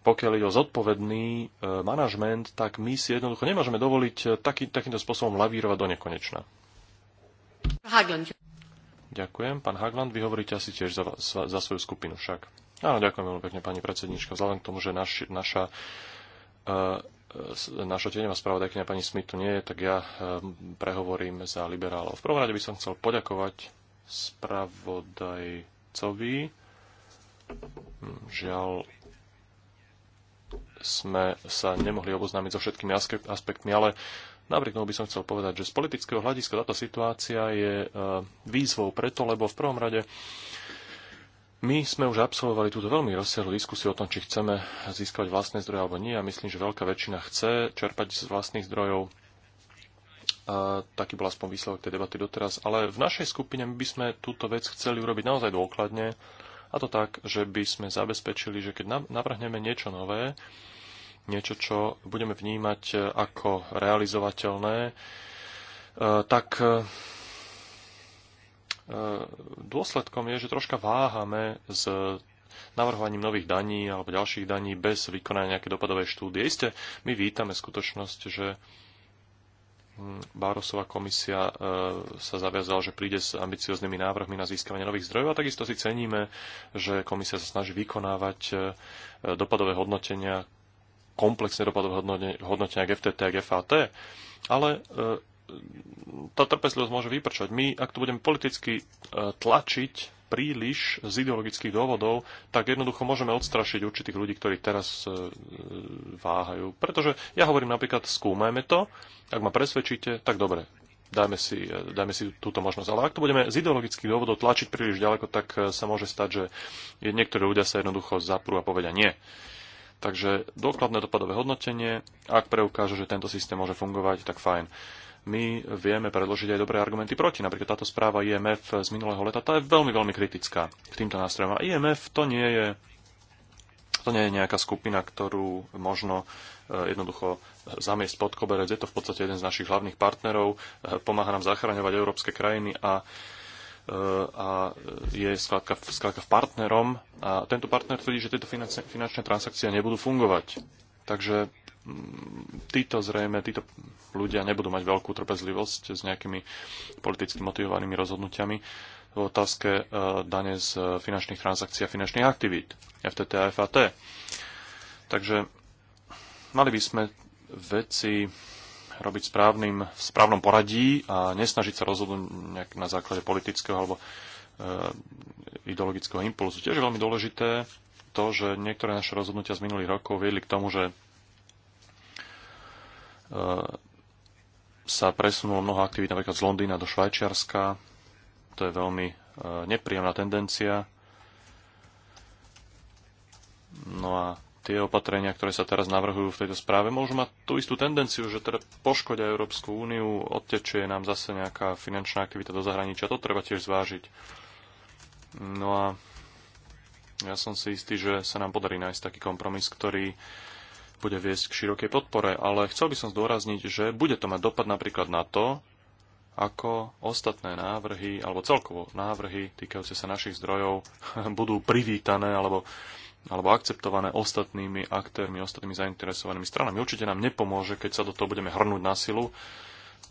pokiaľ ide o zodpovedný e, manažment, tak my si jednoducho nemôžeme dovoliť e, taký, takýmto spôsobom lavírovať do nekonečna. Hagland. Ďakujem. Pán Hagland, vy hovoríte asi tiež za, za, za svoju skupinu však. Áno, ďakujem veľmi pekne, pani predsednička. Vzhľadom k tomu, že naš, naša, e, e naša tieňová spravodajkynia pani Smith tu nie je, tak ja prehovorím za liberálov. V prvom rade by som chcel poďakovať spravodajcovi. Hm, žiaľ, sme sa nemohli oboznámiť so všetkými aspektmi, ale napriek tomu by som chcel povedať, že z politického hľadiska táto situácia je e, výzvou preto, lebo v prvom rade my sme už absolvovali túto veľmi rozsiahlu diskusiu o tom, či chceme získať vlastné zdroje alebo nie. A myslím, že veľká väčšina chce čerpať z vlastných zdrojov. A taký bol aspoň výsledok tej debaty doteraz. Ale v našej skupine my by sme túto vec chceli urobiť naozaj dôkladne. A to tak, že by sme zabezpečili, že keď navrhneme niečo nové, niečo, čo budeme vnímať e, ako realizovateľné, e, tak e, dôsledkom je, že troška váhame s navrhovaním nových daní alebo ďalších daní bez vykonania nejaké dopadovej štúdie. Isté, my vítame skutočnosť, že hm, Bárosová komisia sa zaviazala, že príde s ambicioznými návrhmi na získavanie nových zdrojov a takisto si ceníme, že komisia sa snaží vykonávať dopadové hodnotenia komplexné dopadové hodnotenia GFTT a GFAT, ale e, tá trpezlivosť môže vyprčať. My, ak to budeme politicky e, tlačiť príliš z ideologických dôvodov, tak jednoducho môžeme odstrašiť určitých ľudí, ktorí teraz e, váhajú. Pretože ja hovorím napríklad, skúmajme to, ak ma presvedčíte, tak dobre, dajme si, dajme si túto možnosť. Ale ak to budeme z ideologických dôvodov tlačiť príliš ďaleko, tak sa môže stať, že niektorí ľudia sa jednoducho zaprú a povedia nie. Takže dokladné dopadové hodnotenie, ak preukáže, že tento systém môže fungovať, tak fajn. My vieme predložiť aj dobré argumenty proti. Napríklad táto správa IMF z minulého leta, tá je veľmi, veľmi kritická k týmto nástrojom. A IMF to nie je, to nie je nejaká skupina, ktorú možno eh, jednoducho zamiesť pod koberec. Je to v podstate jeden z našich hlavných partnerov, eh, pomáha nám zachraňovať európske krajiny a Eh, a je skladka, skladka partnerom a tento partner tvrdí, že tieto finančné transakcie nebudú fungovať. Takže mm, títo zrejme, títo ľudia nebudú mať veľkú trpezlivosť s nejakými politicky motivovanými rozhodnutiami v otázke eh, dane z eh, finančných transakcií a finančných aktivít FTT a FAT. Takže mali by sme veci robiť správnym, v správnom poradí a nesnažiť sa rozhodnúť nejak na základe politického alebo e, ideologického impulzu. Tiež je veľmi dôležité to, že niektoré naše rozhodnutia z minulých rokov viedli k tomu, že e, sa presunulo mnoho aktivít napríklad z Londýna do Švajčiarska. To je veľmi e, nepríjemná tendencia. No a tie opatrenia, ktoré sa teraz navrhujú v tejto správe, môžu mať tú istú tendenciu, že teda poškodia Európsku úniu, odtečie nám zase nejaká finančná aktivita do zahraničia. To treba tiež zvážiť. No a ja som si istý, že sa nám podarí nájsť taký kompromis, ktorý bude viesť k širokej podpore, ale chcel by som zdôrazniť, že bude to mať dopad napríklad na to, ako ostatné návrhy, alebo celkovo návrhy týkajúce sa našich zdrojov budú privítané alebo alebo akceptované ostatnými aktérmi, ostatnými zainteresovanými stranami. Určite nám nepomôže, keď sa do toho budeme hrnúť na silu,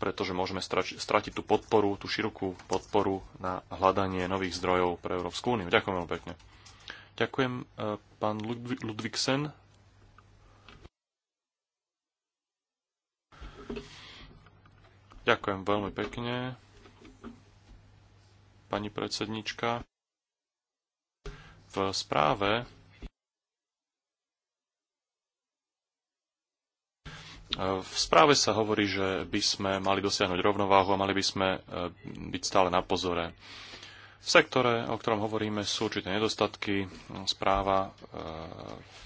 pretože môžeme stratiť tú podporu, tú širokú podporu na hľadanie nových zdrojov pre Európsku úniu. Ďakujem veľmi pekne. Ďakujem, eh, pán Ludvigsen. Ďakujem veľmi pekne, pani predsednička. V správe V správe sa hovorí, že by sme mali dosiahnuť rovnováhu a mali by sme e, byť stále na pozore. V sektore, o ktorom hovoríme, sú určité nedostatky. Správa e,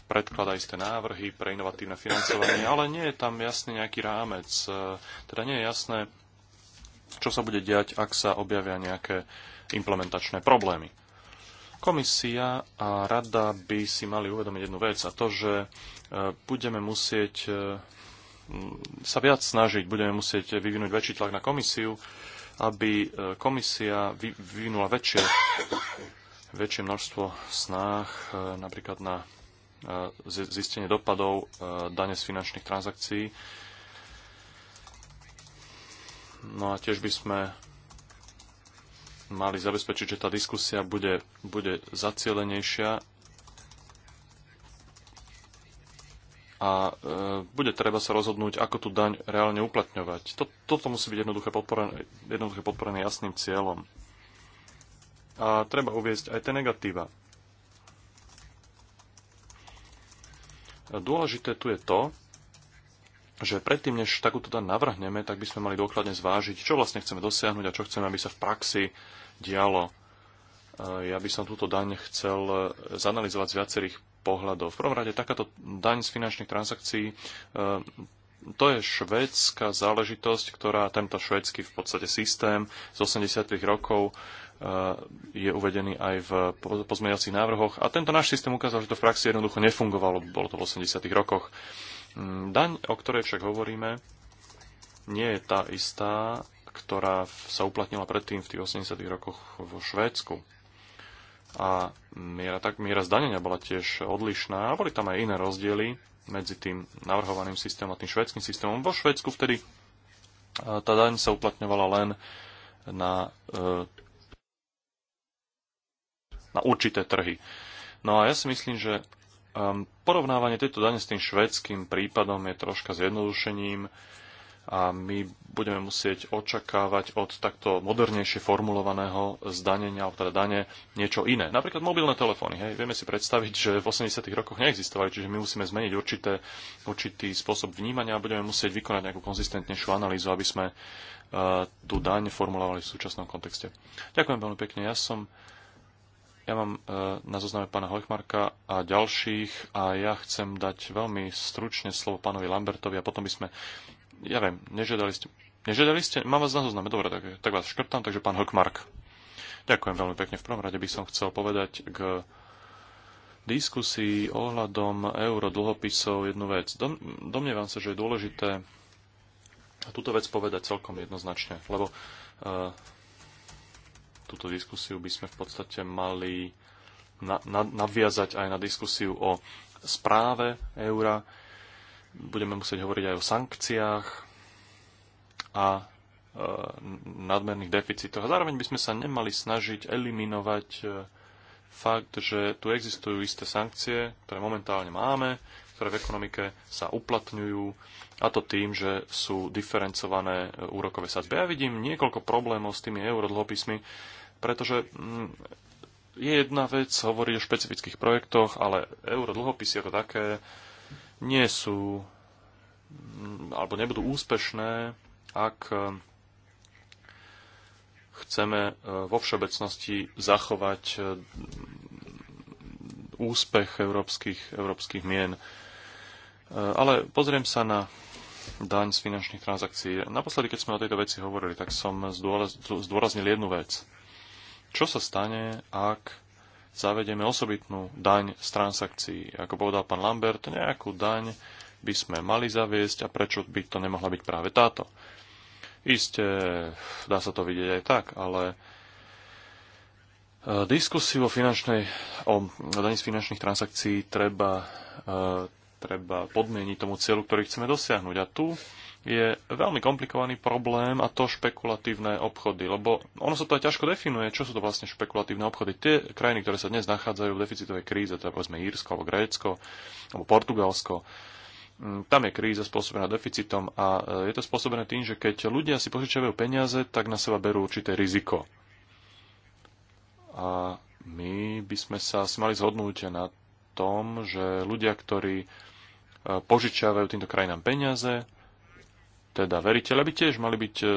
predklada isté návrhy pre inovatívne financovanie, ale nie je tam jasný nejaký rámec. E, teda nie je jasné, čo sa bude diať, ak sa objavia nejaké implementačné problémy. Komisia a rada by si mali uvedomiť jednu vec a to, že budeme musieť sa viac snažiť. Budeme musieť vyvinúť väčší tlak na komisiu, aby e, komisia vyvinula väčšie, väčšie množstvo snách e, napríklad na e, zistenie dopadov dane z finančných transakcií. No a tiež by sme mali zabezpečiť, že tá diskusia bude, bude zacielenejšia a e, bude treba sa rozhodnúť, ako tú daň reálne uplatňovať. To, toto musí byť jednoduché podporené, jednoduché podporené jasným cieľom. A treba uviezť aj tie negatíva. Dôležité tu je to, že predtým, než takúto daň navrhneme, tak by sme mali dôkladne zvážiť, čo vlastne chceme dosiahnuť a čo chceme, aby sa v praxi dialo. E, ja by som túto daň chcel e, zanalizovať z viacerých pohľadov. V prvom rade takáto daň z finančných transakcií e, to je švédska záležitosť, ktorá tento švédsky v podstate systém z 80. rokov e, je uvedený aj v pozmeňovacích návrhoch. A tento náš systém ukázal, že to v praxi jednoducho nefungovalo. Bolo to v 80. rokoch. Mm, daň, o ktorej však hovoríme, nie je tá istá, ktorá sa uplatnila predtým v tých 80. rokoch vo Švédsku a miera, tak, miera zdanenia bola tiež odlišná a boli tam aj iné rozdiely medzi tým navrhovaným systémom a tým švedským systémom. Vo Švedsku vtedy e, tá daň sa uplatňovala len na, e, na určité trhy. No a ja si myslím, že e, porovnávanie tejto dane s tým švedským prípadom je troška zjednodušením a my budeme musieť očakávať od takto modernejšie formulovaného zdanenia, alebo teda dane, niečo iné. Napríklad mobilné telefóny. Hej. Vieme si predstaviť, že v 80. rokoch neexistovali, čiže my musíme zmeniť určité, určitý spôsob vnímania a budeme musieť vykonať nejakú konzistentnejšiu analýzu, aby sme uh, tú daň formulovali v súčasnom kontexte. Ďakujem veľmi pekne. Ja som ja mám e, na zozname pána Hojchmarka a ďalších a ja chcem dať veľmi stručne slovo pánovi Lambertovi a potom by sme ja viem, nežiadali ste, nežiadali ste, mám vás na zozname, dobre, tak, tak vás škrtám, takže pán Hokmark. Ďakujem veľmi pekne. V prvom rade by som chcel povedať k diskusii ohľadom euro dlhopisov jednu vec. Dom, domnievam sa, že je dôležité túto vec povedať celkom jednoznačne, lebo uh, túto diskusiu by sme v podstate mali na, na, naviazať aj na diskusiu o správe eura, budeme musieť hovoriť aj o sankciách a e, nadmerných deficitoch. A zároveň by sme sa nemali snažiť eliminovať e, fakt, že tu existujú isté sankcie, ktoré momentálne máme, ktoré v ekonomike sa uplatňujú, a to tým, že sú diferencované e, úrokové sadzby. Ja vidím niekoľko problémov s tými eurodlhopismi, pretože je mm, jedna vec hovoriť o špecifických projektoch, ale eurodlhopisy ako také nie sú mm, alebo nebudú úspešné, ak e, chceme e, vo všeobecnosti zachovať e, úspech európskych, európskych mien. Ale pozriem sa na daň z finančných transakcií. Naposledy, keď sme o tejto veci hovorili, tak som zdôraznil jednu vec. Čo sa stane, ak zavedieme osobitnú daň z transakcií. Ako povedal pán Lambert, nejakú daň by sme mali zaviesť a prečo by to nemohla byť práve táto. Isté, dá sa to vidieť aj tak, ale e, diskusiu o, finančnej, o daní z finančných transakcií treba, e, treba podmieniť tomu cieľu, ktorý chceme dosiahnuť. A tu je veľmi komplikovaný problém a to špekulatívne obchody, lebo ono sa to aj ťažko definuje, čo sú to vlastne špekulatívne obchody. Tie krajiny, ktoré sa dnes nachádzajú v deficitovej kríze, teda povedzme Írsko alebo Grécko alebo Portugalsko, mm, tam je kríza spôsobená deficitom a e, je to spôsobené tým, že keď ľudia si požičiavajú peniaze, tak na seba berú určité riziko. A my by sme sa asi mali zhodnúť na tom, že ľudia, ktorí e, požičiavajú týmto krajinám peniaze, teda veriteľe by tiež mali byť e,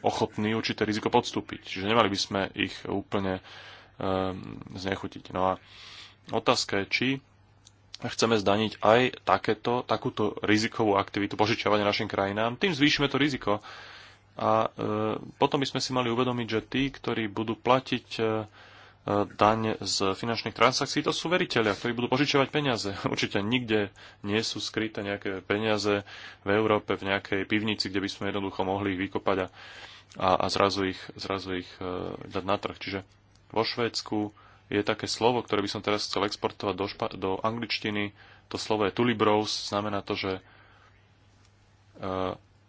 ochotní určité riziko podstúpiť. Čiže nemali by sme ich úplne e, znechutiť. No a otázka je, či chceme zdaniť aj takéto, takúto rizikovú aktivitu požičiavania našim krajinám, tým zvýšime to riziko. A e, potom by sme si mali uvedomiť, že tí, ktorí budú platiť e, daň z finančných transakcií, to sú veriteľia, ktorí budú požičiavať peniaze. Určite nikde nie sú skryté nejaké peniaze v Európe, v nejakej pivnici, kde by sme jednoducho mohli ich vykopať a, a, a zrazu ich, zrazu ich e, dať na trh. Čiže vo Švédsku je také slovo, ktoré by som teraz chcel exportovať do, špa- do angličtiny. To slovo je tulibros, znamená to, že e,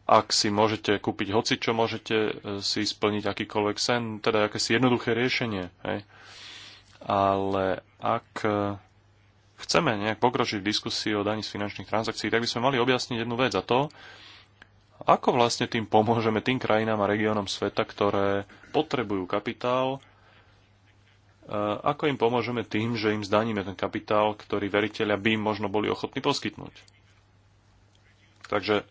ak si môžete kúpiť hoci čo, môžete e, si splniť akýkoľvek sen, teda akési jednoduché riešenie. Hej. Ale ak e, chceme nejak pokročiť v diskusii o daní z finančných transakcií, tak by sme mali objasniť jednu vec a to, ako vlastne tým pomôžeme tým krajinám a regiónom sveta, ktoré potrebujú kapitál, e, ako im pomôžeme tým, že im zdaníme ten kapitál, ktorý veriteľia by im možno boli ochotní poskytnúť. Takže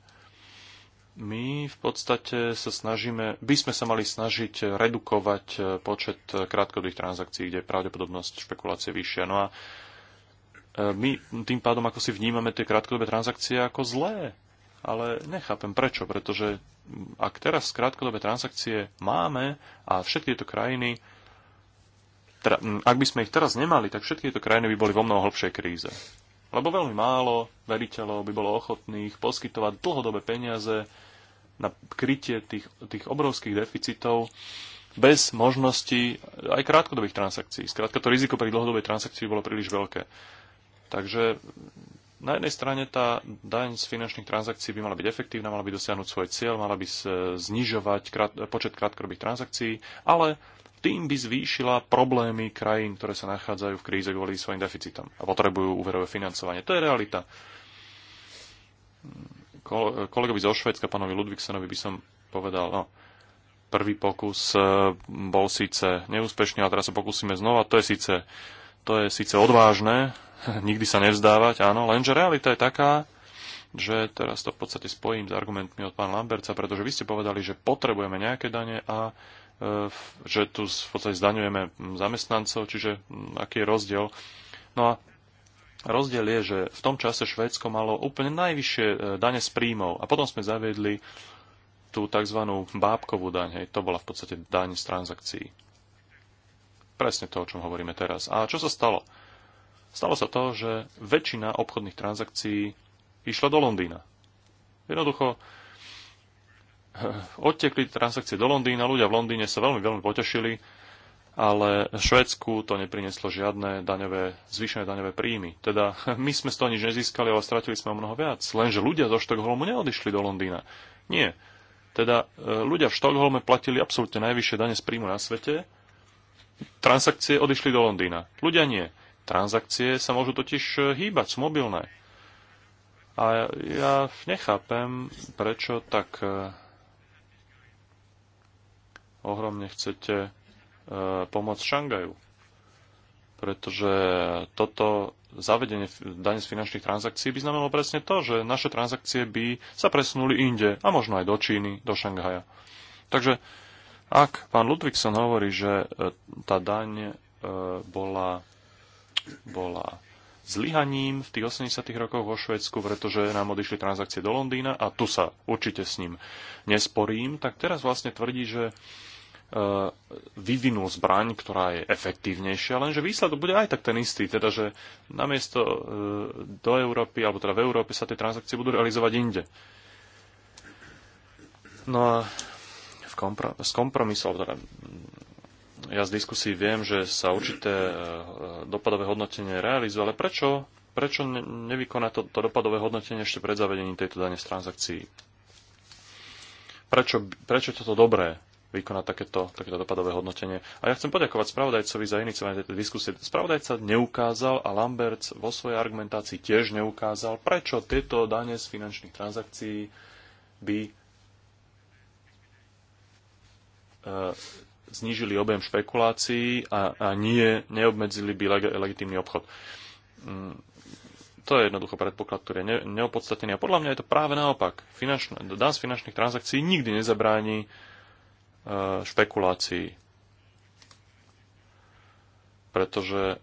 my v podstate sa snažíme, by sme sa mali snažiť redukovať eh, počet eh, krátkodých transakcií, kde je pravdepodobnosť špekulácie vyššia. No a eh, my tým pádom ako si vnímame tie krátkodobé transakcie ako zlé. Ale nechápem prečo, pretože hm, ak teraz krátkodobé transakcie máme a všetky tieto krajiny, teda, ak by sme ich teraz nemali, tak všetky tieto krajiny by boli vo mnoho hĺbšej kríze. Lebo veľmi málo veriteľov by bolo ochotných poskytovať dlhodobé peniaze na krytie tých, tých obrovských deficitov bez možnosti aj krátkodobých transakcií. Skrátka to riziko pri dlhodobej transakcii bolo príliš veľké. Takže na jednej strane tá daň z finančných transakcií by mala byť efektívna, mala by dosiahnuť svoj cieľ, mala by e, znižovať krát, počet krátkodobých transakcií, ale tým by zvýšila problémy krajín, ktoré sa nachádzajú v kríze kvôli svojim deficitom a potrebujú úverové financovanie. To je realita kolegovi zo Švedska, pánovi Ludvigsenovi, by som povedal, no, prvý pokus e, bol síce neúspešný, ale teraz sa pokúsime znova. To je síce, to je síce odvážne, nikdy sa nevzdávať, áno, lenže realita je taká, že teraz to v podstate spojím s argumentmi od pána Lamberca, pretože vy ste povedali, že potrebujeme nejaké dane a e, že tu v podstate zdaňujeme zamestnancov, čiže aký je rozdiel. No a Rozdiel je, že v tom čase Švédsko malo úplne najvyššie e, dane z príjmov a potom sme zaviedli tú tzv. bábkovú daň. Hej, to bola v podstate daň z transakcií. Presne to, o čom hovoríme teraz. A čo sa stalo? Stalo sa to, že väčšina obchodných transakcií išla do Londýna. Jednoducho, e, odtekli transakcie do Londýna, ľudia v Londýne sa veľmi, veľmi potešili, ale Švedsku to neprineslo žiadne daňové, zvýšené daňové príjmy. Teda my sme z toho nič nezískali, ale stratili sme o mnoho viac. Lenže ľudia zo Štokholmu neodišli do Londýna. Nie. Teda e, ľudia v Štokholme platili absolútne najvyššie dane z príjmu na svete. Transakcie odišli do Londýna. Ľudia nie. Transakcie sa môžu totiž e, hýbať, sú mobilné. A ja nechápem, prečo tak e, ohromne chcete E, pomoc Šangaju. Pretože toto zavedenie dane z finančných transakcií by znamenalo presne to, že naše transakcie by sa presunuli inde a možno aj do Číny, do Šanghaja. Takže ak pán Ludvíkson hovorí, že e, tá daň e, bola, bola zlyhaním v tých 80. rokoch vo Švedsku, pretože nám odišli transakcie do Londýna a tu sa určite s ním nesporím, tak teraz vlastne tvrdí, že E, vyvinul zbraň, ktorá je efektívnejšia, lenže výsledok bude aj tak ten istý, teda že namiesto e, do Európy, alebo teda v Európe sa tie transakcie budú realizovať inde. No a v kompro- z kompromisov, teda ja z diskusí viem, že sa určité e, dopadové hodnotenie realizuje, ale prečo, prečo nevykonať to, to dopadové hodnotenie ešte pred zavedením tejto dane z transakcií? Prečo, prečo je toto dobré? vykonať takéto, takéto dopadové hodnotenie. A ja chcem poďakovať spravodajcovi za iniciovanie tejto diskusie. Spravodajca neukázal a Lamberts vo svojej argumentácii tiež neukázal, prečo tieto dane z finančných transakcií by e, znížili objem špekulácií a, a nie, neobmedzili by leg- legitímny obchod. Mm, to je jednoducho predpoklad, ktorý je neopodstatnený. A podľa mňa je to práve naopak. Finančn- dan z finančných transakcií nikdy nezabráni špekulácií. Pretože e,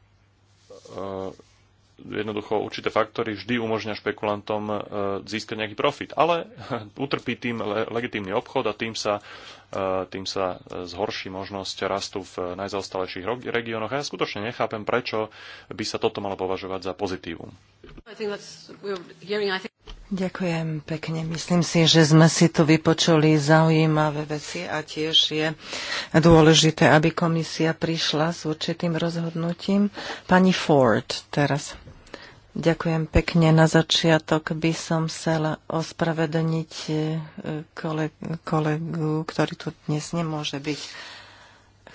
jednoducho určité faktory vždy umožňa špekulantom e, získať nejaký profit. Ale utrpí tým legitímny obchod a tým sa, e, tým sa zhorší možnosť rastu v najzaostalejších regiónoch. A ja skutočne nechápem, prečo by sa toto malo považovať za pozitívum. Ďakujem pekne. Myslím si, že sme si tu vypočuli zaujímavé veci a tiež je dôležité, aby komisia prišla s určitým rozhodnutím. Pani Ford teraz. Ďakujem pekne. Na začiatok by som chcela ospravedlniť eh, kolegu, ktorý tu dnes nemôže byť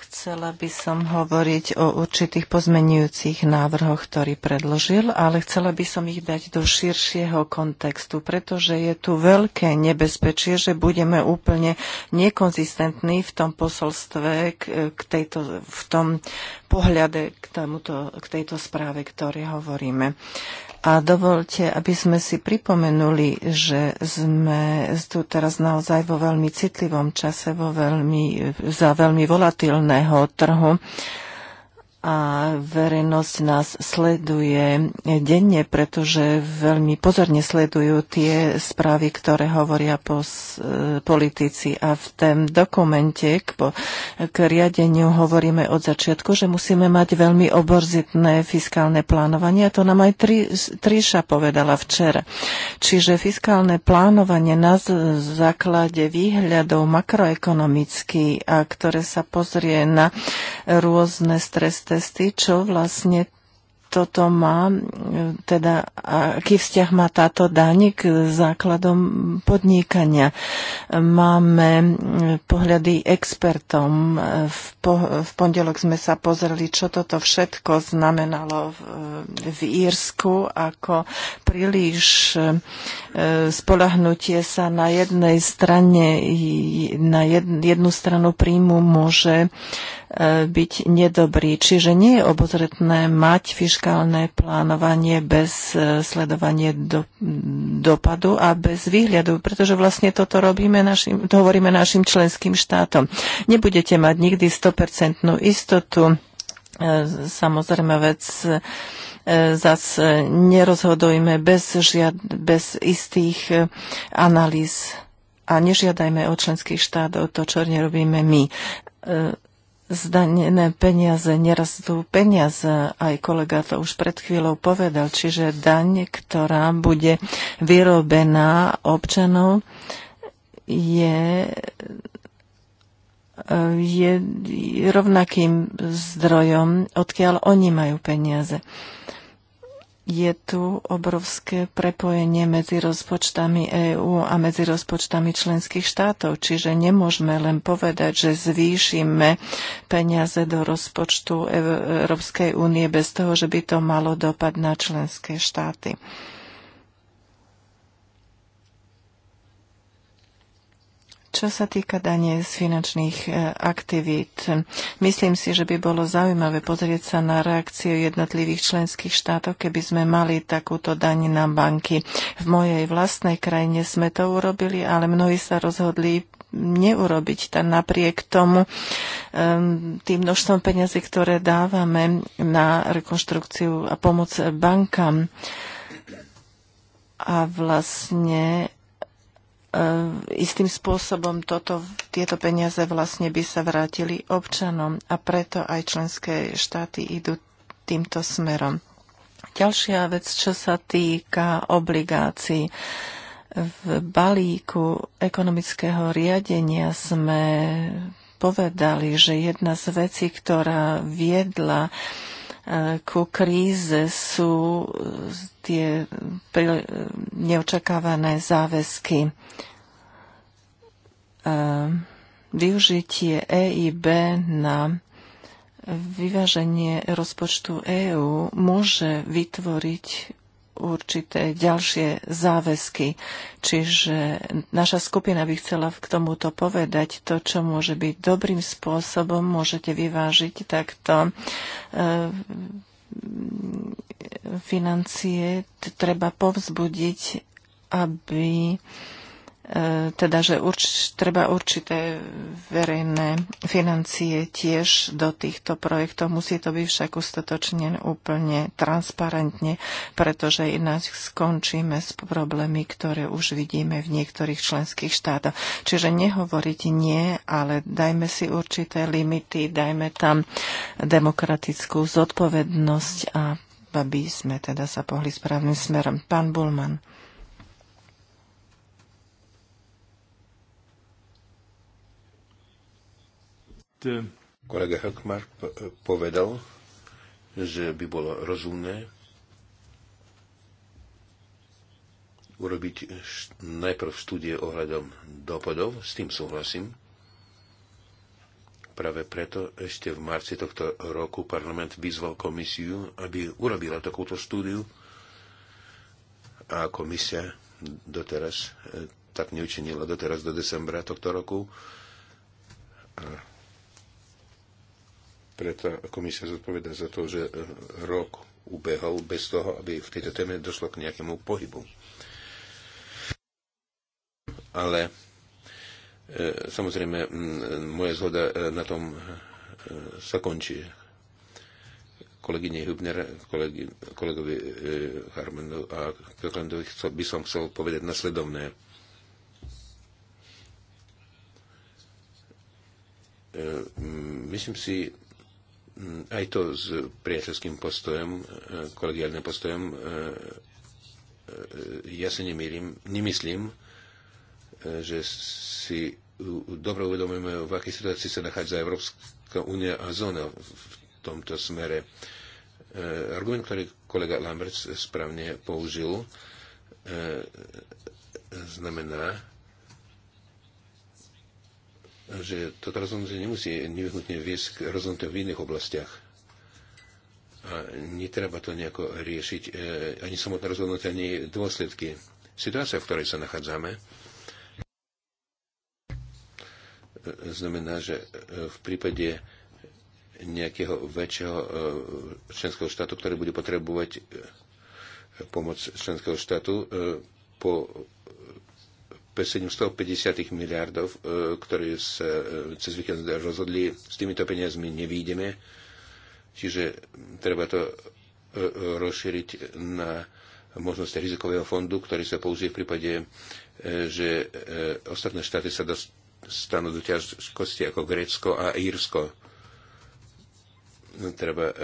Chcela by som hovoriť o určitých pozmenujúcich návrhoch, ktorý predložil, ale chcela by som ich dať do širšieho kontextu, pretože je tu veľké nebezpečie, že budeme úplne nekonzistentní v tom posolstve, k, k tejto, v tom pohľade k, tomuto, k tejto správe, ktorej hovoríme. A dovolte, aby sme si pripomenuli, že sme tu teraz naozaj vo veľmi citlivom čase, vo veľmi, za veľmi volatilné voľného trhu a verejnosť nás sleduje denne, pretože veľmi pozorne sledujú tie správy, ktoré hovoria pos, e, politici. A v tom dokumente k, po, k riadeniu hovoríme od začiatku, že musíme mať veľmi oborzitné fiskálne plánovanie. A to nám aj tri, Tríša povedala včera. Čiže fiskálne plánovanie na základe výhľadov makroekonomických, a ktoré sa pozrie na rôzne stresy testy, čo vlastne toto má, teda aký vzťah má táto daň k základom podnikania. Máme pohľady expertom. V, po, v pondelok sme sa pozreli, čo toto všetko znamenalo v, v Írsku, ako príliš e, spolahnutie sa na jednej strane, na jednu stranu príjmu môže byť nedobrý. Čiže nie je obozretné mať fiskálne plánovanie bez e, sledovania do, dopadu a bez výhľadu, pretože vlastne toto robíme našim, to hovoríme našim členským štátom. Nebudete mať nikdy 100% istotu. E, samozrejme vec e, zas nerozhodujme bez, žiad, bez istých analýz a nežiadajme od členských štátov to, čo nerobíme my zdanené peniaze nerastú peniaze. Aj kolega to už pred chvíľou povedal. Čiže daň, ktorá bude vyrobená občanov, je, je rovnakým zdrojom, odkiaľ oni majú peniaze je tu obrovské prepojenie medzi rozpočtami EÚ a medzi rozpočtami členských štátov, čiže nemôžeme len povedať, že zvýšime peniaze do rozpočtu Európskej únie bez toho, že by to malo dopad na členské štáty. Čo sa týka danie z finančných e, aktivít, myslím si, že by bolo zaujímavé pozrieť sa na reakciu jednotlivých členských štátov, keby sme mali takúto daň na banky. V mojej vlastnej krajine sme to urobili, ale mnohí sa rozhodli neurobiť. Tá napriek tomu tým množstvom peniazy, ktoré dávame na rekonštrukciu a pomoc bankám a vlastne E, istým spôsobom toto, tieto peniaze vlastne by sa vrátili občanom a preto aj členské štáty idú týmto smerom. Ďalšia vec, čo sa týka obligácií. V balíku ekonomického riadenia sme povedali, že jedna z vecí, ktorá viedla ku kríze sú eh, tie neočakávané záväzky. Eh, využitie EIB na vyváženie rozpočtu EÚ môže vytvoriť určité ďalšie záväzky. Čiže naša skupina by chcela k tomuto povedať to, čo môže byť dobrým spôsobom, môžete vyvážiť takto eh, financie, treba povzbudiť, aby E, teda, že urč, treba určité verejné financie tiež do týchto projektov. Musí to byť však ustatočne úplne transparentne, pretože ináč skončíme s problémy, ktoré už vidíme v niektorých členských štátoch. Čiže nehovoriť nie, ale dajme si určité limity, dajme tam demokratickú zodpovednosť a aby sme teda sa pohli správnym smerom. Pán Bulman. Kolega Hökmar povedal, že by bolo rozumné urobiť najprv štúdie ohľadom dopadov, s tým súhlasím. Práve preto ešte v marci tohto roku parlament vyzval komisiu, aby urobila takúto štúdiu a komisia doteraz e, tak neučinila doteraz do decembra tohto roku. A preto komisia zodpoveda za to, že rok ubehol bez toho, aby v tejto téme došlo k nejakému pohybu. Ale e, samozrejme, moja zhoda e, na tom e, sa končí. Kolegyne Hübner, kolegy, kolegovi Harmanu a Kirklandovi by som chcel povedať nasledovné. Myslím si, aj to s priateľským postojom, e, kolegiálnym postojom, e, e, ja sa nemýlim, nemyslím, že si dobre uvedomujeme, v akej situácii sa nachádza Európska únia a zóna v tomto smere. Argument, ktorý kolega Lambert správne použil, znamená, že toto rozhodnutie nemusí nevyhnutne viesť k rozhodnutiu v iných oblastiach. A netreba to nejako riešiť e, ani samotné rozhodnutie, ani dôsledky. Situácia, v ktorej sa nachádzame, e, znamená, že e, v prípade nejakého väčšieho e, členského štátu, ktorý bude potrebovať pomoc členského štátu po 750 miliardov, e, ktoré sa e, cez víkend teda rozhodli, s týmito peniazmi nevídeme. Čiže treba to e, rozšíriť na možnosť rizikového fondu, ktorý sa použije v prípade, že ostatné štáty sa dostanú do ťažkosti ako Grécko a Írsko. Treba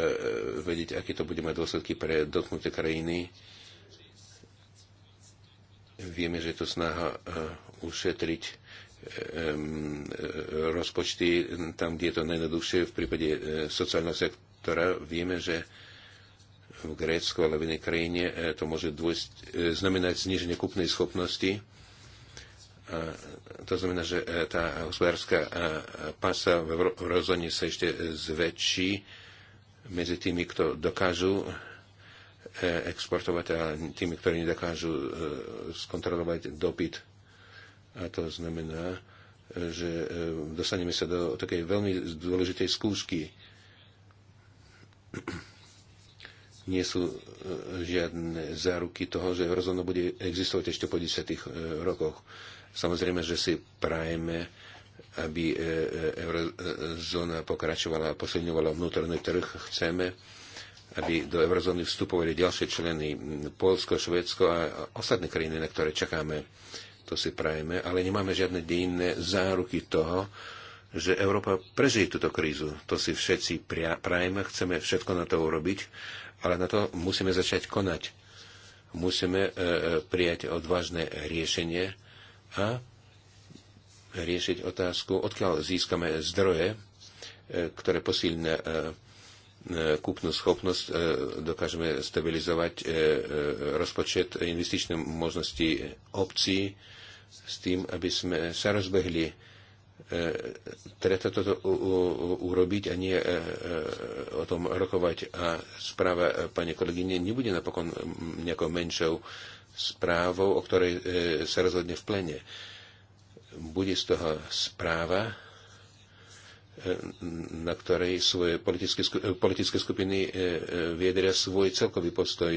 vedieť, aké to bude mať dôsledky pre dotknuté krajiny Vieme, že je to snaha eh, ušetriť eh, rozpočty tam, kde je to najjednoduchšie v prípade eh, sociálneho sektora. Vieme, že v Grécku alebo v inej krajine to môže dôjsť, znamenať zniženie kúpnej schopnosti. A to znamená, že tá hospodárska pasa v rozhodne sa ešte zväčší medzi tými, kto dokážu E, exportovať a tými, ktorí nedokážu e, skontrolovať dopyt. A to znamená, e, že dostaneme sa do takej veľmi dôležitej skúšky. Nie sú žiadne záruky toho, že eurozóna bude existovať ešte po 10 rokoch. Samozrejme, že si prajeme, aby eurozóna pokračovala a posilňovala vnútorný trh. Chceme, aby do eurozóny vstupovali ďalšie členy Polsko, Švedsko a ostatné krajiny, na ktoré čakáme. To si prajeme, ale nemáme žiadne dejinné záruky toho, že Európa prežije túto krízu. To si všetci prajeme, chceme všetko na to urobiť, ale na to musíme začať konať. Musíme e, e prijať odvážne riešenie a riešiť otázku, odkiaľ získame zdroje, e, ktoré posilne e, E, kúpnu schopnosť, e, dokážeme stabilizovať e, rozpočet investičnej možnosti obcí s tým, aby sme sa rozbehli. Treba toto urobiť a nie o tom rokovať. A správa pani kolegyne nebude napokon nejakou menšou správou, o ktorej sa rozhodne v plene. Bude z toho správa, E, na ktorej svoje politické, e, politické skupiny e, viedria svoj celkový postoj.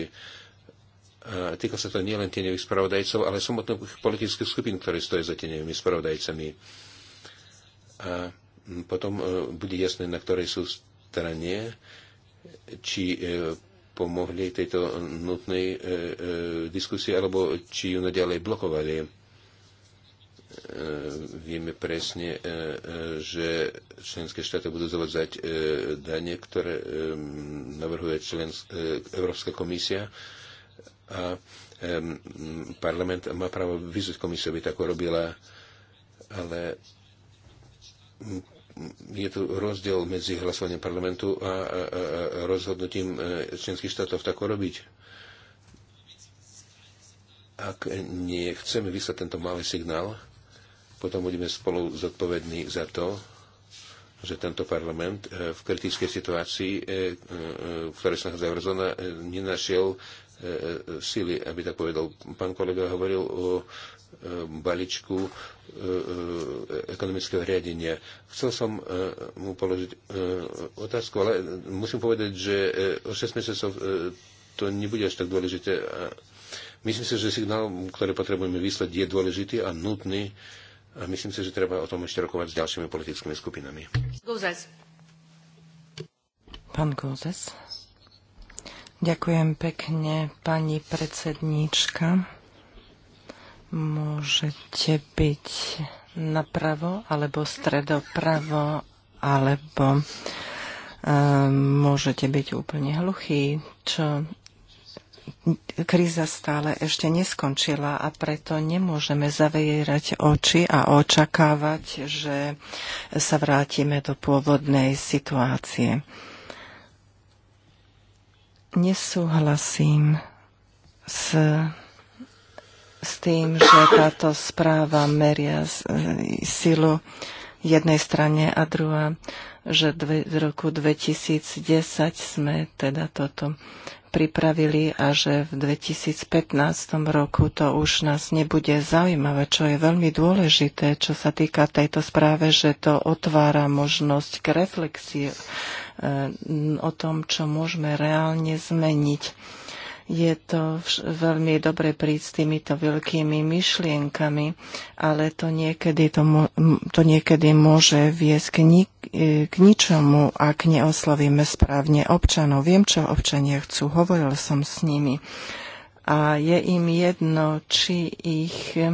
Týka sa to nielen tieňových spravodajcov, ale samotných politických skupín, ktoré stojí za tieňovými spravodajcami. A potom bude jasné, na ktorej sú strane, či pomohli tejto nutnej diskusii, alebo či ju naďalej blokovali vieme presne, e, e, že členské štáty budú zavadzať e, dane, ktoré navrhuje Európska komisia a parlament má právo vyzvať komisiu, aby tako robila, ale je tu rozdiel medzi hlasovaním parlamentu a rozhodnutím členských štátov tako robiť ak nechceme vyslať tento malý signál, potom budeme spolu zodpovední za to, že tento parlament eh, v kritickej situácii, eh, eh, v ktorej sa nachádza eurozóna, nenašiel sily, aby tak povedal. Pán kolega hovoril o balíčku ekonomického riadenia. Chcel som mu položiť otázku, ale musím povedať, že o 6 mesiacov to nebude až tak dôležité. Myslím si, že signál, ktorý potrebujeme vyslať, je dôležitý a nutný myslím si, že treba o tom ešte rokovať s ďalšími politickými skupinami. Gozes. Pán Gozes. Ďakujem pekne, pani predsedníčka. Môžete byť napravo, alebo stredopravo, alebo eh, môžete byť úplne hluchý, čo kríza stále ešte neskončila a preto nemôžeme zavierať oči a očakávať, že sa vrátime do pôvodnej situácie. Nesúhlasím s, s tým, že táto správa meria silu jednej strane a druhá, že dve, v roku 2010 sme teda toto pripravili a že v 2015 roku to už nás nebude zaujímavé, čo je veľmi dôležité, čo sa týka tejto správe, že to otvára možnosť k reflexii eh, o tom, čo môžeme reálne zmeniť je to veľmi dobre prísť s týmito veľkými myšlienkami, ale to niekedy, to, to niekedy môže viesť k, ni- e, k ničomu, ak neoslovíme správne občanov. Viem, čo občania chcú, hovoril som s nimi. A je im jedno, či ich e,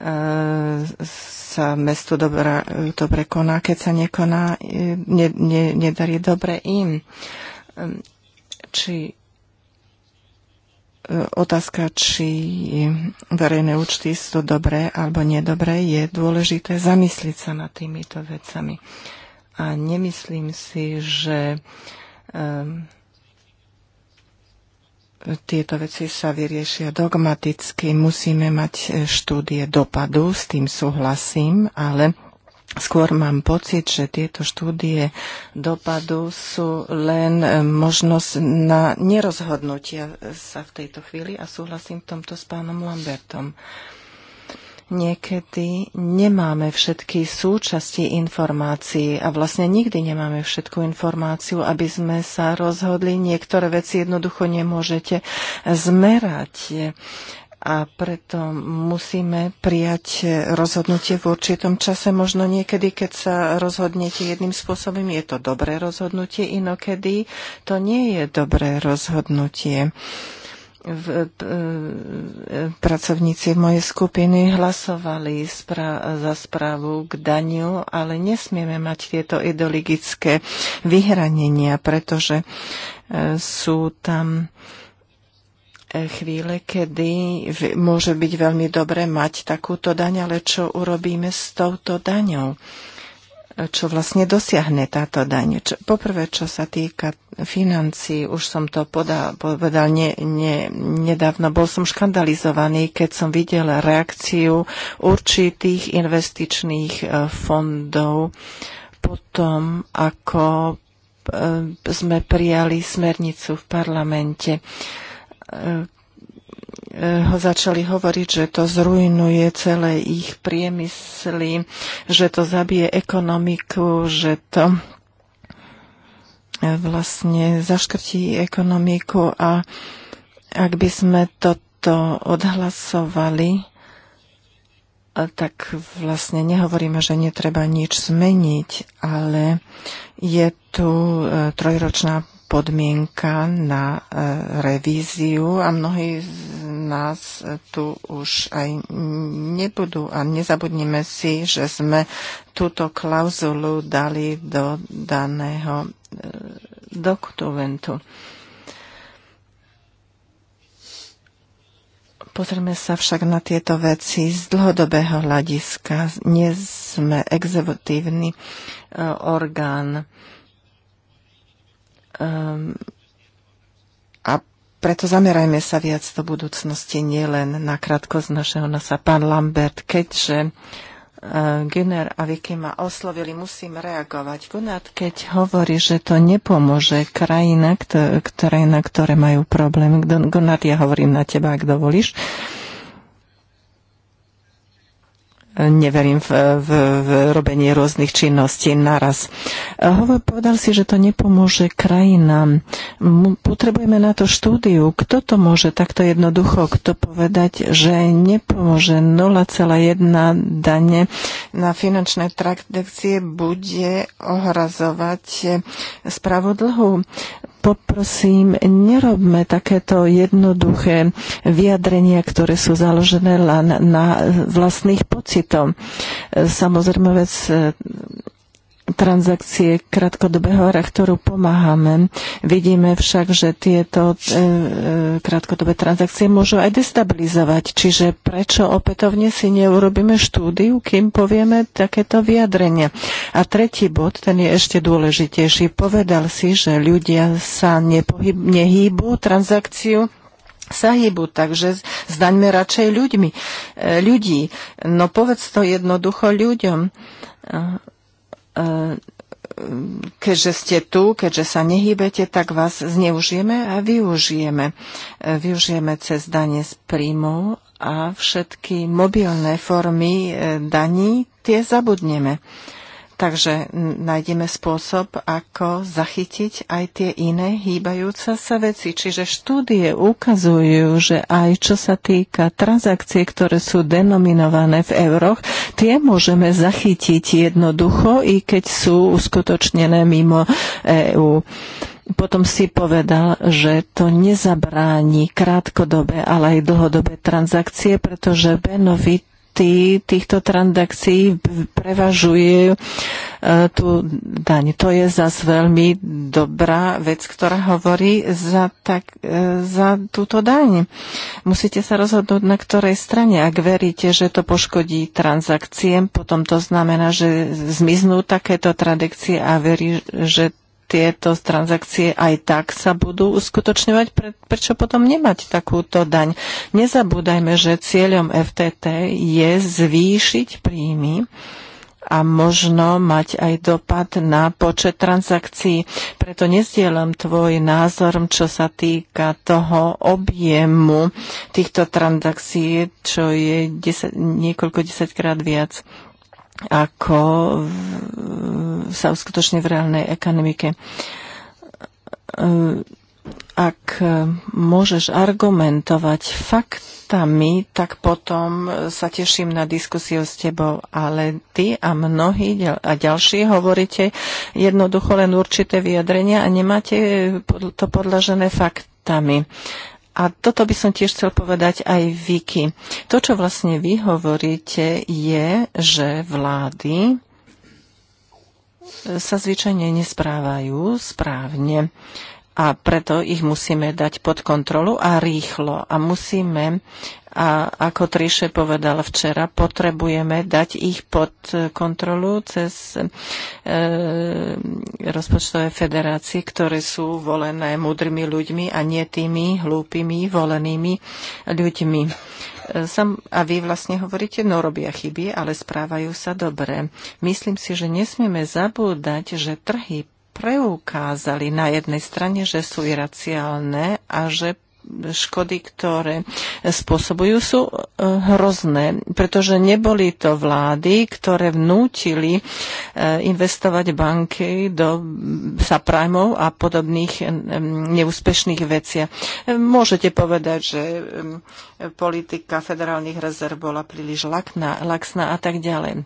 sa mesto dobra, dobre koná, keď sa nekoná, e, ne, ne, nedarí dobre im. Či otázka, či verejné účty sú dobré alebo nedobré, je dôležité zamysliť sa nad týmito vecami. A nemyslím si, že um, tieto veci sa vyriešia dogmaticky. Musíme mať eh, štúdie dopadu, s tým súhlasím, ale Skôr mám pocit, že tieto štúdie dopadu sú len e, možnosť na nerozhodnutia sa v tejto chvíli a súhlasím v tomto s pánom Lambertom. Niekedy nemáme všetky súčasti informácií a vlastne nikdy nemáme všetku informáciu, aby sme sa rozhodli. Niektoré veci jednoducho nemôžete zmerať a preto musíme prijať rozhodnutie v určitom čase. Možno niekedy, keď sa rozhodnete jedným spôsobom, je to dobré rozhodnutie, inokedy to nie je dobré rozhodnutie. V, e, pracovníci mojej skupiny hlasovali spra- za správu k daniu, ale nesmieme mať tieto ideologické vyhranenia, pretože e, sú tam chvíle, kedy môže byť veľmi dobre mať takúto daň, ale čo urobíme s touto daňou? Čo vlastne dosiahne táto daň? Čo, poprvé, čo sa týka financií, už som to podal, povedal ne, ne, nedávno, bol som škandalizovaný, keď som videl reakciu určitých investičných e, fondov po tom, ako e, sme prijali smernicu v parlamente. Eh, ho začali hovoriť, že to zrujnuje celé ich priemysly, že to zabije ekonomiku, že to eh, vlastne zaškrtí ekonomiku a ak by sme toto odhlasovali, eh, tak vlastne nehovoríme, že netreba nič zmeniť, ale je tu trojročná podmienka na e, revíziu a mnohí z nás tu už aj nebudú a nezabudnime si, že sme túto klauzulu dali do daného e, dokumentu. Pozrieme sa však na tieto veci z dlhodobého hľadiska. Nie sme exekutívny e, orgán Um, a preto zamerajme sa viac do budúcnosti, nielen na krátkosť našeho nosa. Pán Lambert, keďže uh, Gunnar a Vicky ma oslovili, musím reagovať. Gunnar, keď hovorí, že to nepomôže krajina, ktoré, na ktoré majú problém, Gunnar, ja hovorím na teba, ak dovolíš, uh, neverím v, v, v robenie rôznych činností naraz. Hovor povedal si, že to nepomôže krajinám. Potrebujeme na to štúdiu. Kto to môže takto jednoducho kto povedať, že nepomôže 0,1 dane na finančné trakcie bude ohrazovať spravodlhu? poprosím, nerobme takéto jednoduché vyjadrenia, ktoré sú založené len na vlastných pocitoch. Samozrejme, vec transakcie krátkodobého charakteru pomáhame. Vidíme však, že tieto e, e, krátkodobé transakcie môžu aj destabilizovať. Čiže prečo opätovne si neurobíme štúdiu, kým povieme takéto vyjadrenie? A tretí bod, ten je ešte dôležitejší. Povedal si, že ľudia sa nepohyb, nehýbu transakciu sa hýbu, takže zdaňme radšej ľuďmi, e, ľudí. No povedz to jednoducho ľuďom keďže ste tu, keďže sa nehýbete, tak vás zneužijeme a využijeme. Využijeme cez dane z príjmov a všetky mobilné formy eh, daní tie zabudneme. Takže nájdeme spôsob, ako zachytiť aj tie iné hýbajúce sa veci. Čiže štúdie ukazujú, že aj čo sa týka transakcie, ktoré sú denominované v euroch, tie môžeme zachytiť jednoducho, i keď sú uskutočnené mimo EÚ potom si povedal, že to nezabráni krátkodobé, ale aj dlhodobé transakcie, pretože Benovi hodnoty týchto transakcií prevažuje e, tú daň. To je zas veľmi dobrá vec, ktorá hovorí za, tak, e, za túto daň. Musíte sa rozhodnúť, na ktorej strane. Ak veríte, že to poškodí transakcie, potom to znamená, že zmiznú takéto tradície a verí, že tieto transakcie aj tak sa budú uskutočňovať, pre, prečo potom nemať takúto daň? Nezabúdajme, že cieľom FTT je zvýšiť príjmy a možno mať aj dopad na počet transakcií. Preto nezdielam tvoj názor, čo sa týka toho objemu týchto transakcií, čo je 10, niekoľko desaťkrát viac ako sa uskutočne v reálnej ekonomike. Ak môžeš argumentovať faktami, tak potom sa teším na diskusiu s tebou, ale ty a mnohí a ďalší hovoríte jednoducho len určité vyjadrenia a nemáte to podlažené faktami. A toto by som tiež chcel povedať aj Viki. To, čo vlastne vy hovoríte, je, že vlády sa zvyčajne nesprávajú správne a preto ich musíme dať pod kontrolu a rýchlo. A musíme, a ako Triše povedal včera, potrebujeme dať ich pod kontrolu cez e, rozpočtové federácie, ktoré sú volené múdrymi ľuďmi a nie tými hlúpými volenými ľuďmi. E, sam, a vy vlastne hovoríte, no robia chyby, ale správajú sa dobre. Myslím si, že nesmieme zabúdať, že trhy preukázali na jednej strane, že sú iraciálne a že škody, ktoré spôsobujú, sú e, hrozné, pretože neboli to vlády, ktoré vnútili e, investovať banky do subprimov a podobných neúspešných vecí. E, môžete povedať, že politika federálnych rezerv bola príliš laxná a tak ďalej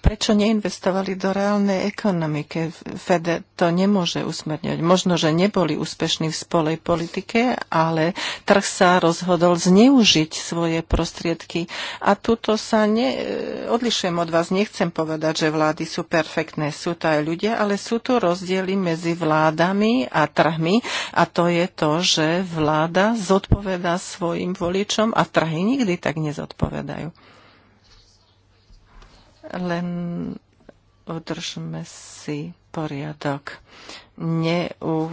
prečo neinvestovali do reálnej ekonomiky. Fede to nemôže usmerňovať. Možno, že neboli úspešní v spolej politike, ale trh sa rozhodol zneužiť svoje prostriedky. A tuto sa ne, e, odlišujem od vás. Nechcem povedať, že vlády sú perfektné. Sú to aj ľudia, ale sú tu rozdiely medzi vládami a trhmi. A to je to, že vláda zodpovedá svojim voličom a trhy nikdy tak nezodpovedajú len udržme si poriadok. Neu,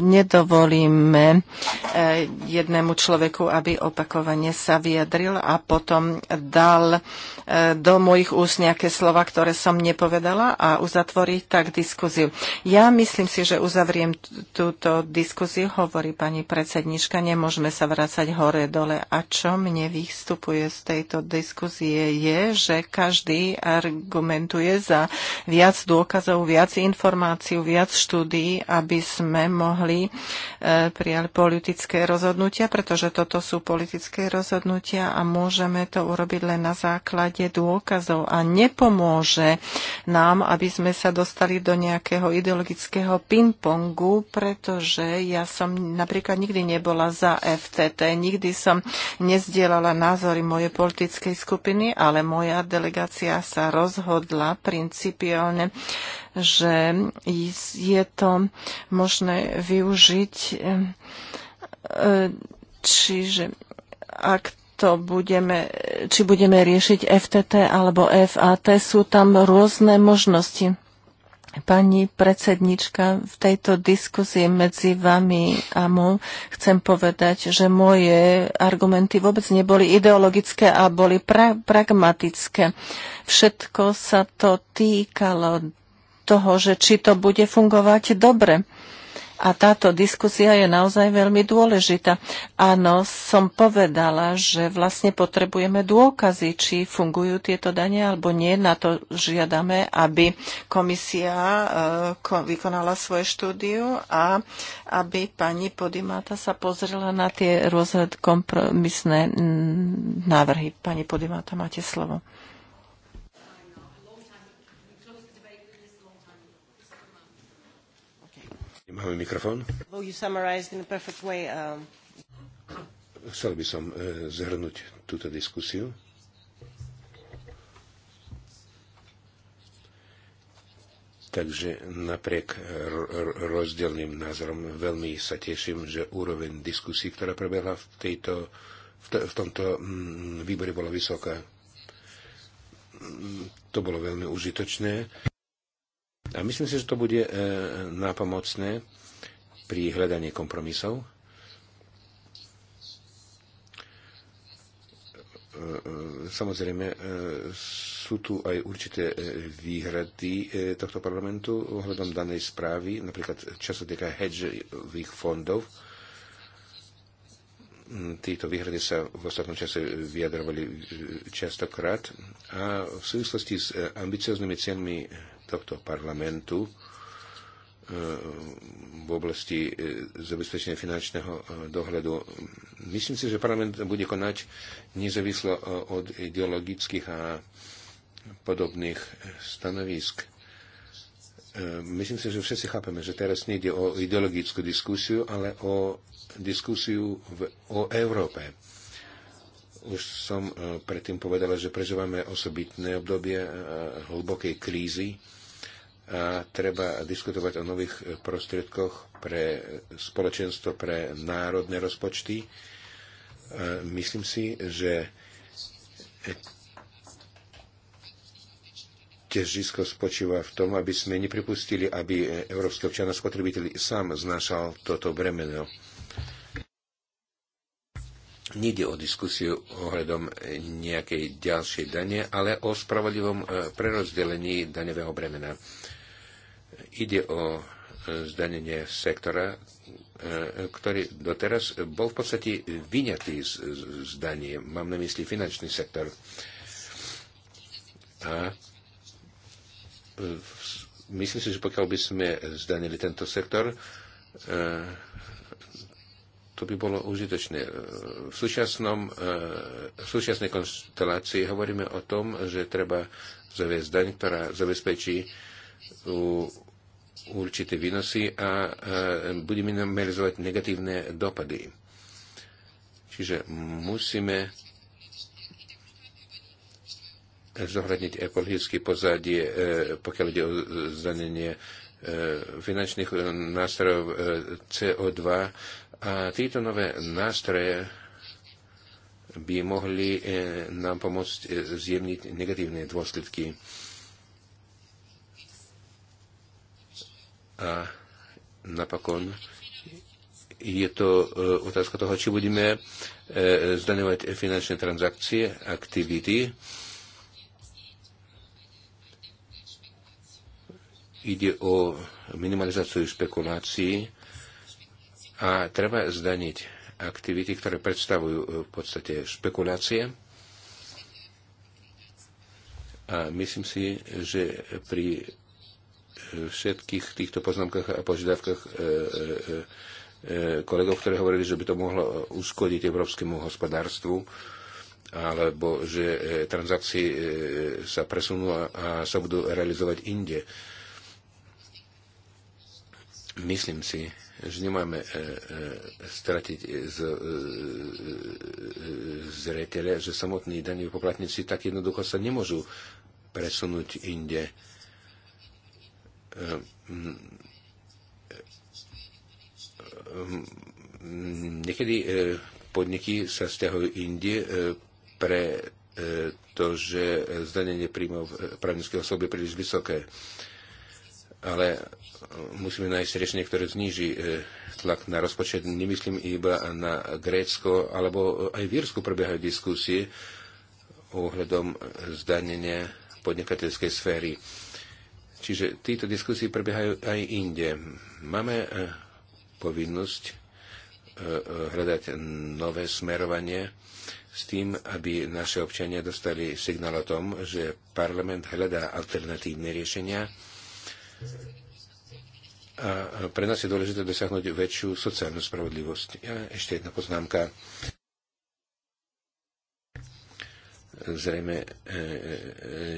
nedovolíme e, jednému človeku, aby opakovane sa vyjadril a potom dal e, do mojich úst nejaké slova, ktoré som nepovedala a uzatvorí tak diskuziu. Ja myslím si, že uzavriem túto diskuziu, hovorí pani predsednička, nemôžeme sa vrácať hore dole. A čo mne vystupuje z tejto diskuzie je, že každý argumentuje za viac dôkazov, viac viac informáciu, viac štúdií, aby sme mohli e, prijať politické rozhodnutia, pretože toto sú politické rozhodnutia a môžeme to urobiť len na základe dôkazov a nepomôže nám, aby sme sa dostali do nejakého ideologického ping-pongu, pretože ja som napríklad nikdy nebola za FTT, nikdy som nezdielala názory mojej politickej skupiny, ale moja delegácia sa rozhodla principiálne že je to možné využiť. E, čiže ak to budeme, či budeme riešiť FTT alebo FAT, sú tam rôzne možnosti. Pani predsednička, v tejto diskusii medzi vami a mnou chcem povedať, že moje argumenty vôbec neboli ideologické a boli pra- pragmatické. Všetko sa to týkalo toho, že či to bude fungovať dobre. A táto diskusia je naozaj veľmi dôležitá. Áno, som povedala, že vlastne potrebujeme dôkazy, či fungujú tieto dane alebo nie. Na to žiadame, aby komisia eh, vykonala svoje štúdiu a aby pani Podimata sa pozrela na tie rôzne kompromisné mm, návrhy. Pani Podimata, máte slovo. Máme mikrofón. Um, Chcel by som e, zhrnúť túto diskusiu. Takže napriek e, rozdielným názorom veľmi sa teším, že úroveň diskusí, ktorá prebehla v, tejto, v, to, v tomto mm, výbore, bola vysoká. Mm, to bolo veľmi užitočné. A myslím si, že to bude e, napomocné pri hľadaní kompromisov. E, e, samozrejme, sú tu aj určité výhrady tohto parlamentu ohľadom danej správy, napríklad čo sa týka hedžových fondov. Títo výhrady sa v ostatnom čase vyjadrovali častokrát a v súvislosti s ambicioznými cenami tohto parlamentu e, v oblasti e, zabezpečenia finančného e, dohľadu. Myslím si, že parlament bude konať nezávislo od ideologických a podobných stanovisk. Myslím si, že všetci chápeme, že teraz nejde o ideologickú diskusiu, ale o diskusiu v, o Európe. Už som predtým povedala, že prežívame osobitné obdobie hlbokej krízy a treba diskutovať o nových prostriedkoch pre spoločenstvo, pre národné rozpočty. Myslím si, že težisko spočíva v tom, aby sme nepripustili, aby európsky občan spotrebiteľ sám znášal toto bremeno. Nejde o diskusiu ohľadom nejakej ďalšej dane, ale o spravodlivom e, prerozdelení daňového bremena. Ide o e, zdanenie sektora, e, ktorý doteraz bol v podstate vyňatý z zdanie. Mám na mysli finančný sektor. A e, myslím si, že pokiaľ by sme zdanili tento sektor, to by bolo užitočné. V, súčasnom, v súčasnej konstelácii hovoríme o tom, že treba zaviesť daň, ktorá zabezpečí určité výnosy a e, bude minimalizovať negatívne dopady. Čiže musíme zohľadniť ekologické pozadie, e, pokiaľ ide o zdanenie e, finančných nástrojov CO2. A tieto nové nástroje by mohli nám pomôcť zjemniť negatívne dôsledky A napokon je to e, otázka toho, či budeme e, zdaňovať finančné transakcie, aktivity. Ide o minimalizáciu špekulácií a treba zdaniť aktivity, ktoré predstavujú e, v podstate špekulácie. A myslím si, že pri všetkých týchto poznámkach a požiadavkách e, e, e, kolegov, ktorí hovorili, že by to mohlo uškodiť európskemu hospodárstvu alebo že transakcie sa presunú a sa budú realizovať inde. Myslím si, že nemáme stratiť z retele, že samotní daní poplatníci tak jednoducho sa nemôžu presunúť inde Ehm, ehm, niekedy ehm, podniky sa stiahujú indie, pre to, že zdanenie príjmov právnickej osoby je príliš vysoké. Ale musíme nájsť riešenie, ktoré zníži tlak na rozpočet. Nemyslím iba na Grécko, alebo aj v Írsku prebiehajú diskusie ohľadom zdanenia podnikateľskej sféry. Čiže títo diskusie prebiehajú aj inde. Máme e, povinnosť e, e, hľadať nové smerovanie s tým, aby naše občania dostali signál o tom, že parlament hľadá alternatívne riešenia a pre nás je dôležité dosiahnuť väčšiu sociálnu spravodlivosť. Ja ešte jedna poznámka. Zrejme e, e,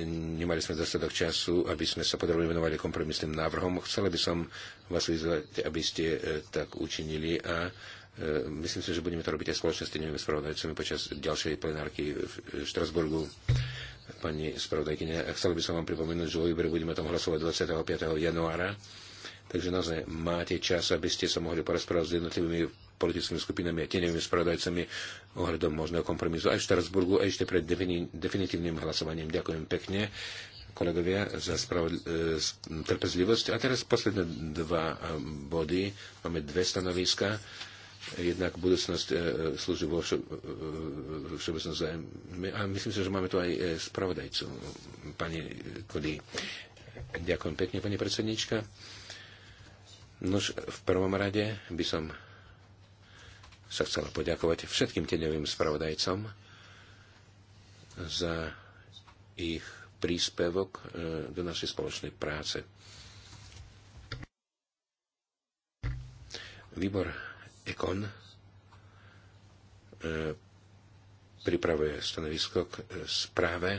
nemali sme dostatok času, aby sme sa podrobne venovali kompromisným návrhom. Chcela by som vás vyzvať, aby ste e, tak učinili a myslím si, že budeme to robiť aj spoločne s tými spravodajcami počas ďalšej plenárky v Štrasburgu. Pani spravodajkyňa, chcel by som vám pripomenúť, že o budeme o tom hlasovať 25. januára Takže naozaj máte čas, aby ste sa mohli porozprávať s jednotlivými politickými skupinami a tenevými spravodajcami ohľadom možného kompromisu aj v Štrasburgu, aj ešte pred definitívnym hlasovaním. Ďakujem pekne kolegovia za e, trpezlivosť. A teraz posledné dva e, body. Máme dve stanoviska. Jednak budúcnosť e, slúži vo všeobecnom zájme. A myslím si, že máme tu aj spravodajcu, pani Kody. Ďakujem pekne, pani predsednička. Nož v prvom rade by som sa chcela poďakovať všetkým teňovým spravodajcom za ich príspevok eh, do našej spoločnej práce. Výbor Ekon eh, pripravuje stanovisko k správe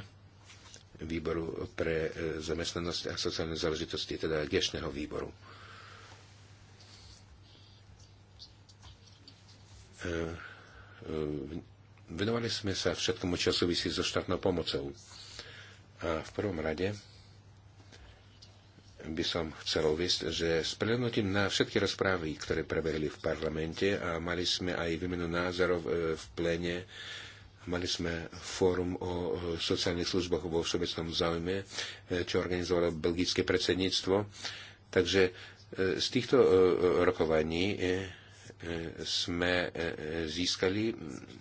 výboru pre eh, zamestnanosť a sociálne záležitosti, teda dnešného výboru. E, e, venovali sme sa všetkomu, čo súvisí so štátnou pomocou. A v prvom rade by som chcel uvieť, že s prehľadnutím na všetky rozprávy, ktoré prebehli v parlamente a mali sme aj výmenu názorov e, v plene, mali sme fórum o sociálnych službách vo všeobecnom záujme, čo organizovalo belgické predsedníctvo. Takže z týchto rokovaní E, sme e, získali,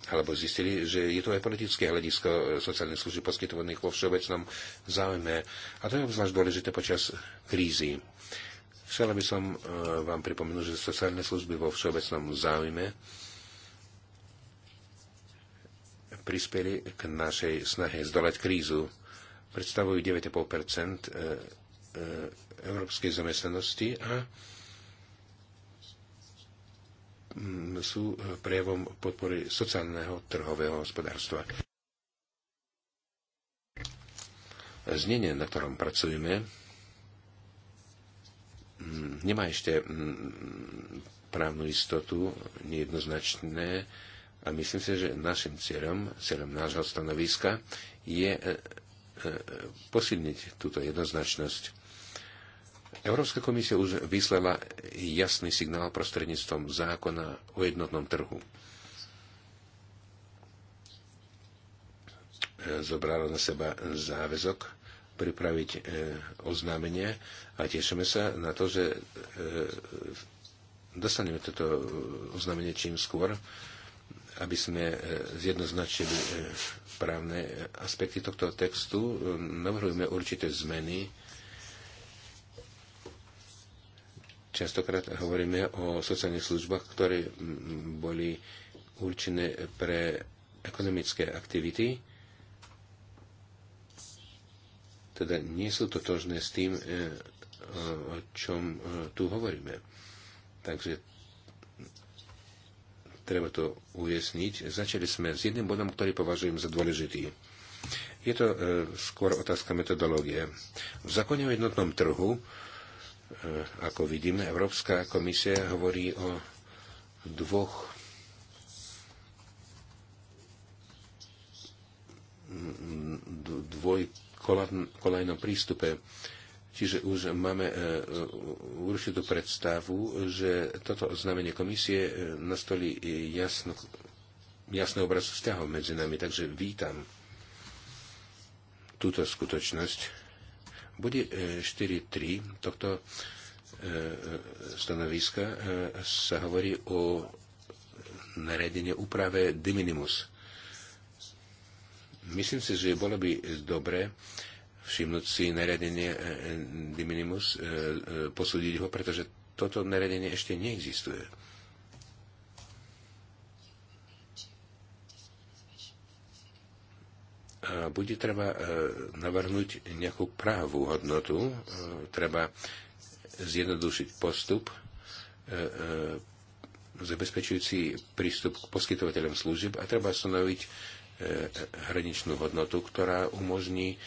alebo zistili, že je to aj politické hľadisko e, sociálnych služieb poskytovaných vo všeobecnom záujme. A to je obzvlášť dôležité počas krízy. Chcela by som vám pripomenúť, že sociálne služby vo všeobecnom záujme prispeli k našej snahe zdolať krízu. Predstavujú 9,5 európskej zamestnanosti a sú e, prejavom podpory sociálneho trhového hospodárstva. Znenie, na ktorom pracujeme, mm, nemá ešte mm, právnu istotu, nejednoznačné a myslím si, že našim cieľom, cieľom nášho stanoviska je e, e, posilniť túto jednoznačnosť Európska komisia už vyslala jasný signál prostredníctvom zákona o jednotnom trhu. Zobrala na seba záväzok pripraviť e, oznámenie a tešíme sa na to, že e, dostaneme toto oznámenie čím skôr, aby sme e, zjednoznačili právne aspekty tohto textu. Navrhujeme určité zmeny Častokrát hovoríme o sociálnych službách, ktoré boli určené pre ekonomické aktivity, teda nie sú totožné s tým, e, o čom e, tu hovoríme. Takže treba to ujasniť. Začali sme s jedným bodom, ktorý považujem za dôležitý. Je to e, skôr otázka metodológie. V zákone o jednotnom trhu E, ako vidíme, Európska komisia hovorí o dvoch dvojkolajnom prístupe. Čiže už máme e, určitú predstavu, že toto oznámenie komisie e, nastolí jasno, jasný obraz vzťahov medzi nami. Takže vítam túto skutočnosť. Bude 4.3 tohto e, e, stanoviska e, sa hovorí o naredenie úprave de minimus. Myslím si, že bolo by dobre všimnúť si naredenie de minimus, posúdiť ho, pretože toto naredenie ešte neexistuje. bude treba e, navrhnúť nejakú právú hodnotu, e, treba zjednodušiť postup, e, zabezpečujúci prístup k poskytovateľom služieb a treba stanoviť hraničnú hodnotu, ktorá umožní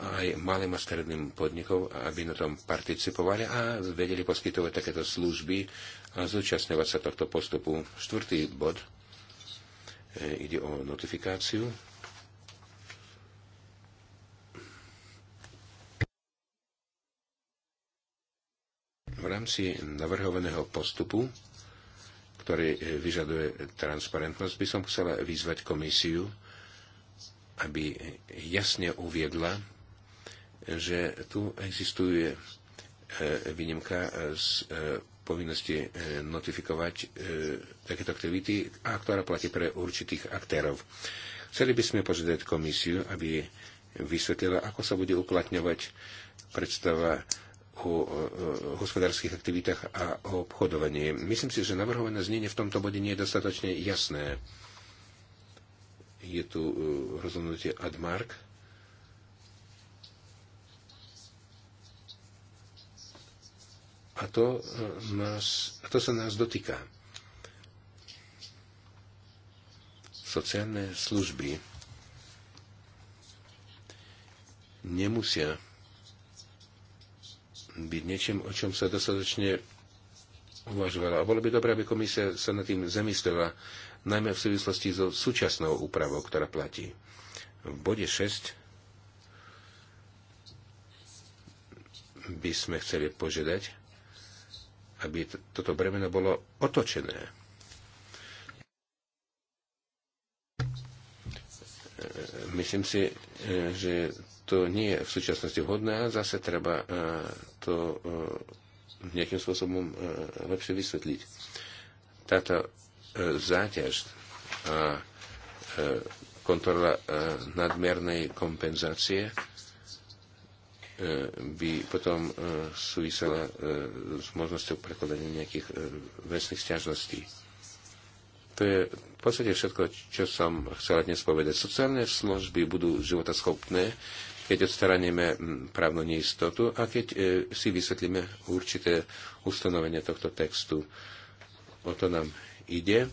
aj malým a stredným podnikom, aby na tom participovali a vedeli poskytovať takéto služby a zúčastňovať sa tohto postupu. Štvrtý bod ide o notifikáciu rámci navrhovaného postupu, ktorý vyžaduje transparentnosť, by som chcela vyzvať komisiu, aby jasne uviedla, že tu existuje e, výnimka z e, povinnosti e, notifikovať takéto aktivity a ktorá platí pre určitých aktérov. Chceli by sme požiadať komisiu, aby vysvetlila, ako sa bude uplatňovať predstava o hospodárskych aktivitách a o obchodovaní. Myslím si, že navrhované znenie v tomto bode nie je dostatočne jasné. Je tu e, rozhodnutie Admark. A to, e, nás, a to sa nás dotýka. Sociálne služby nemusia byť niečím, o čom sa dostatočne uvažovala. A bolo by dobré, aby komisia sa nad tým zamyslela, najmä v súvislosti so súčasnou úpravou, ktorá platí. V bode 6 by sme chceli požiadať, aby toto bremeno bolo otočené. E, e, myslím si, e, že to nie je v súčasnosti vhodné a zase treba e, to e, nejakým spôsobom e, lepšie vysvetliť. Táto záťaž a kontrola nadmernej kompenzácie by potom súvisela s možnosťou prekladania nejakých vecných stiažností. To je v podstate všetko, čo som chcela dnes povedať. Sociálne služby budú životaschopné, keď odstraníme mm, právnu neistotu a keď e, si vysvetlíme určité ustanovenie tohto textu. O to nám ide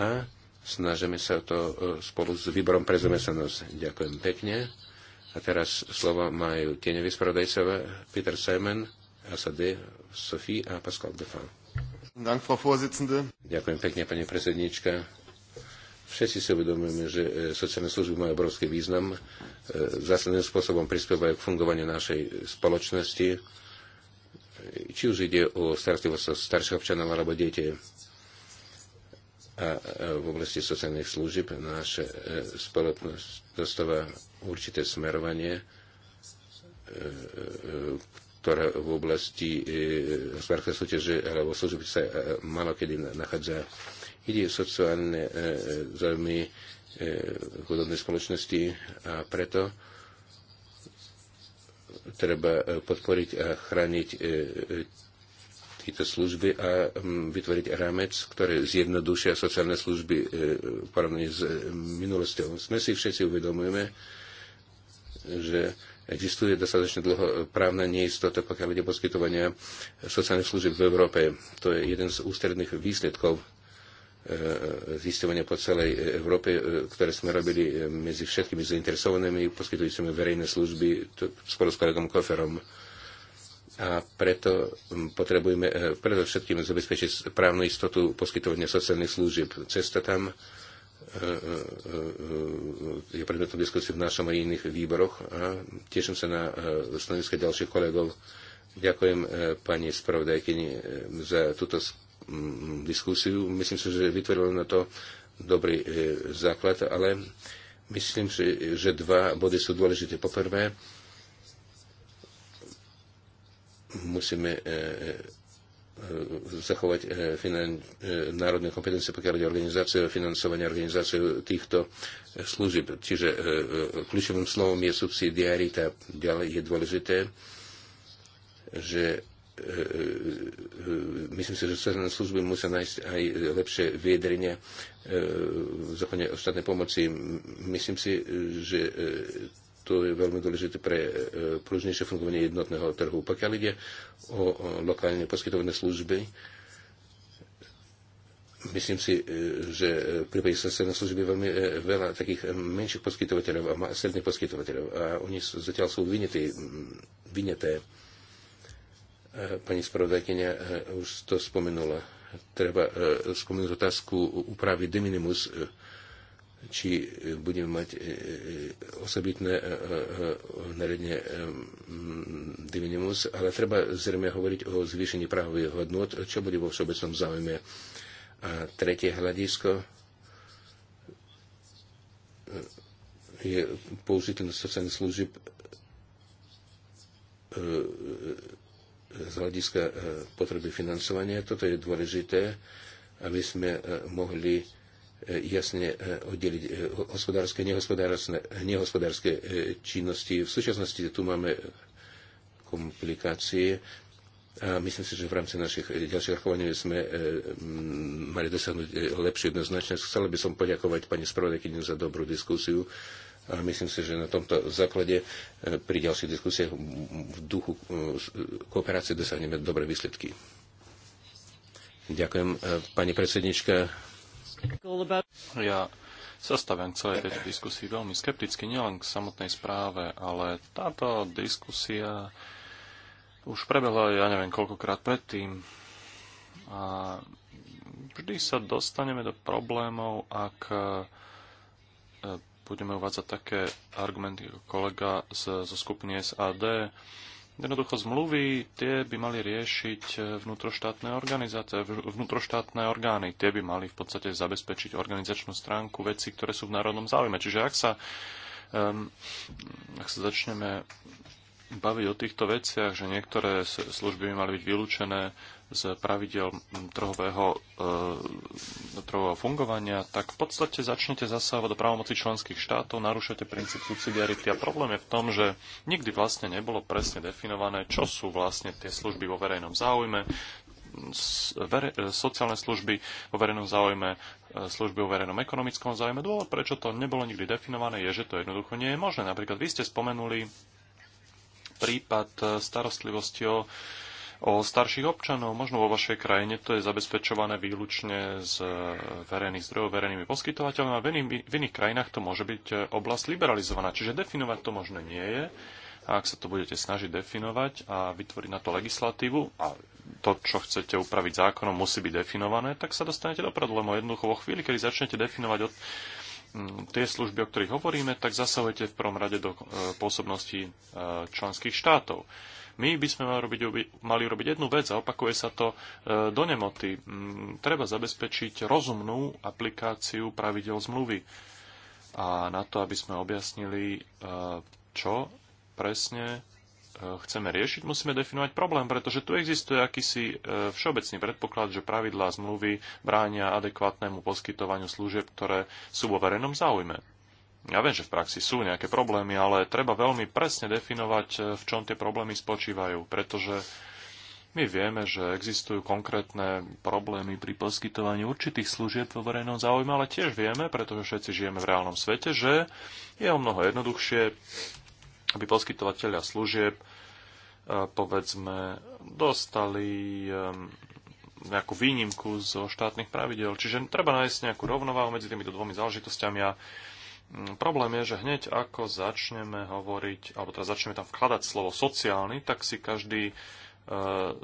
a snažíme sa to e, spolu s výborom pre zamestnanosť. Ďakujem pekne. A teraz slovo majú tieňoví spravodajcovia Peter Simon, SAD, Sophie a Pascal Defan. Ďakujem pekne, pani predsednička Všetci si uvedomujeme, že e, sociálne služby majú obrovský význam, e, zásadným spôsobom prispievajú k fungovaniu našej spoločnosti, či už ide o starostlivosť starších občanov alebo deti. A v oblasti sociálnych služieb naša e, spoločnosť dostáva určité smerovanie, ktoré v oblasti hospodárskej súťaže alebo služby sa malo kedy nachádza Ide o sociálne e, e, záujmy e, chudobnej spoločnosti a preto treba podporiť a chrániť tieto služby a vytvoriť rámec, ktoré zjednodušia sociálne služby v porovnaní s minulosťou. Sme si všetci uvedomujeme, že existuje dostatočne dlho právna neistota, pokiaľ ide poskytovania sociálnych služieb v Európe. To je jeden z ústredných výsledkov E, e, zistovania po celej Európe, e, ktoré sme robili medzi všetkými zainteresovanými poskytujúcimi verejné služby spolu s kolegom Koferom. A preto potrebujeme všetkým zabezpečiť právnu istotu poskytovania sociálnych služieb. Cesta tam je predmetom diskusie v našom a iných výboroch a teším sa na stanoviska ďalších kolegov. Ďakujem pani spravodajkyni za túto Mm, diskusiu. Myslím si, že vytvorilo na to dobrý e, základ, ale myslím, že, že dva body sú dôležité. Poprvé, musíme e, e, zachovať finan- národné kompetencie, pokiaľ ide organizáciu, financovanie organizáciu týchto služieb. Čiže kľúčovým slovom je subsidiarita. Ďalej je dôležité, že E, e, e, myslím si, že sociálne služby musia nájsť aj lepšie vyjadrenia v zákone o štátnej pomoci. Myslím si, že to je veľmi dôležité pre pružnejšie fungovanie jednotného trhu. Pokiaľ ide o lokálne poskytované služby, myslím si, že v prípade sociálnej služby je veľmi veľa takých menších poskytovateľov a stredných poskytovateľov a oni zatiaľ sú vyneté. vynité Pani spravodajkynia eh, už to spomenula. Treba eh, spomenúť otázku úpravy de minimus, eh, či budeme mať osobitné naredne de minimus, ale treba zrejme hovoriť o zvýšení právových hodnot, čo bude vo všeobecnom záujme. A tretie hľadisko je použiteľnosť sociálnych služieb z hľadiska e, potreby financovania. Toto je dôležité, aby sme e, mohli e, jasne oddeliť hospodárske a nehospodárske činnosti. V súčasnosti tu máme komplikácie a myslím si, že v rámci našich ďalších rokovaní sme mali dosiahnuť lepšiu jednoznačnosť. Chcel by som poďakovať pani spravodajkyni za dobrú diskusiu a myslím si, že na tomto základe e, pri ďalších diskusiách v duchu e, e, kooperácie dosiahneme dobré výsledky. Ďakujem, pani predsednička. Ja sa stavím celej tejto diskusii veľmi skepticky, nielen k samotnej správe, ale táto diskusia už prebehla, ja neviem, koľkokrát predtým. A vždy sa dostaneme do problémov, ak budeme uvádzať také argumenty ako kolega z, zo skupiny SAD. Jednoducho zmluvy, tie by mali riešiť vnútroštátne, organizácie, vnútroštátne orgány. Tie by mali v podstate zabezpečiť organizačnú stránku veci, ktoré sú v národnom záujme. Čiže ak sa, um, ak sa začneme baviť o týchto veciach, že niektoré služby by mali byť vylúčené z pravidel mm, trhového, e, trhového fungovania, tak v podstate začnete zasávať do právomoci členských štátov, narúšate princíp subsidiarity a problém je v tom, že nikdy vlastne nebolo presne definované, čo sú vlastne tie služby vo verejnom záujme, vere, e, sociálne služby vo verejnom záujme, e, služby vo verejnom ekonomickom záujme. Dôvod, prečo to nebolo nikdy definované, je, že to jednoducho nie je možné. Napríklad vy ste spomenuli prípad e, starostlivosti o, o starších občanov. Možno vo vašej krajine to je zabezpečované výlučne z e, verejných zdrojov, verejnými poskytovateľmi a v iných, v iných krajinách to môže byť e, oblasť liberalizovaná. Čiže definovať to možno nie je. A ak sa to budete snažiť definovať a vytvoriť na to legislatívu a to, čo chcete upraviť zákonom, musí byť definované, tak sa dostanete do problému. Jednoducho vo chvíli, kedy začnete definovať od, Mm, tie služby, o ktorých hovoríme, tak zasahujete v prvom rade do e, pôsobnosti e, členských štátov. My by sme mali robiť, mali robiť jednu vec a opakuje sa to e, do nemoty. Mm, treba zabezpečiť rozumnú aplikáciu pravidel zmluvy. A na to, aby sme objasnili, čo presne chceme riešiť, musíme definovať problém, pretože tu existuje akýsi e, všeobecný predpoklad, že pravidlá zmluvy bránia adekvátnemu poskytovaniu služieb, ktoré sú vo verejnom záujme. Ja viem, že v praxi sú nejaké problémy, ale treba veľmi presne definovať, e, v čom tie problémy spočívajú, pretože my vieme, že existujú konkrétne problémy pri poskytovaní určitých služieb vo verejnom záujme, ale tiež vieme, pretože všetci žijeme v reálnom svete, že je o mnoho jednoduchšie aby poskytovateľia služieb e, povedzme dostali e, nejakú výnimku zo štátnych pravidel. Čiže treba nájsť nejakú rovnováhu medzi týmito dvomi záležitostiami a mm, problém je, že hneď ako začneme hovoriť, alebo teda začneme tam vkladať slovo sociálny, tak si každý e,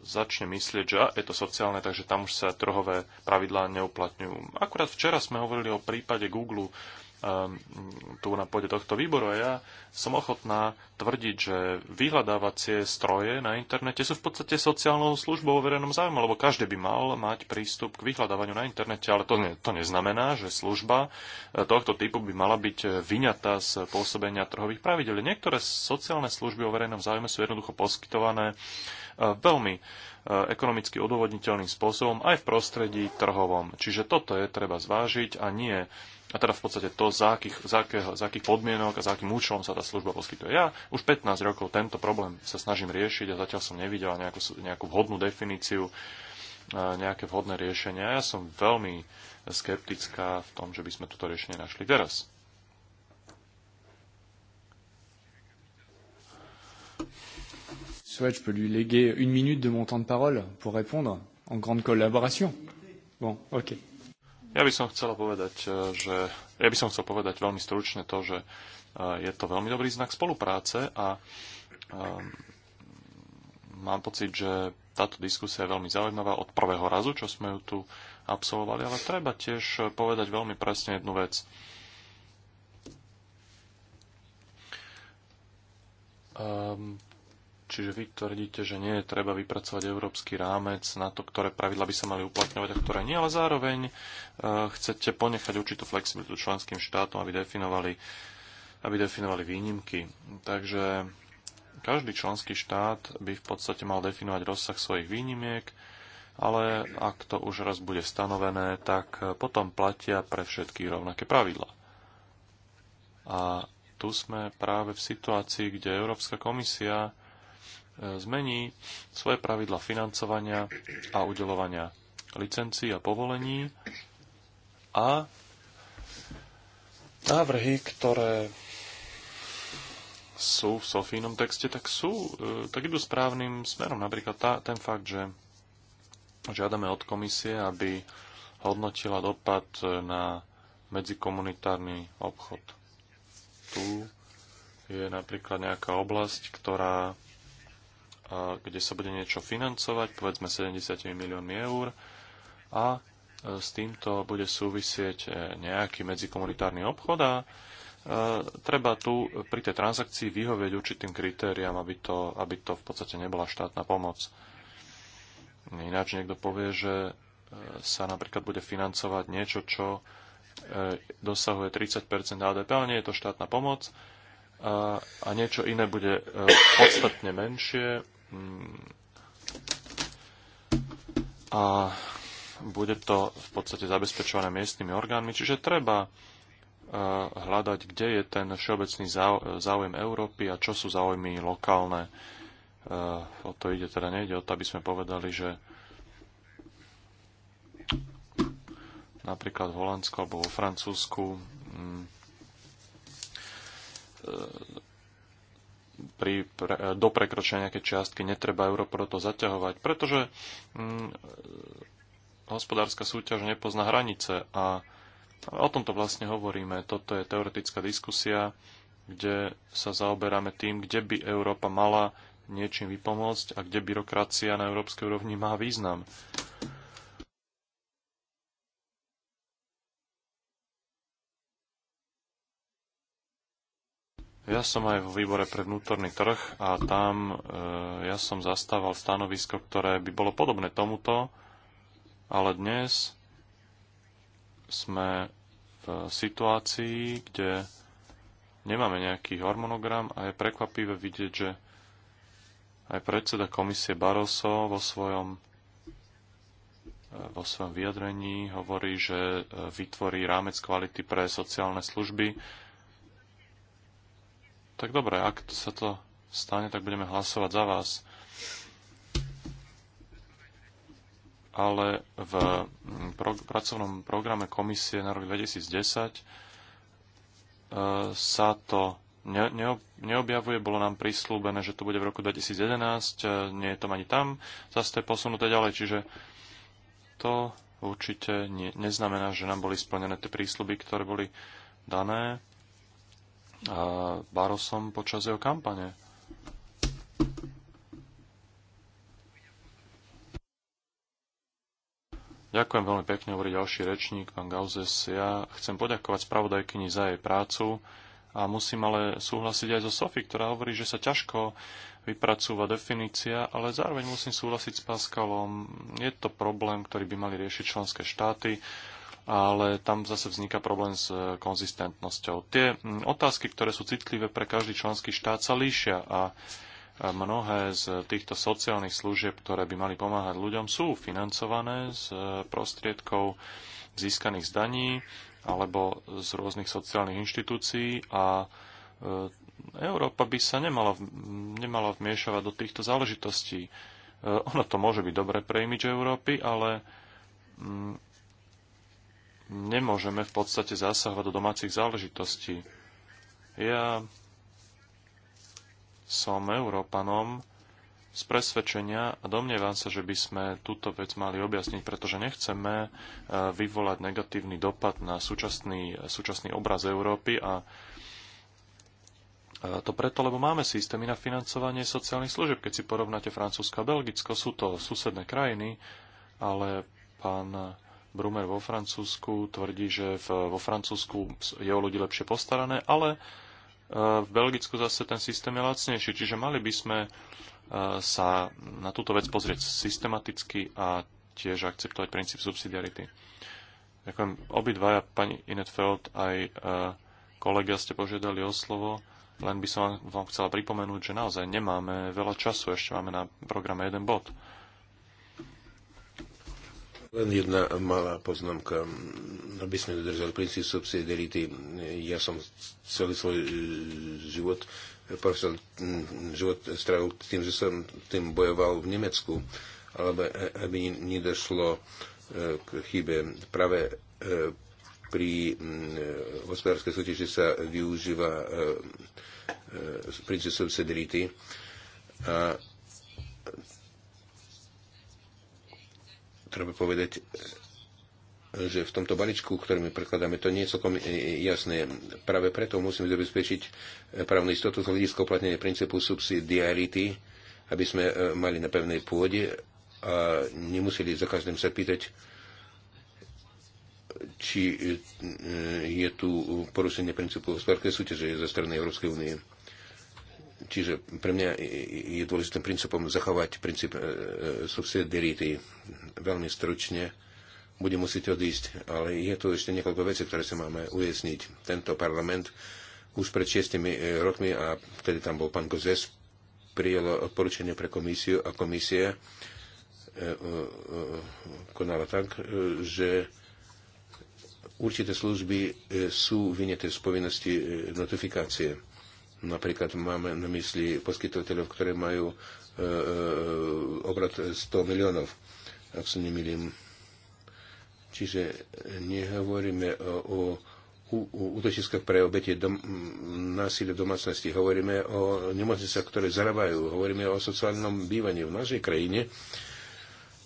začne myslieť, že je to sociálne, takže tam už sa trhové pravidlá neuplatňujú. Akurát včera sme hovorili o prípade Google, Ehm, tu na pôde tohto výboru. A ja som ochotná tvrdiť, že vyhľadávacie stroje na internete sú v podstate sociálnou službou o verejnom záujme, lebo každý by mal mať prístup k vyhľadávaniu na internete, ale to, ne, to neznamená, že služba eh, tohto typu by mala byť eh, vyňatá z pôsobenia trhových pravidel. Niektoré sociálne služby o verejnom záujme sú jednoducho poskytované eh, veľmi ekonomicky odôvodniteľným spôsobom aj v prostredí trhovom. Čiže toto je treba zvážiť a nie a teda v podstate to, za akých, za, akého, za akých podmienok a za akým účelom sa tá služba poskytuje. Ja už 15 rokov tento problém sa snažím riešiť a zatiaľ som nevidel nejakú, nejakú vhodnú definíciu, e, nejaké vhodné riešenia. Ja som veľmi skeptická v tom, že by sme toto riešenie našli teraz. Soit je peux lui léguer une minute de mon temps de parole pour répondre en grande collaboration. Bon, ok. Ja by som chcela povedať, e, že ja by som chcel povedať veľmi stručne to, že e, je to veľmi dobrý znak spolupráce a e, mám pocit, že táto diskusia je veľmi zaujímavá od prvého razu, čo sme ju tu absolvovali, ale treba tiež povedať veľmi presne jednu vec. Um, Čiže vy tvrdíte, že nie je treba vypracovať európsky rámec na to, ktoré pravidla by sa mali uplatňovať a ktoré nie, ale zároveň e, chcete ponechať určitú flexibilitu členským štátom, aby definovali, aby definovali výnimky. Takže každý členský štát by v podstate mal definovať rozsah svojich výnimiek, ale ak to už raz bude stanovené, tak potom platia pre všetky rovnaké pravidla. A tu sme práve v situácii, kde Európska komisia zmení svoje pravidla financovania a udelovania licencií a povolení a návrhy, ktoré sú v Sofínom texte, tak, sú, e, tak idú správnym smerom. Napríklad tá, ten fakt, že žiadame od komisie, aby hodnotila dopad e, na medzikomunitárny obchod. Tu je napríklad nejaká oblasť, ktorá kde sa bude niečo financovať, povedzme 70 miliónmi eur a e, s týmto bude súvisieť e, nejaký medzikomunitárny obchod a e, treba tu pri tej transakcii vyhovieť určitým kritériám, aby to, aby to v podstate nebola štátna pomoc. Ináč niekto povie, že sa napríklad bude financovať niečo, čo dosahuje 30 HDP, ale nie je to štátna pomoc a, a niečo iné bude podstatne menšie Hmm. a bude to v podstate zabezpečované miestnymi orgánmi, čiže treba eh, hľadať, kde je ten všeobecný záujem Európy a čo sú záujmy lokálne. Eh, o to ide teda, nejde o to, aby sme povedali, že napríklad v Holandsku alebo vo Francúzsku mm, eh, pri, pre, e, do prekročenia nejakej čiastky netreba Európa do zaťahovať, pretože hm, hospodárska súťaž nepozná hranice a o tomto vlastne hovoríme. Toto je teoretická diskusia, kde sa zaoberáme tým, kde by Európa mala niečím vypomôcť a kde byrokracia na európskej úrovni má význam. Ja som aj vo výbore pre vnútorný trh a tam e, ja som zastával stanovisko, ktoré by bolo podobné tomuto, ale dnes sme v situácii, kde nemáme nejaký harmonogram a je prekvapivé vidieť, že aj predseda komisie Barroso vo svojom, e, vo svojom vyjadrení hovorí, že e, vytvorí rámec kvality pre sociálne služby tak dobre, ak sa to stane, tak budeme hlasovať za vás. Ale v mm, pro- pracovnom programe komisie na rok 2010 e, sa to ne- ne- neobjavuje. Bolo nám prislúbené, že to bude v roku 2011. E, nie je to ani tam. Zase to je posunuté ďalej. Čiže to určite nie, neznamená, že nám boli splnené tie prísluby, ktoré boli dané. Barosom počas jeho kampane. Ďakujem veľmi pekne, hovorí ďalší rečník, pán Gauzes. Ja chcem poďakovať spravodajkyni za jej prácu a musím ale súhlasiť aj so Sofie, ktorá hovorí, že sa ťažko vypracúva definícia, ale zároveň musím súhlasiť s Paskalom. Je to problém, ktorý by mali riešiť členské štáty ale tam zase vzniká problém s e, konzistentnosťou. Tie otázky, ktoré sú citlivé pre každý členský štát, sa líšia a mnohé z týchto sociálnych služieb, ktoré by mali pomáhať ľuďom, sú financované z e, prostriedkov získaných z daní alebo z rôznych sociálnych inštitúcií a e, Európa by sa nemala, nemala vmiešavať do týchto záležitostí. Ono to môže byť dobre pre imidž Európy, ale nemôžeme v podstate zasahovať do domácich záležitostí. Ja som Európanom z presvedčenia a domnievam sa, že by sme túto vec mali objasniť, pretože nechceme e, vyvolať negatívny dopad na súčasný, súčasný obraz Európy a e, to preto, lebo máme systémy na financovanie sociálnych služieb. Keď si porovnáte Francúzsko a Belgicko, sú to susedné krajiny, ale pán Brumer vo Francúzsku tvrdí, že v, vo Francúzsku je o ľudí lepšie postarané, ale e, v Belgicku zase ten systém je lacnejší. Čiže mali by sme e, sa na túto vec pozrieť systematicky a tiež akceptovať princíp subsidiarity. Ďakujem. Obidvaja, pani Inetfeld, aj e, kolegia ste požiadali o slovo. Len by som vám chcela pripomenúť, že naozaj nemáme veľa času, ešte máme na programe jeden bod. Len jedna malá poznámka, aby sme dodržali princíp subsidiarity. Ja som celý svoj e, život e, profesor život strávil tým, že som tým bojoval v Nemecku, ale aby nedošlo e, k chybe. Práve pri hospodárskej súťaži sa využíva princíp subsidiarity a treba povedať, že v tomto balíčku, ktorý my prekladáme, to nie je celkom jasné. Práve preto musíme zabezpečiť právnu istotu z hľadiska uplatnenia princípu subsidiarity, aby sme e, mali na pevnej pôde a nemuseli za každým sa pýtať, či e, je tu porušenie princípu hospodárskej súťaže zo strany Európskej únie. Čiže pre mňa je dôležitým princípom zachovať princíp e, e, subsidiarity. Veľmi stručne budem musieť odísť, ale je tu ešte niekoľko vecí, ktoré sa máme ujasniť. Tento parlament už pred šiestimi e, rokmi, a vtedy tam bol pán Gozes, prijel odporúčanie pre komisiu a komisia konala tak, že určité služby sú vyneté z povinnosti notifikácie Napríklad máme na mysli poskytovateľov, ktoré majú e, e, obrad 100 miliónov, ak sa nemýlim. Čiže nehovoríme o, o, útočiskách pre obete dom, násilia domácnosti, hovoríme o nemocnicách, ktoré zarábajú, hovoríme o sociálnom bývaní v našej krajine.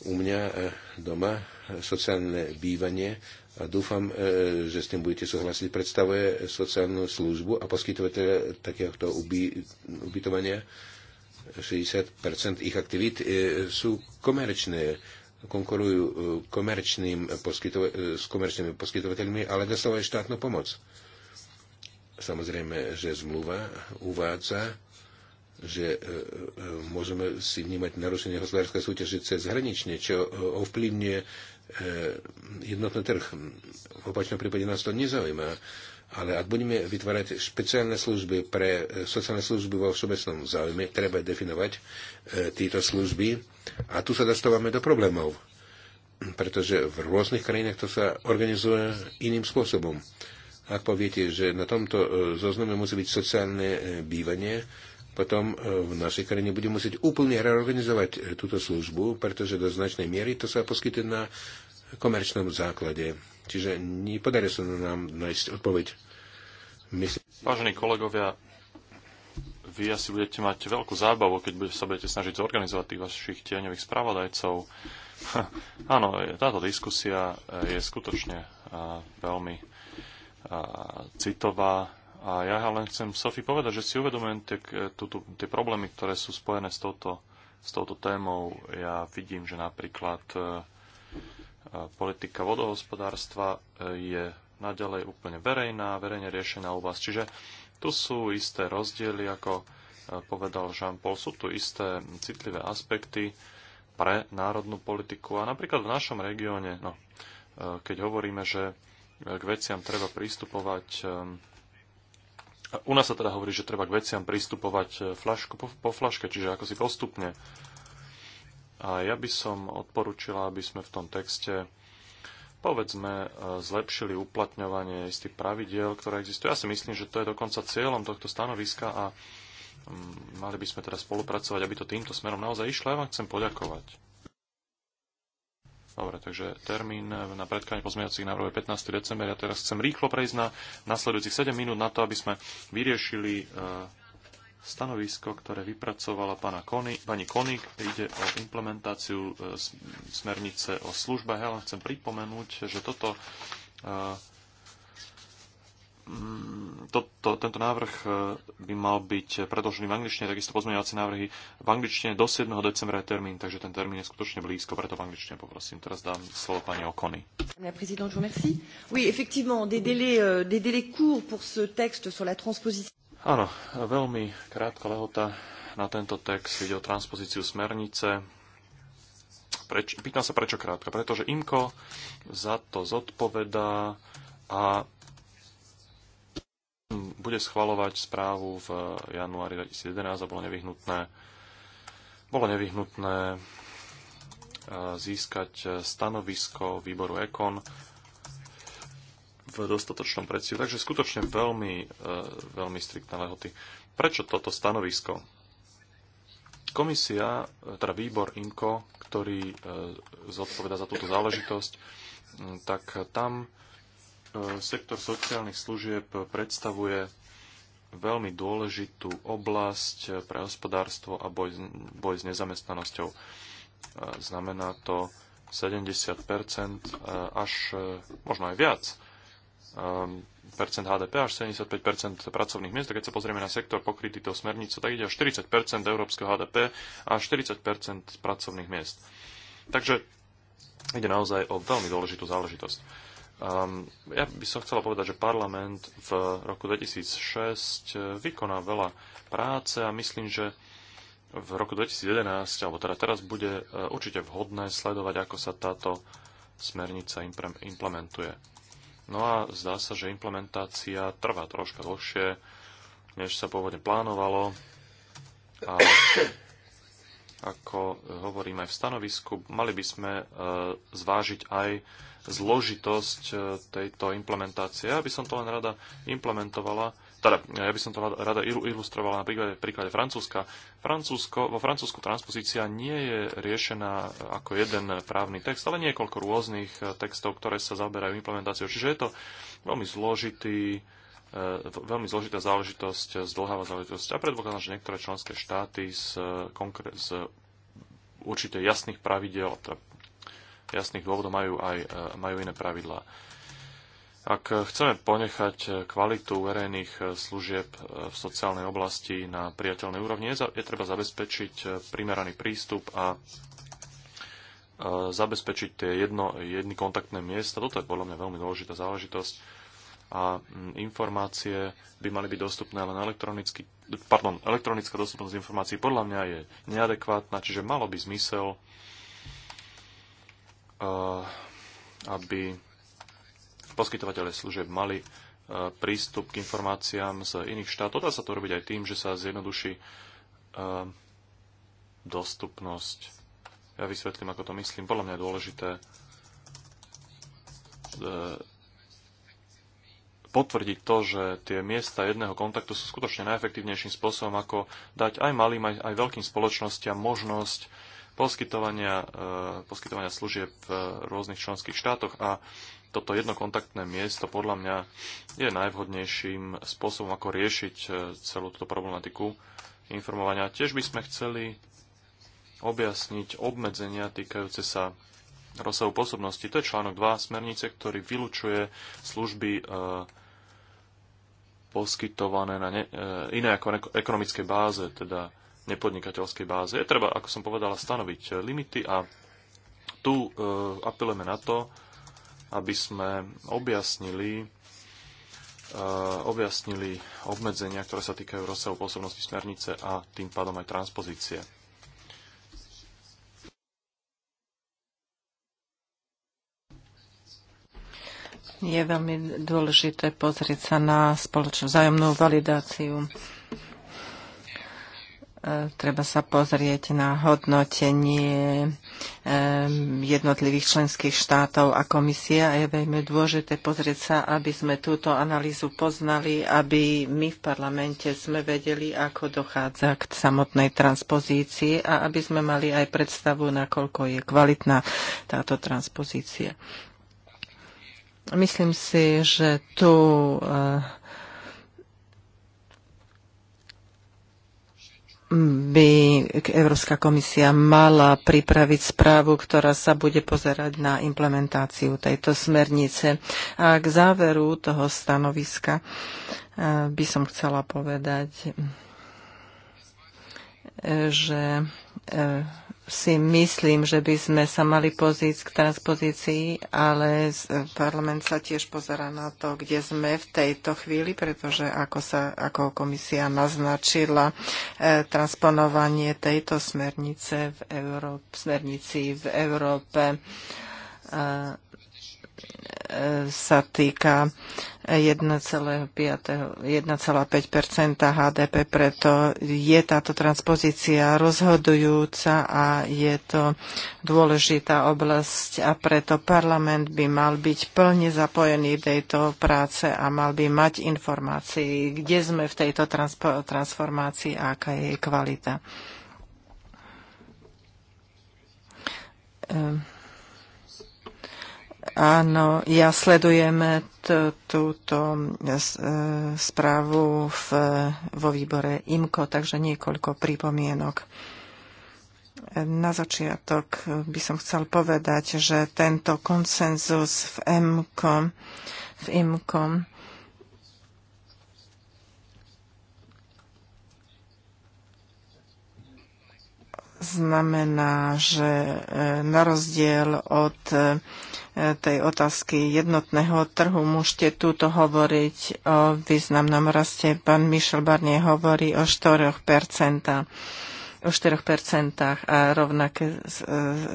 U mňa e, doma sociálne bývanie a dúfam, e, že s tým budete súhlasiť, predstavuje sociálnu službu a poskytovateľ takéhoto uby, ubytovania. 60% ich aktivít e, sú komerčné, konkurujú e, komerčným poskytova- s komerčnými poskytovateľmi, ale dostávajú štátnu pomoc. Samozrejme, že zmluva uvádza, že môžeme si vnímať narušenie hospodárskej súťaže cez hranične, čo ovplyvňuje E, jednotný trh. V opačnom prípade nás to nezaujíma. Ale ak budeme vytvárať špeciálne služby pre e, sociálne služby vo všeobecnom záujme, treba definovať e, tieto služby. A tu sa dostávame do problémov, pretože v rôznych krajinách to sa organizuje iným spôsobom. Ak poviete, že na tomto zozname musí byť sociálne bývanie, potom e, v našej krajine budeme musieť úplne reorganizovať e, túto službu, pretože do značnej miery to sa poskytuje na komerčnom základe. Čiže nepodarí sa nám nájsť odpoveď. Myslím... Vážení kolegovia, vy asi budete mať veľkú zábavu, keď sa budete snažiť zorganizovať tých vašich tieňových spravodajcov. Áno, táto diskusia e, je skutočne veľmi citová a ja len chcem Sofi povedať, že si uvedomujem tie, tie problémy, ktoré sú spojené s touto, s touto témou. Ja vidím, že napríklad e, e, politika vodohospodárstva e, je naďalej úplne verejná, verejne riešená u vás. Čiže tu sú isté rozdiely, ako povedal Jean-Paul, sú tu isté citlivé aspekty pre národnú politiku. A napríklad v našom regióne, no, keď hovoríme, že k veciam treba pristupovať u nás sa teda hovorí, že treba k veciam pristupovať e, flašku po, po flaške, čiže ako si postupne. A ja by som odporúčila, aby sme v tom texte povedzme, e, zlepšili uplatňovanie istých pravidiel, ktoré existujú. Ja si myslím, že to je dokonca cieľom tohto stanoviska a mm, mali by sme teda spolupracovať, aby to týmto smerom naozaj išlo. Ja vám chcem poďakovať. Dobre, takže termín na predkladanie pozmeňovacích návrhov je 15. december. Ja teraz chcem rýchlo prejsť na nasledujúcich 7 minút na to, aby sme vyriešili e, stanovisko, ktoré vypracovala pána Kony, pani Konik. Ide o implementáciu e, smernice o službách. Ja len chcem pripomenúť, že toto e, Mm, to, to, tento návrh e, by mal byť predložený v angličtine, takisto pozmeňovacie návrhy v angličtine do 7. decembra je termín, takže ten termín je skutočne blízko, preto v angličtine poprosím. Teraz dám slovo pani Okony. Madame la Présidente, je vous remercie. Oui, effectivement, des délais, euh, des délais courts pour ce texte sur la transposition. Áno, veľmi krátka lehota na tento text. Ide o transpozíciu smernice. Preč, pýtam sa, prečo krátka? Pretože IMKO za to zodpovedá a bude schvalovať správu v januári 2011 a bolo nevyhnutné, bolo nevyhnutné e, získať stanovisko výboru EKON v dostatočnom predstihu. Takže skutočne veľmi, e, veľmi striktné lehoty. Prečo toto stanovisko? Komisia, e, teda výbor INKO, ktorý zodpoveda za túto záležitosť, tak tam sektor sociálnych služieb predstavuje veľmi dôležitú oblasť pre hospodárstvo a boj, boj s nezamestnanosťou. E, znamená to 70 e, až e, možno aj viac percent HDP až 75 pracovných miest. keď sa pozrieme na sektor pokrytý tou smernicou, tak ide až 40 európskeho HDP a 40 pracovných miest. Takže ide naozaj o veľmi dôležitú záležitosť. Um, ja by som chcela povedať, že parlament v roku 2006 eh, vykoná veľa práce a myslím, že v roku 2011, alebo teda teraz bude eh, určite vhodné sledovať, ako sa táto smernica implementuje. No a zdá sa, že implementácia trvá troška dlhšie, než sa pôvodne plánovalo. A ako hovorím aj v stanovisku, mali by sme e, zvážiť aj zložitosť e, tejto implementácie. Ja by som to len rada implementovala, teda ja by som to rada ilustrovala na príklade, príklade Francúzska. Francúzsko, vo Francúzsku transpozícia nie je riešená ako jeden právny text, ale niekoľko rôznych e, textov, ktoré sa zaoberajú implementáciou. Čiže je to veľmi zložitý veľmi zložitá záležitosť, zdlháva záležitosť a predpokladám, že niektoré členské štáty z, z určite jasných pravidel, teda jasných dôvodov majú aj e, majú iné pravidlá. Ak chceme ponechať kvalitu verejných e, služieb e, v sociálnej oblasti na priateľnej úrovni, je treba zabezpečiť primeraný prístup a zabezpečiť tie jedno, jedny kontaktné miesta. Toto je podľa mňa veľmi dôležitá záležitosť a mm, informácie by mali byť dostupné len elektronicky, pardon, elektronická dostupnosť informácií podľa mňa je neadekvátna, čiže malo by zmysel, e, aby poskytovateľe služieb mali e, prístup k informáciám z iných štátov. Dá sa to robiť aj tým, že sa zjednoduší e, dostupnosť. Ja vysvetlím, ako to myslím. Podľa mňa je dôležité potvrdiť to, že tie miesta jedného kontaktu sú skutočne najefektívnejším spôsobom, ako dať aj malým, aj, aj veľkým spoločnostiam možnosť poskytovania, eh, poskytovania služieb v rôznych členských štátoch a toto jednokontaktné miesto podľa mňa je najvhodnejším spôsobom, ako riešiť eh, celú túto problematiku informovania. Tiež by sme chceli objasniť obmedzenia týkajúce sa rozsahu pôsobnosti. To je článok 2 smernice, ktorý vylučuje služby eh, poskytované na ne, e, iné ako ekonomickej báze, teda nepodnikateľskej báze. Je treba, ako som povedala, stanoviť limity a tu e, apelujeme na to, aby sme objasnili, e, objasnili obmedzenia, ktoré sa týkajú rozsahu pôsobnosti smernice a tým pádom aj transpozície. je veľmi dôležité pozrieť sa na spoločnú vzájomnú validáciu. E, treba sa pozrieť na hodnotenie e, jednotlivých členských štátov a komisia. Je veľmi dôležité pozrieť sa, aby sme túto analýzu poznali, aby my v parlamente sme vedeli, ako dochádza k samotnej transpozícii a aby sme mali aj predstavu, nakoľko je kvalitná táto transpozícia. Myslím si, že tu eh, by Európska komisia mala pripraviť správu, ktorá sa bude pozerať na implementáciu tejto smernice. A k záveru toho stanoviska eh, by som chcela povedať, eh, že si myslím, že by sme sa mali pozíť k transpozícii, ale parlament sa tiež pozera na to, kde sme v tejto chvíli, pretože ako, sa, ako komisia naznačila, eh, transponovanie tejto smernice v, Európe, smernici v Európe eh, sa týka 1,5 HDP, preto je táto transpozícia rozhodujúca a je to dôležitá oblasť a preto parlament by mal byť plne zapojený v tejto práce a mal by mať informácií, kde sme v tejto transformácii a aká je jej kvalita. Um Áno, ja sledujem túto e, e, správu v, vo výbore IMKO, takže niekoľko pripomienok. Na začiatok by som chcel povedať, že tento konsenzus v MKO, v IMKO znamená, že e, na rozdiel od tej otázky jednotného trhu. Môžete túto hovoriť o významnom raste. Pán Michel Barnier hovorí o 4%, o 4% a rovnaké e,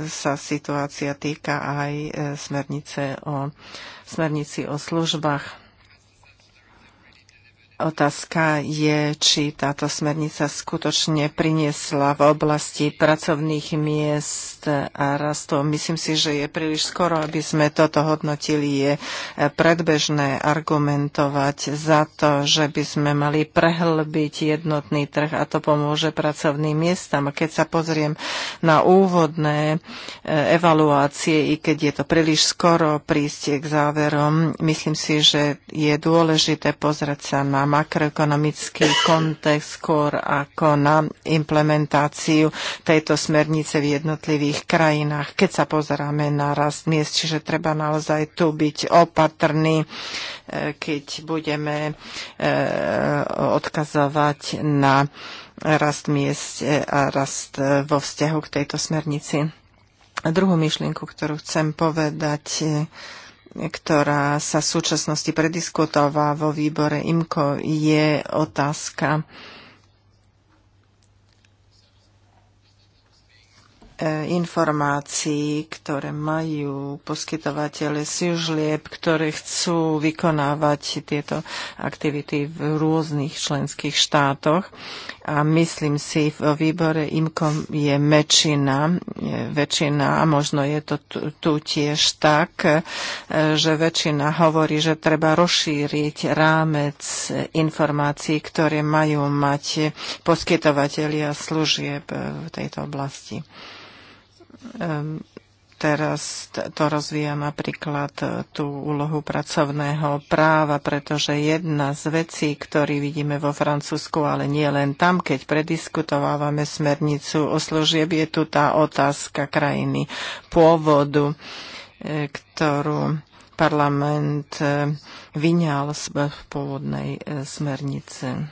sa situácia týka aj e, smernice o, smernici o službách. Otázka je, či táto smernica skutočne priniesla v oblasti pracovných miest a rastu. Myslím si, že je príliš skoro, aby sme toto hodnotili. Je e, predbežné argumentovať za to, že by sme mali prehlbiť jednotný trh a to pomôže pracovným miestam. keď sa pozriem na úvodné e, evaluácie, i keď je to príliš skoro prísť k záverom, myslím si, že je dôležité pozrieť sa na makroekonomický kontext skôr ako na implementáciu tejto smernice v jednotlivých krajinách, keď sa pozeráme na rast miest, čiže treba naozaj tu byť opatrný, e, keď budeme e, odkazovať na rast miest e, a rast vo vzťahu k tejto smernici. A druhú myšlienku, ktorú chcem povedať, ktorá sa v súčasnosti prediskutová vo výbore IMCO je otázka Eh, informácií, ktoré majú poskytovateľe služieb, ktoré chcú vykonávať tieto aktivity v rôznych členských štátoch. A myslím si, v výbore IMKOM je väčšina, väčšina a možno je to tu, tu tiež tak, eh, že väčšina hovorí, že treba rozšíriť rámec informácií, ktoré majú mať poskytovateľia služieb eh, v tejto oblasti teraz to rozvíja napríklad e, tú úlohu pracovného práva, pretože jedna z vecí, ktorý vidíme vo Francúzsku, ale nie len tam, keď prediskutovávame smernicu o služieb, je tu tá otázka krajiny pôvodu, e, ktorú parlament e, vyňal z pôvodnej smernice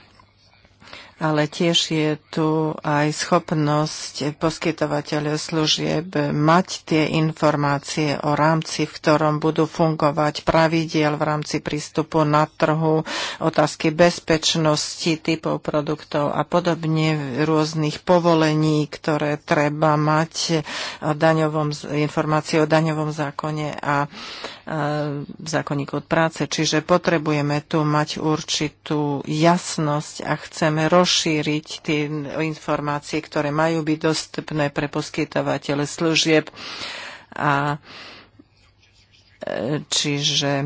ale tiež je tu aj schopnosť poskytovateľov služieb mať tie informácie o rámci, v ktorom budú fungovať pravidiel v rámci prístupu na trhu, otázky bezpečnosti typov produktov a podobne rôznych povolení, ktoré treba mať o daňovom, informácie o daňovom zákone a zákonníku od práce. Čiže potrebujeme tu mať určitú jasnosť a chceme rozhodnúť rozšíriť tie informácie, ktoré majú byť dostupné pre poskytovateľe služieb. A e, čiže e,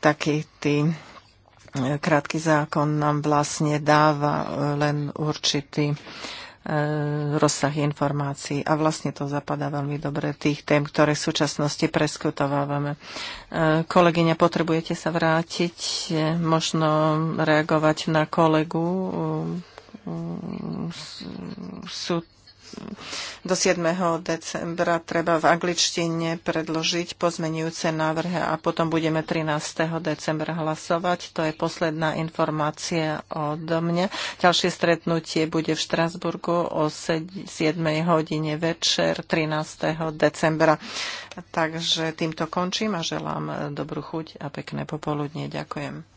taký tý e, krátky zákon nám vlastne dáva len určitý E, rozsah informácií a vlastne to zapadá veľmi dobre tých tém, ktoré v súčasnosti preskutovávame. E, kolegyňa, potrebujete sa vrátiť, e, možno reagovať na kolegu. Sú do 7. decembra treba v angličtine predložiť pozmenujúce návrhy a potom budeme 13. decembra hlasovať. To je posledná informácia od mňa. Ďalšie stretnutie bude v Štrasburgu o 7. hodine večer 13. decembra. Takže týmto končím a želám dobrú chuť a pekné popoludne. Ďakujem.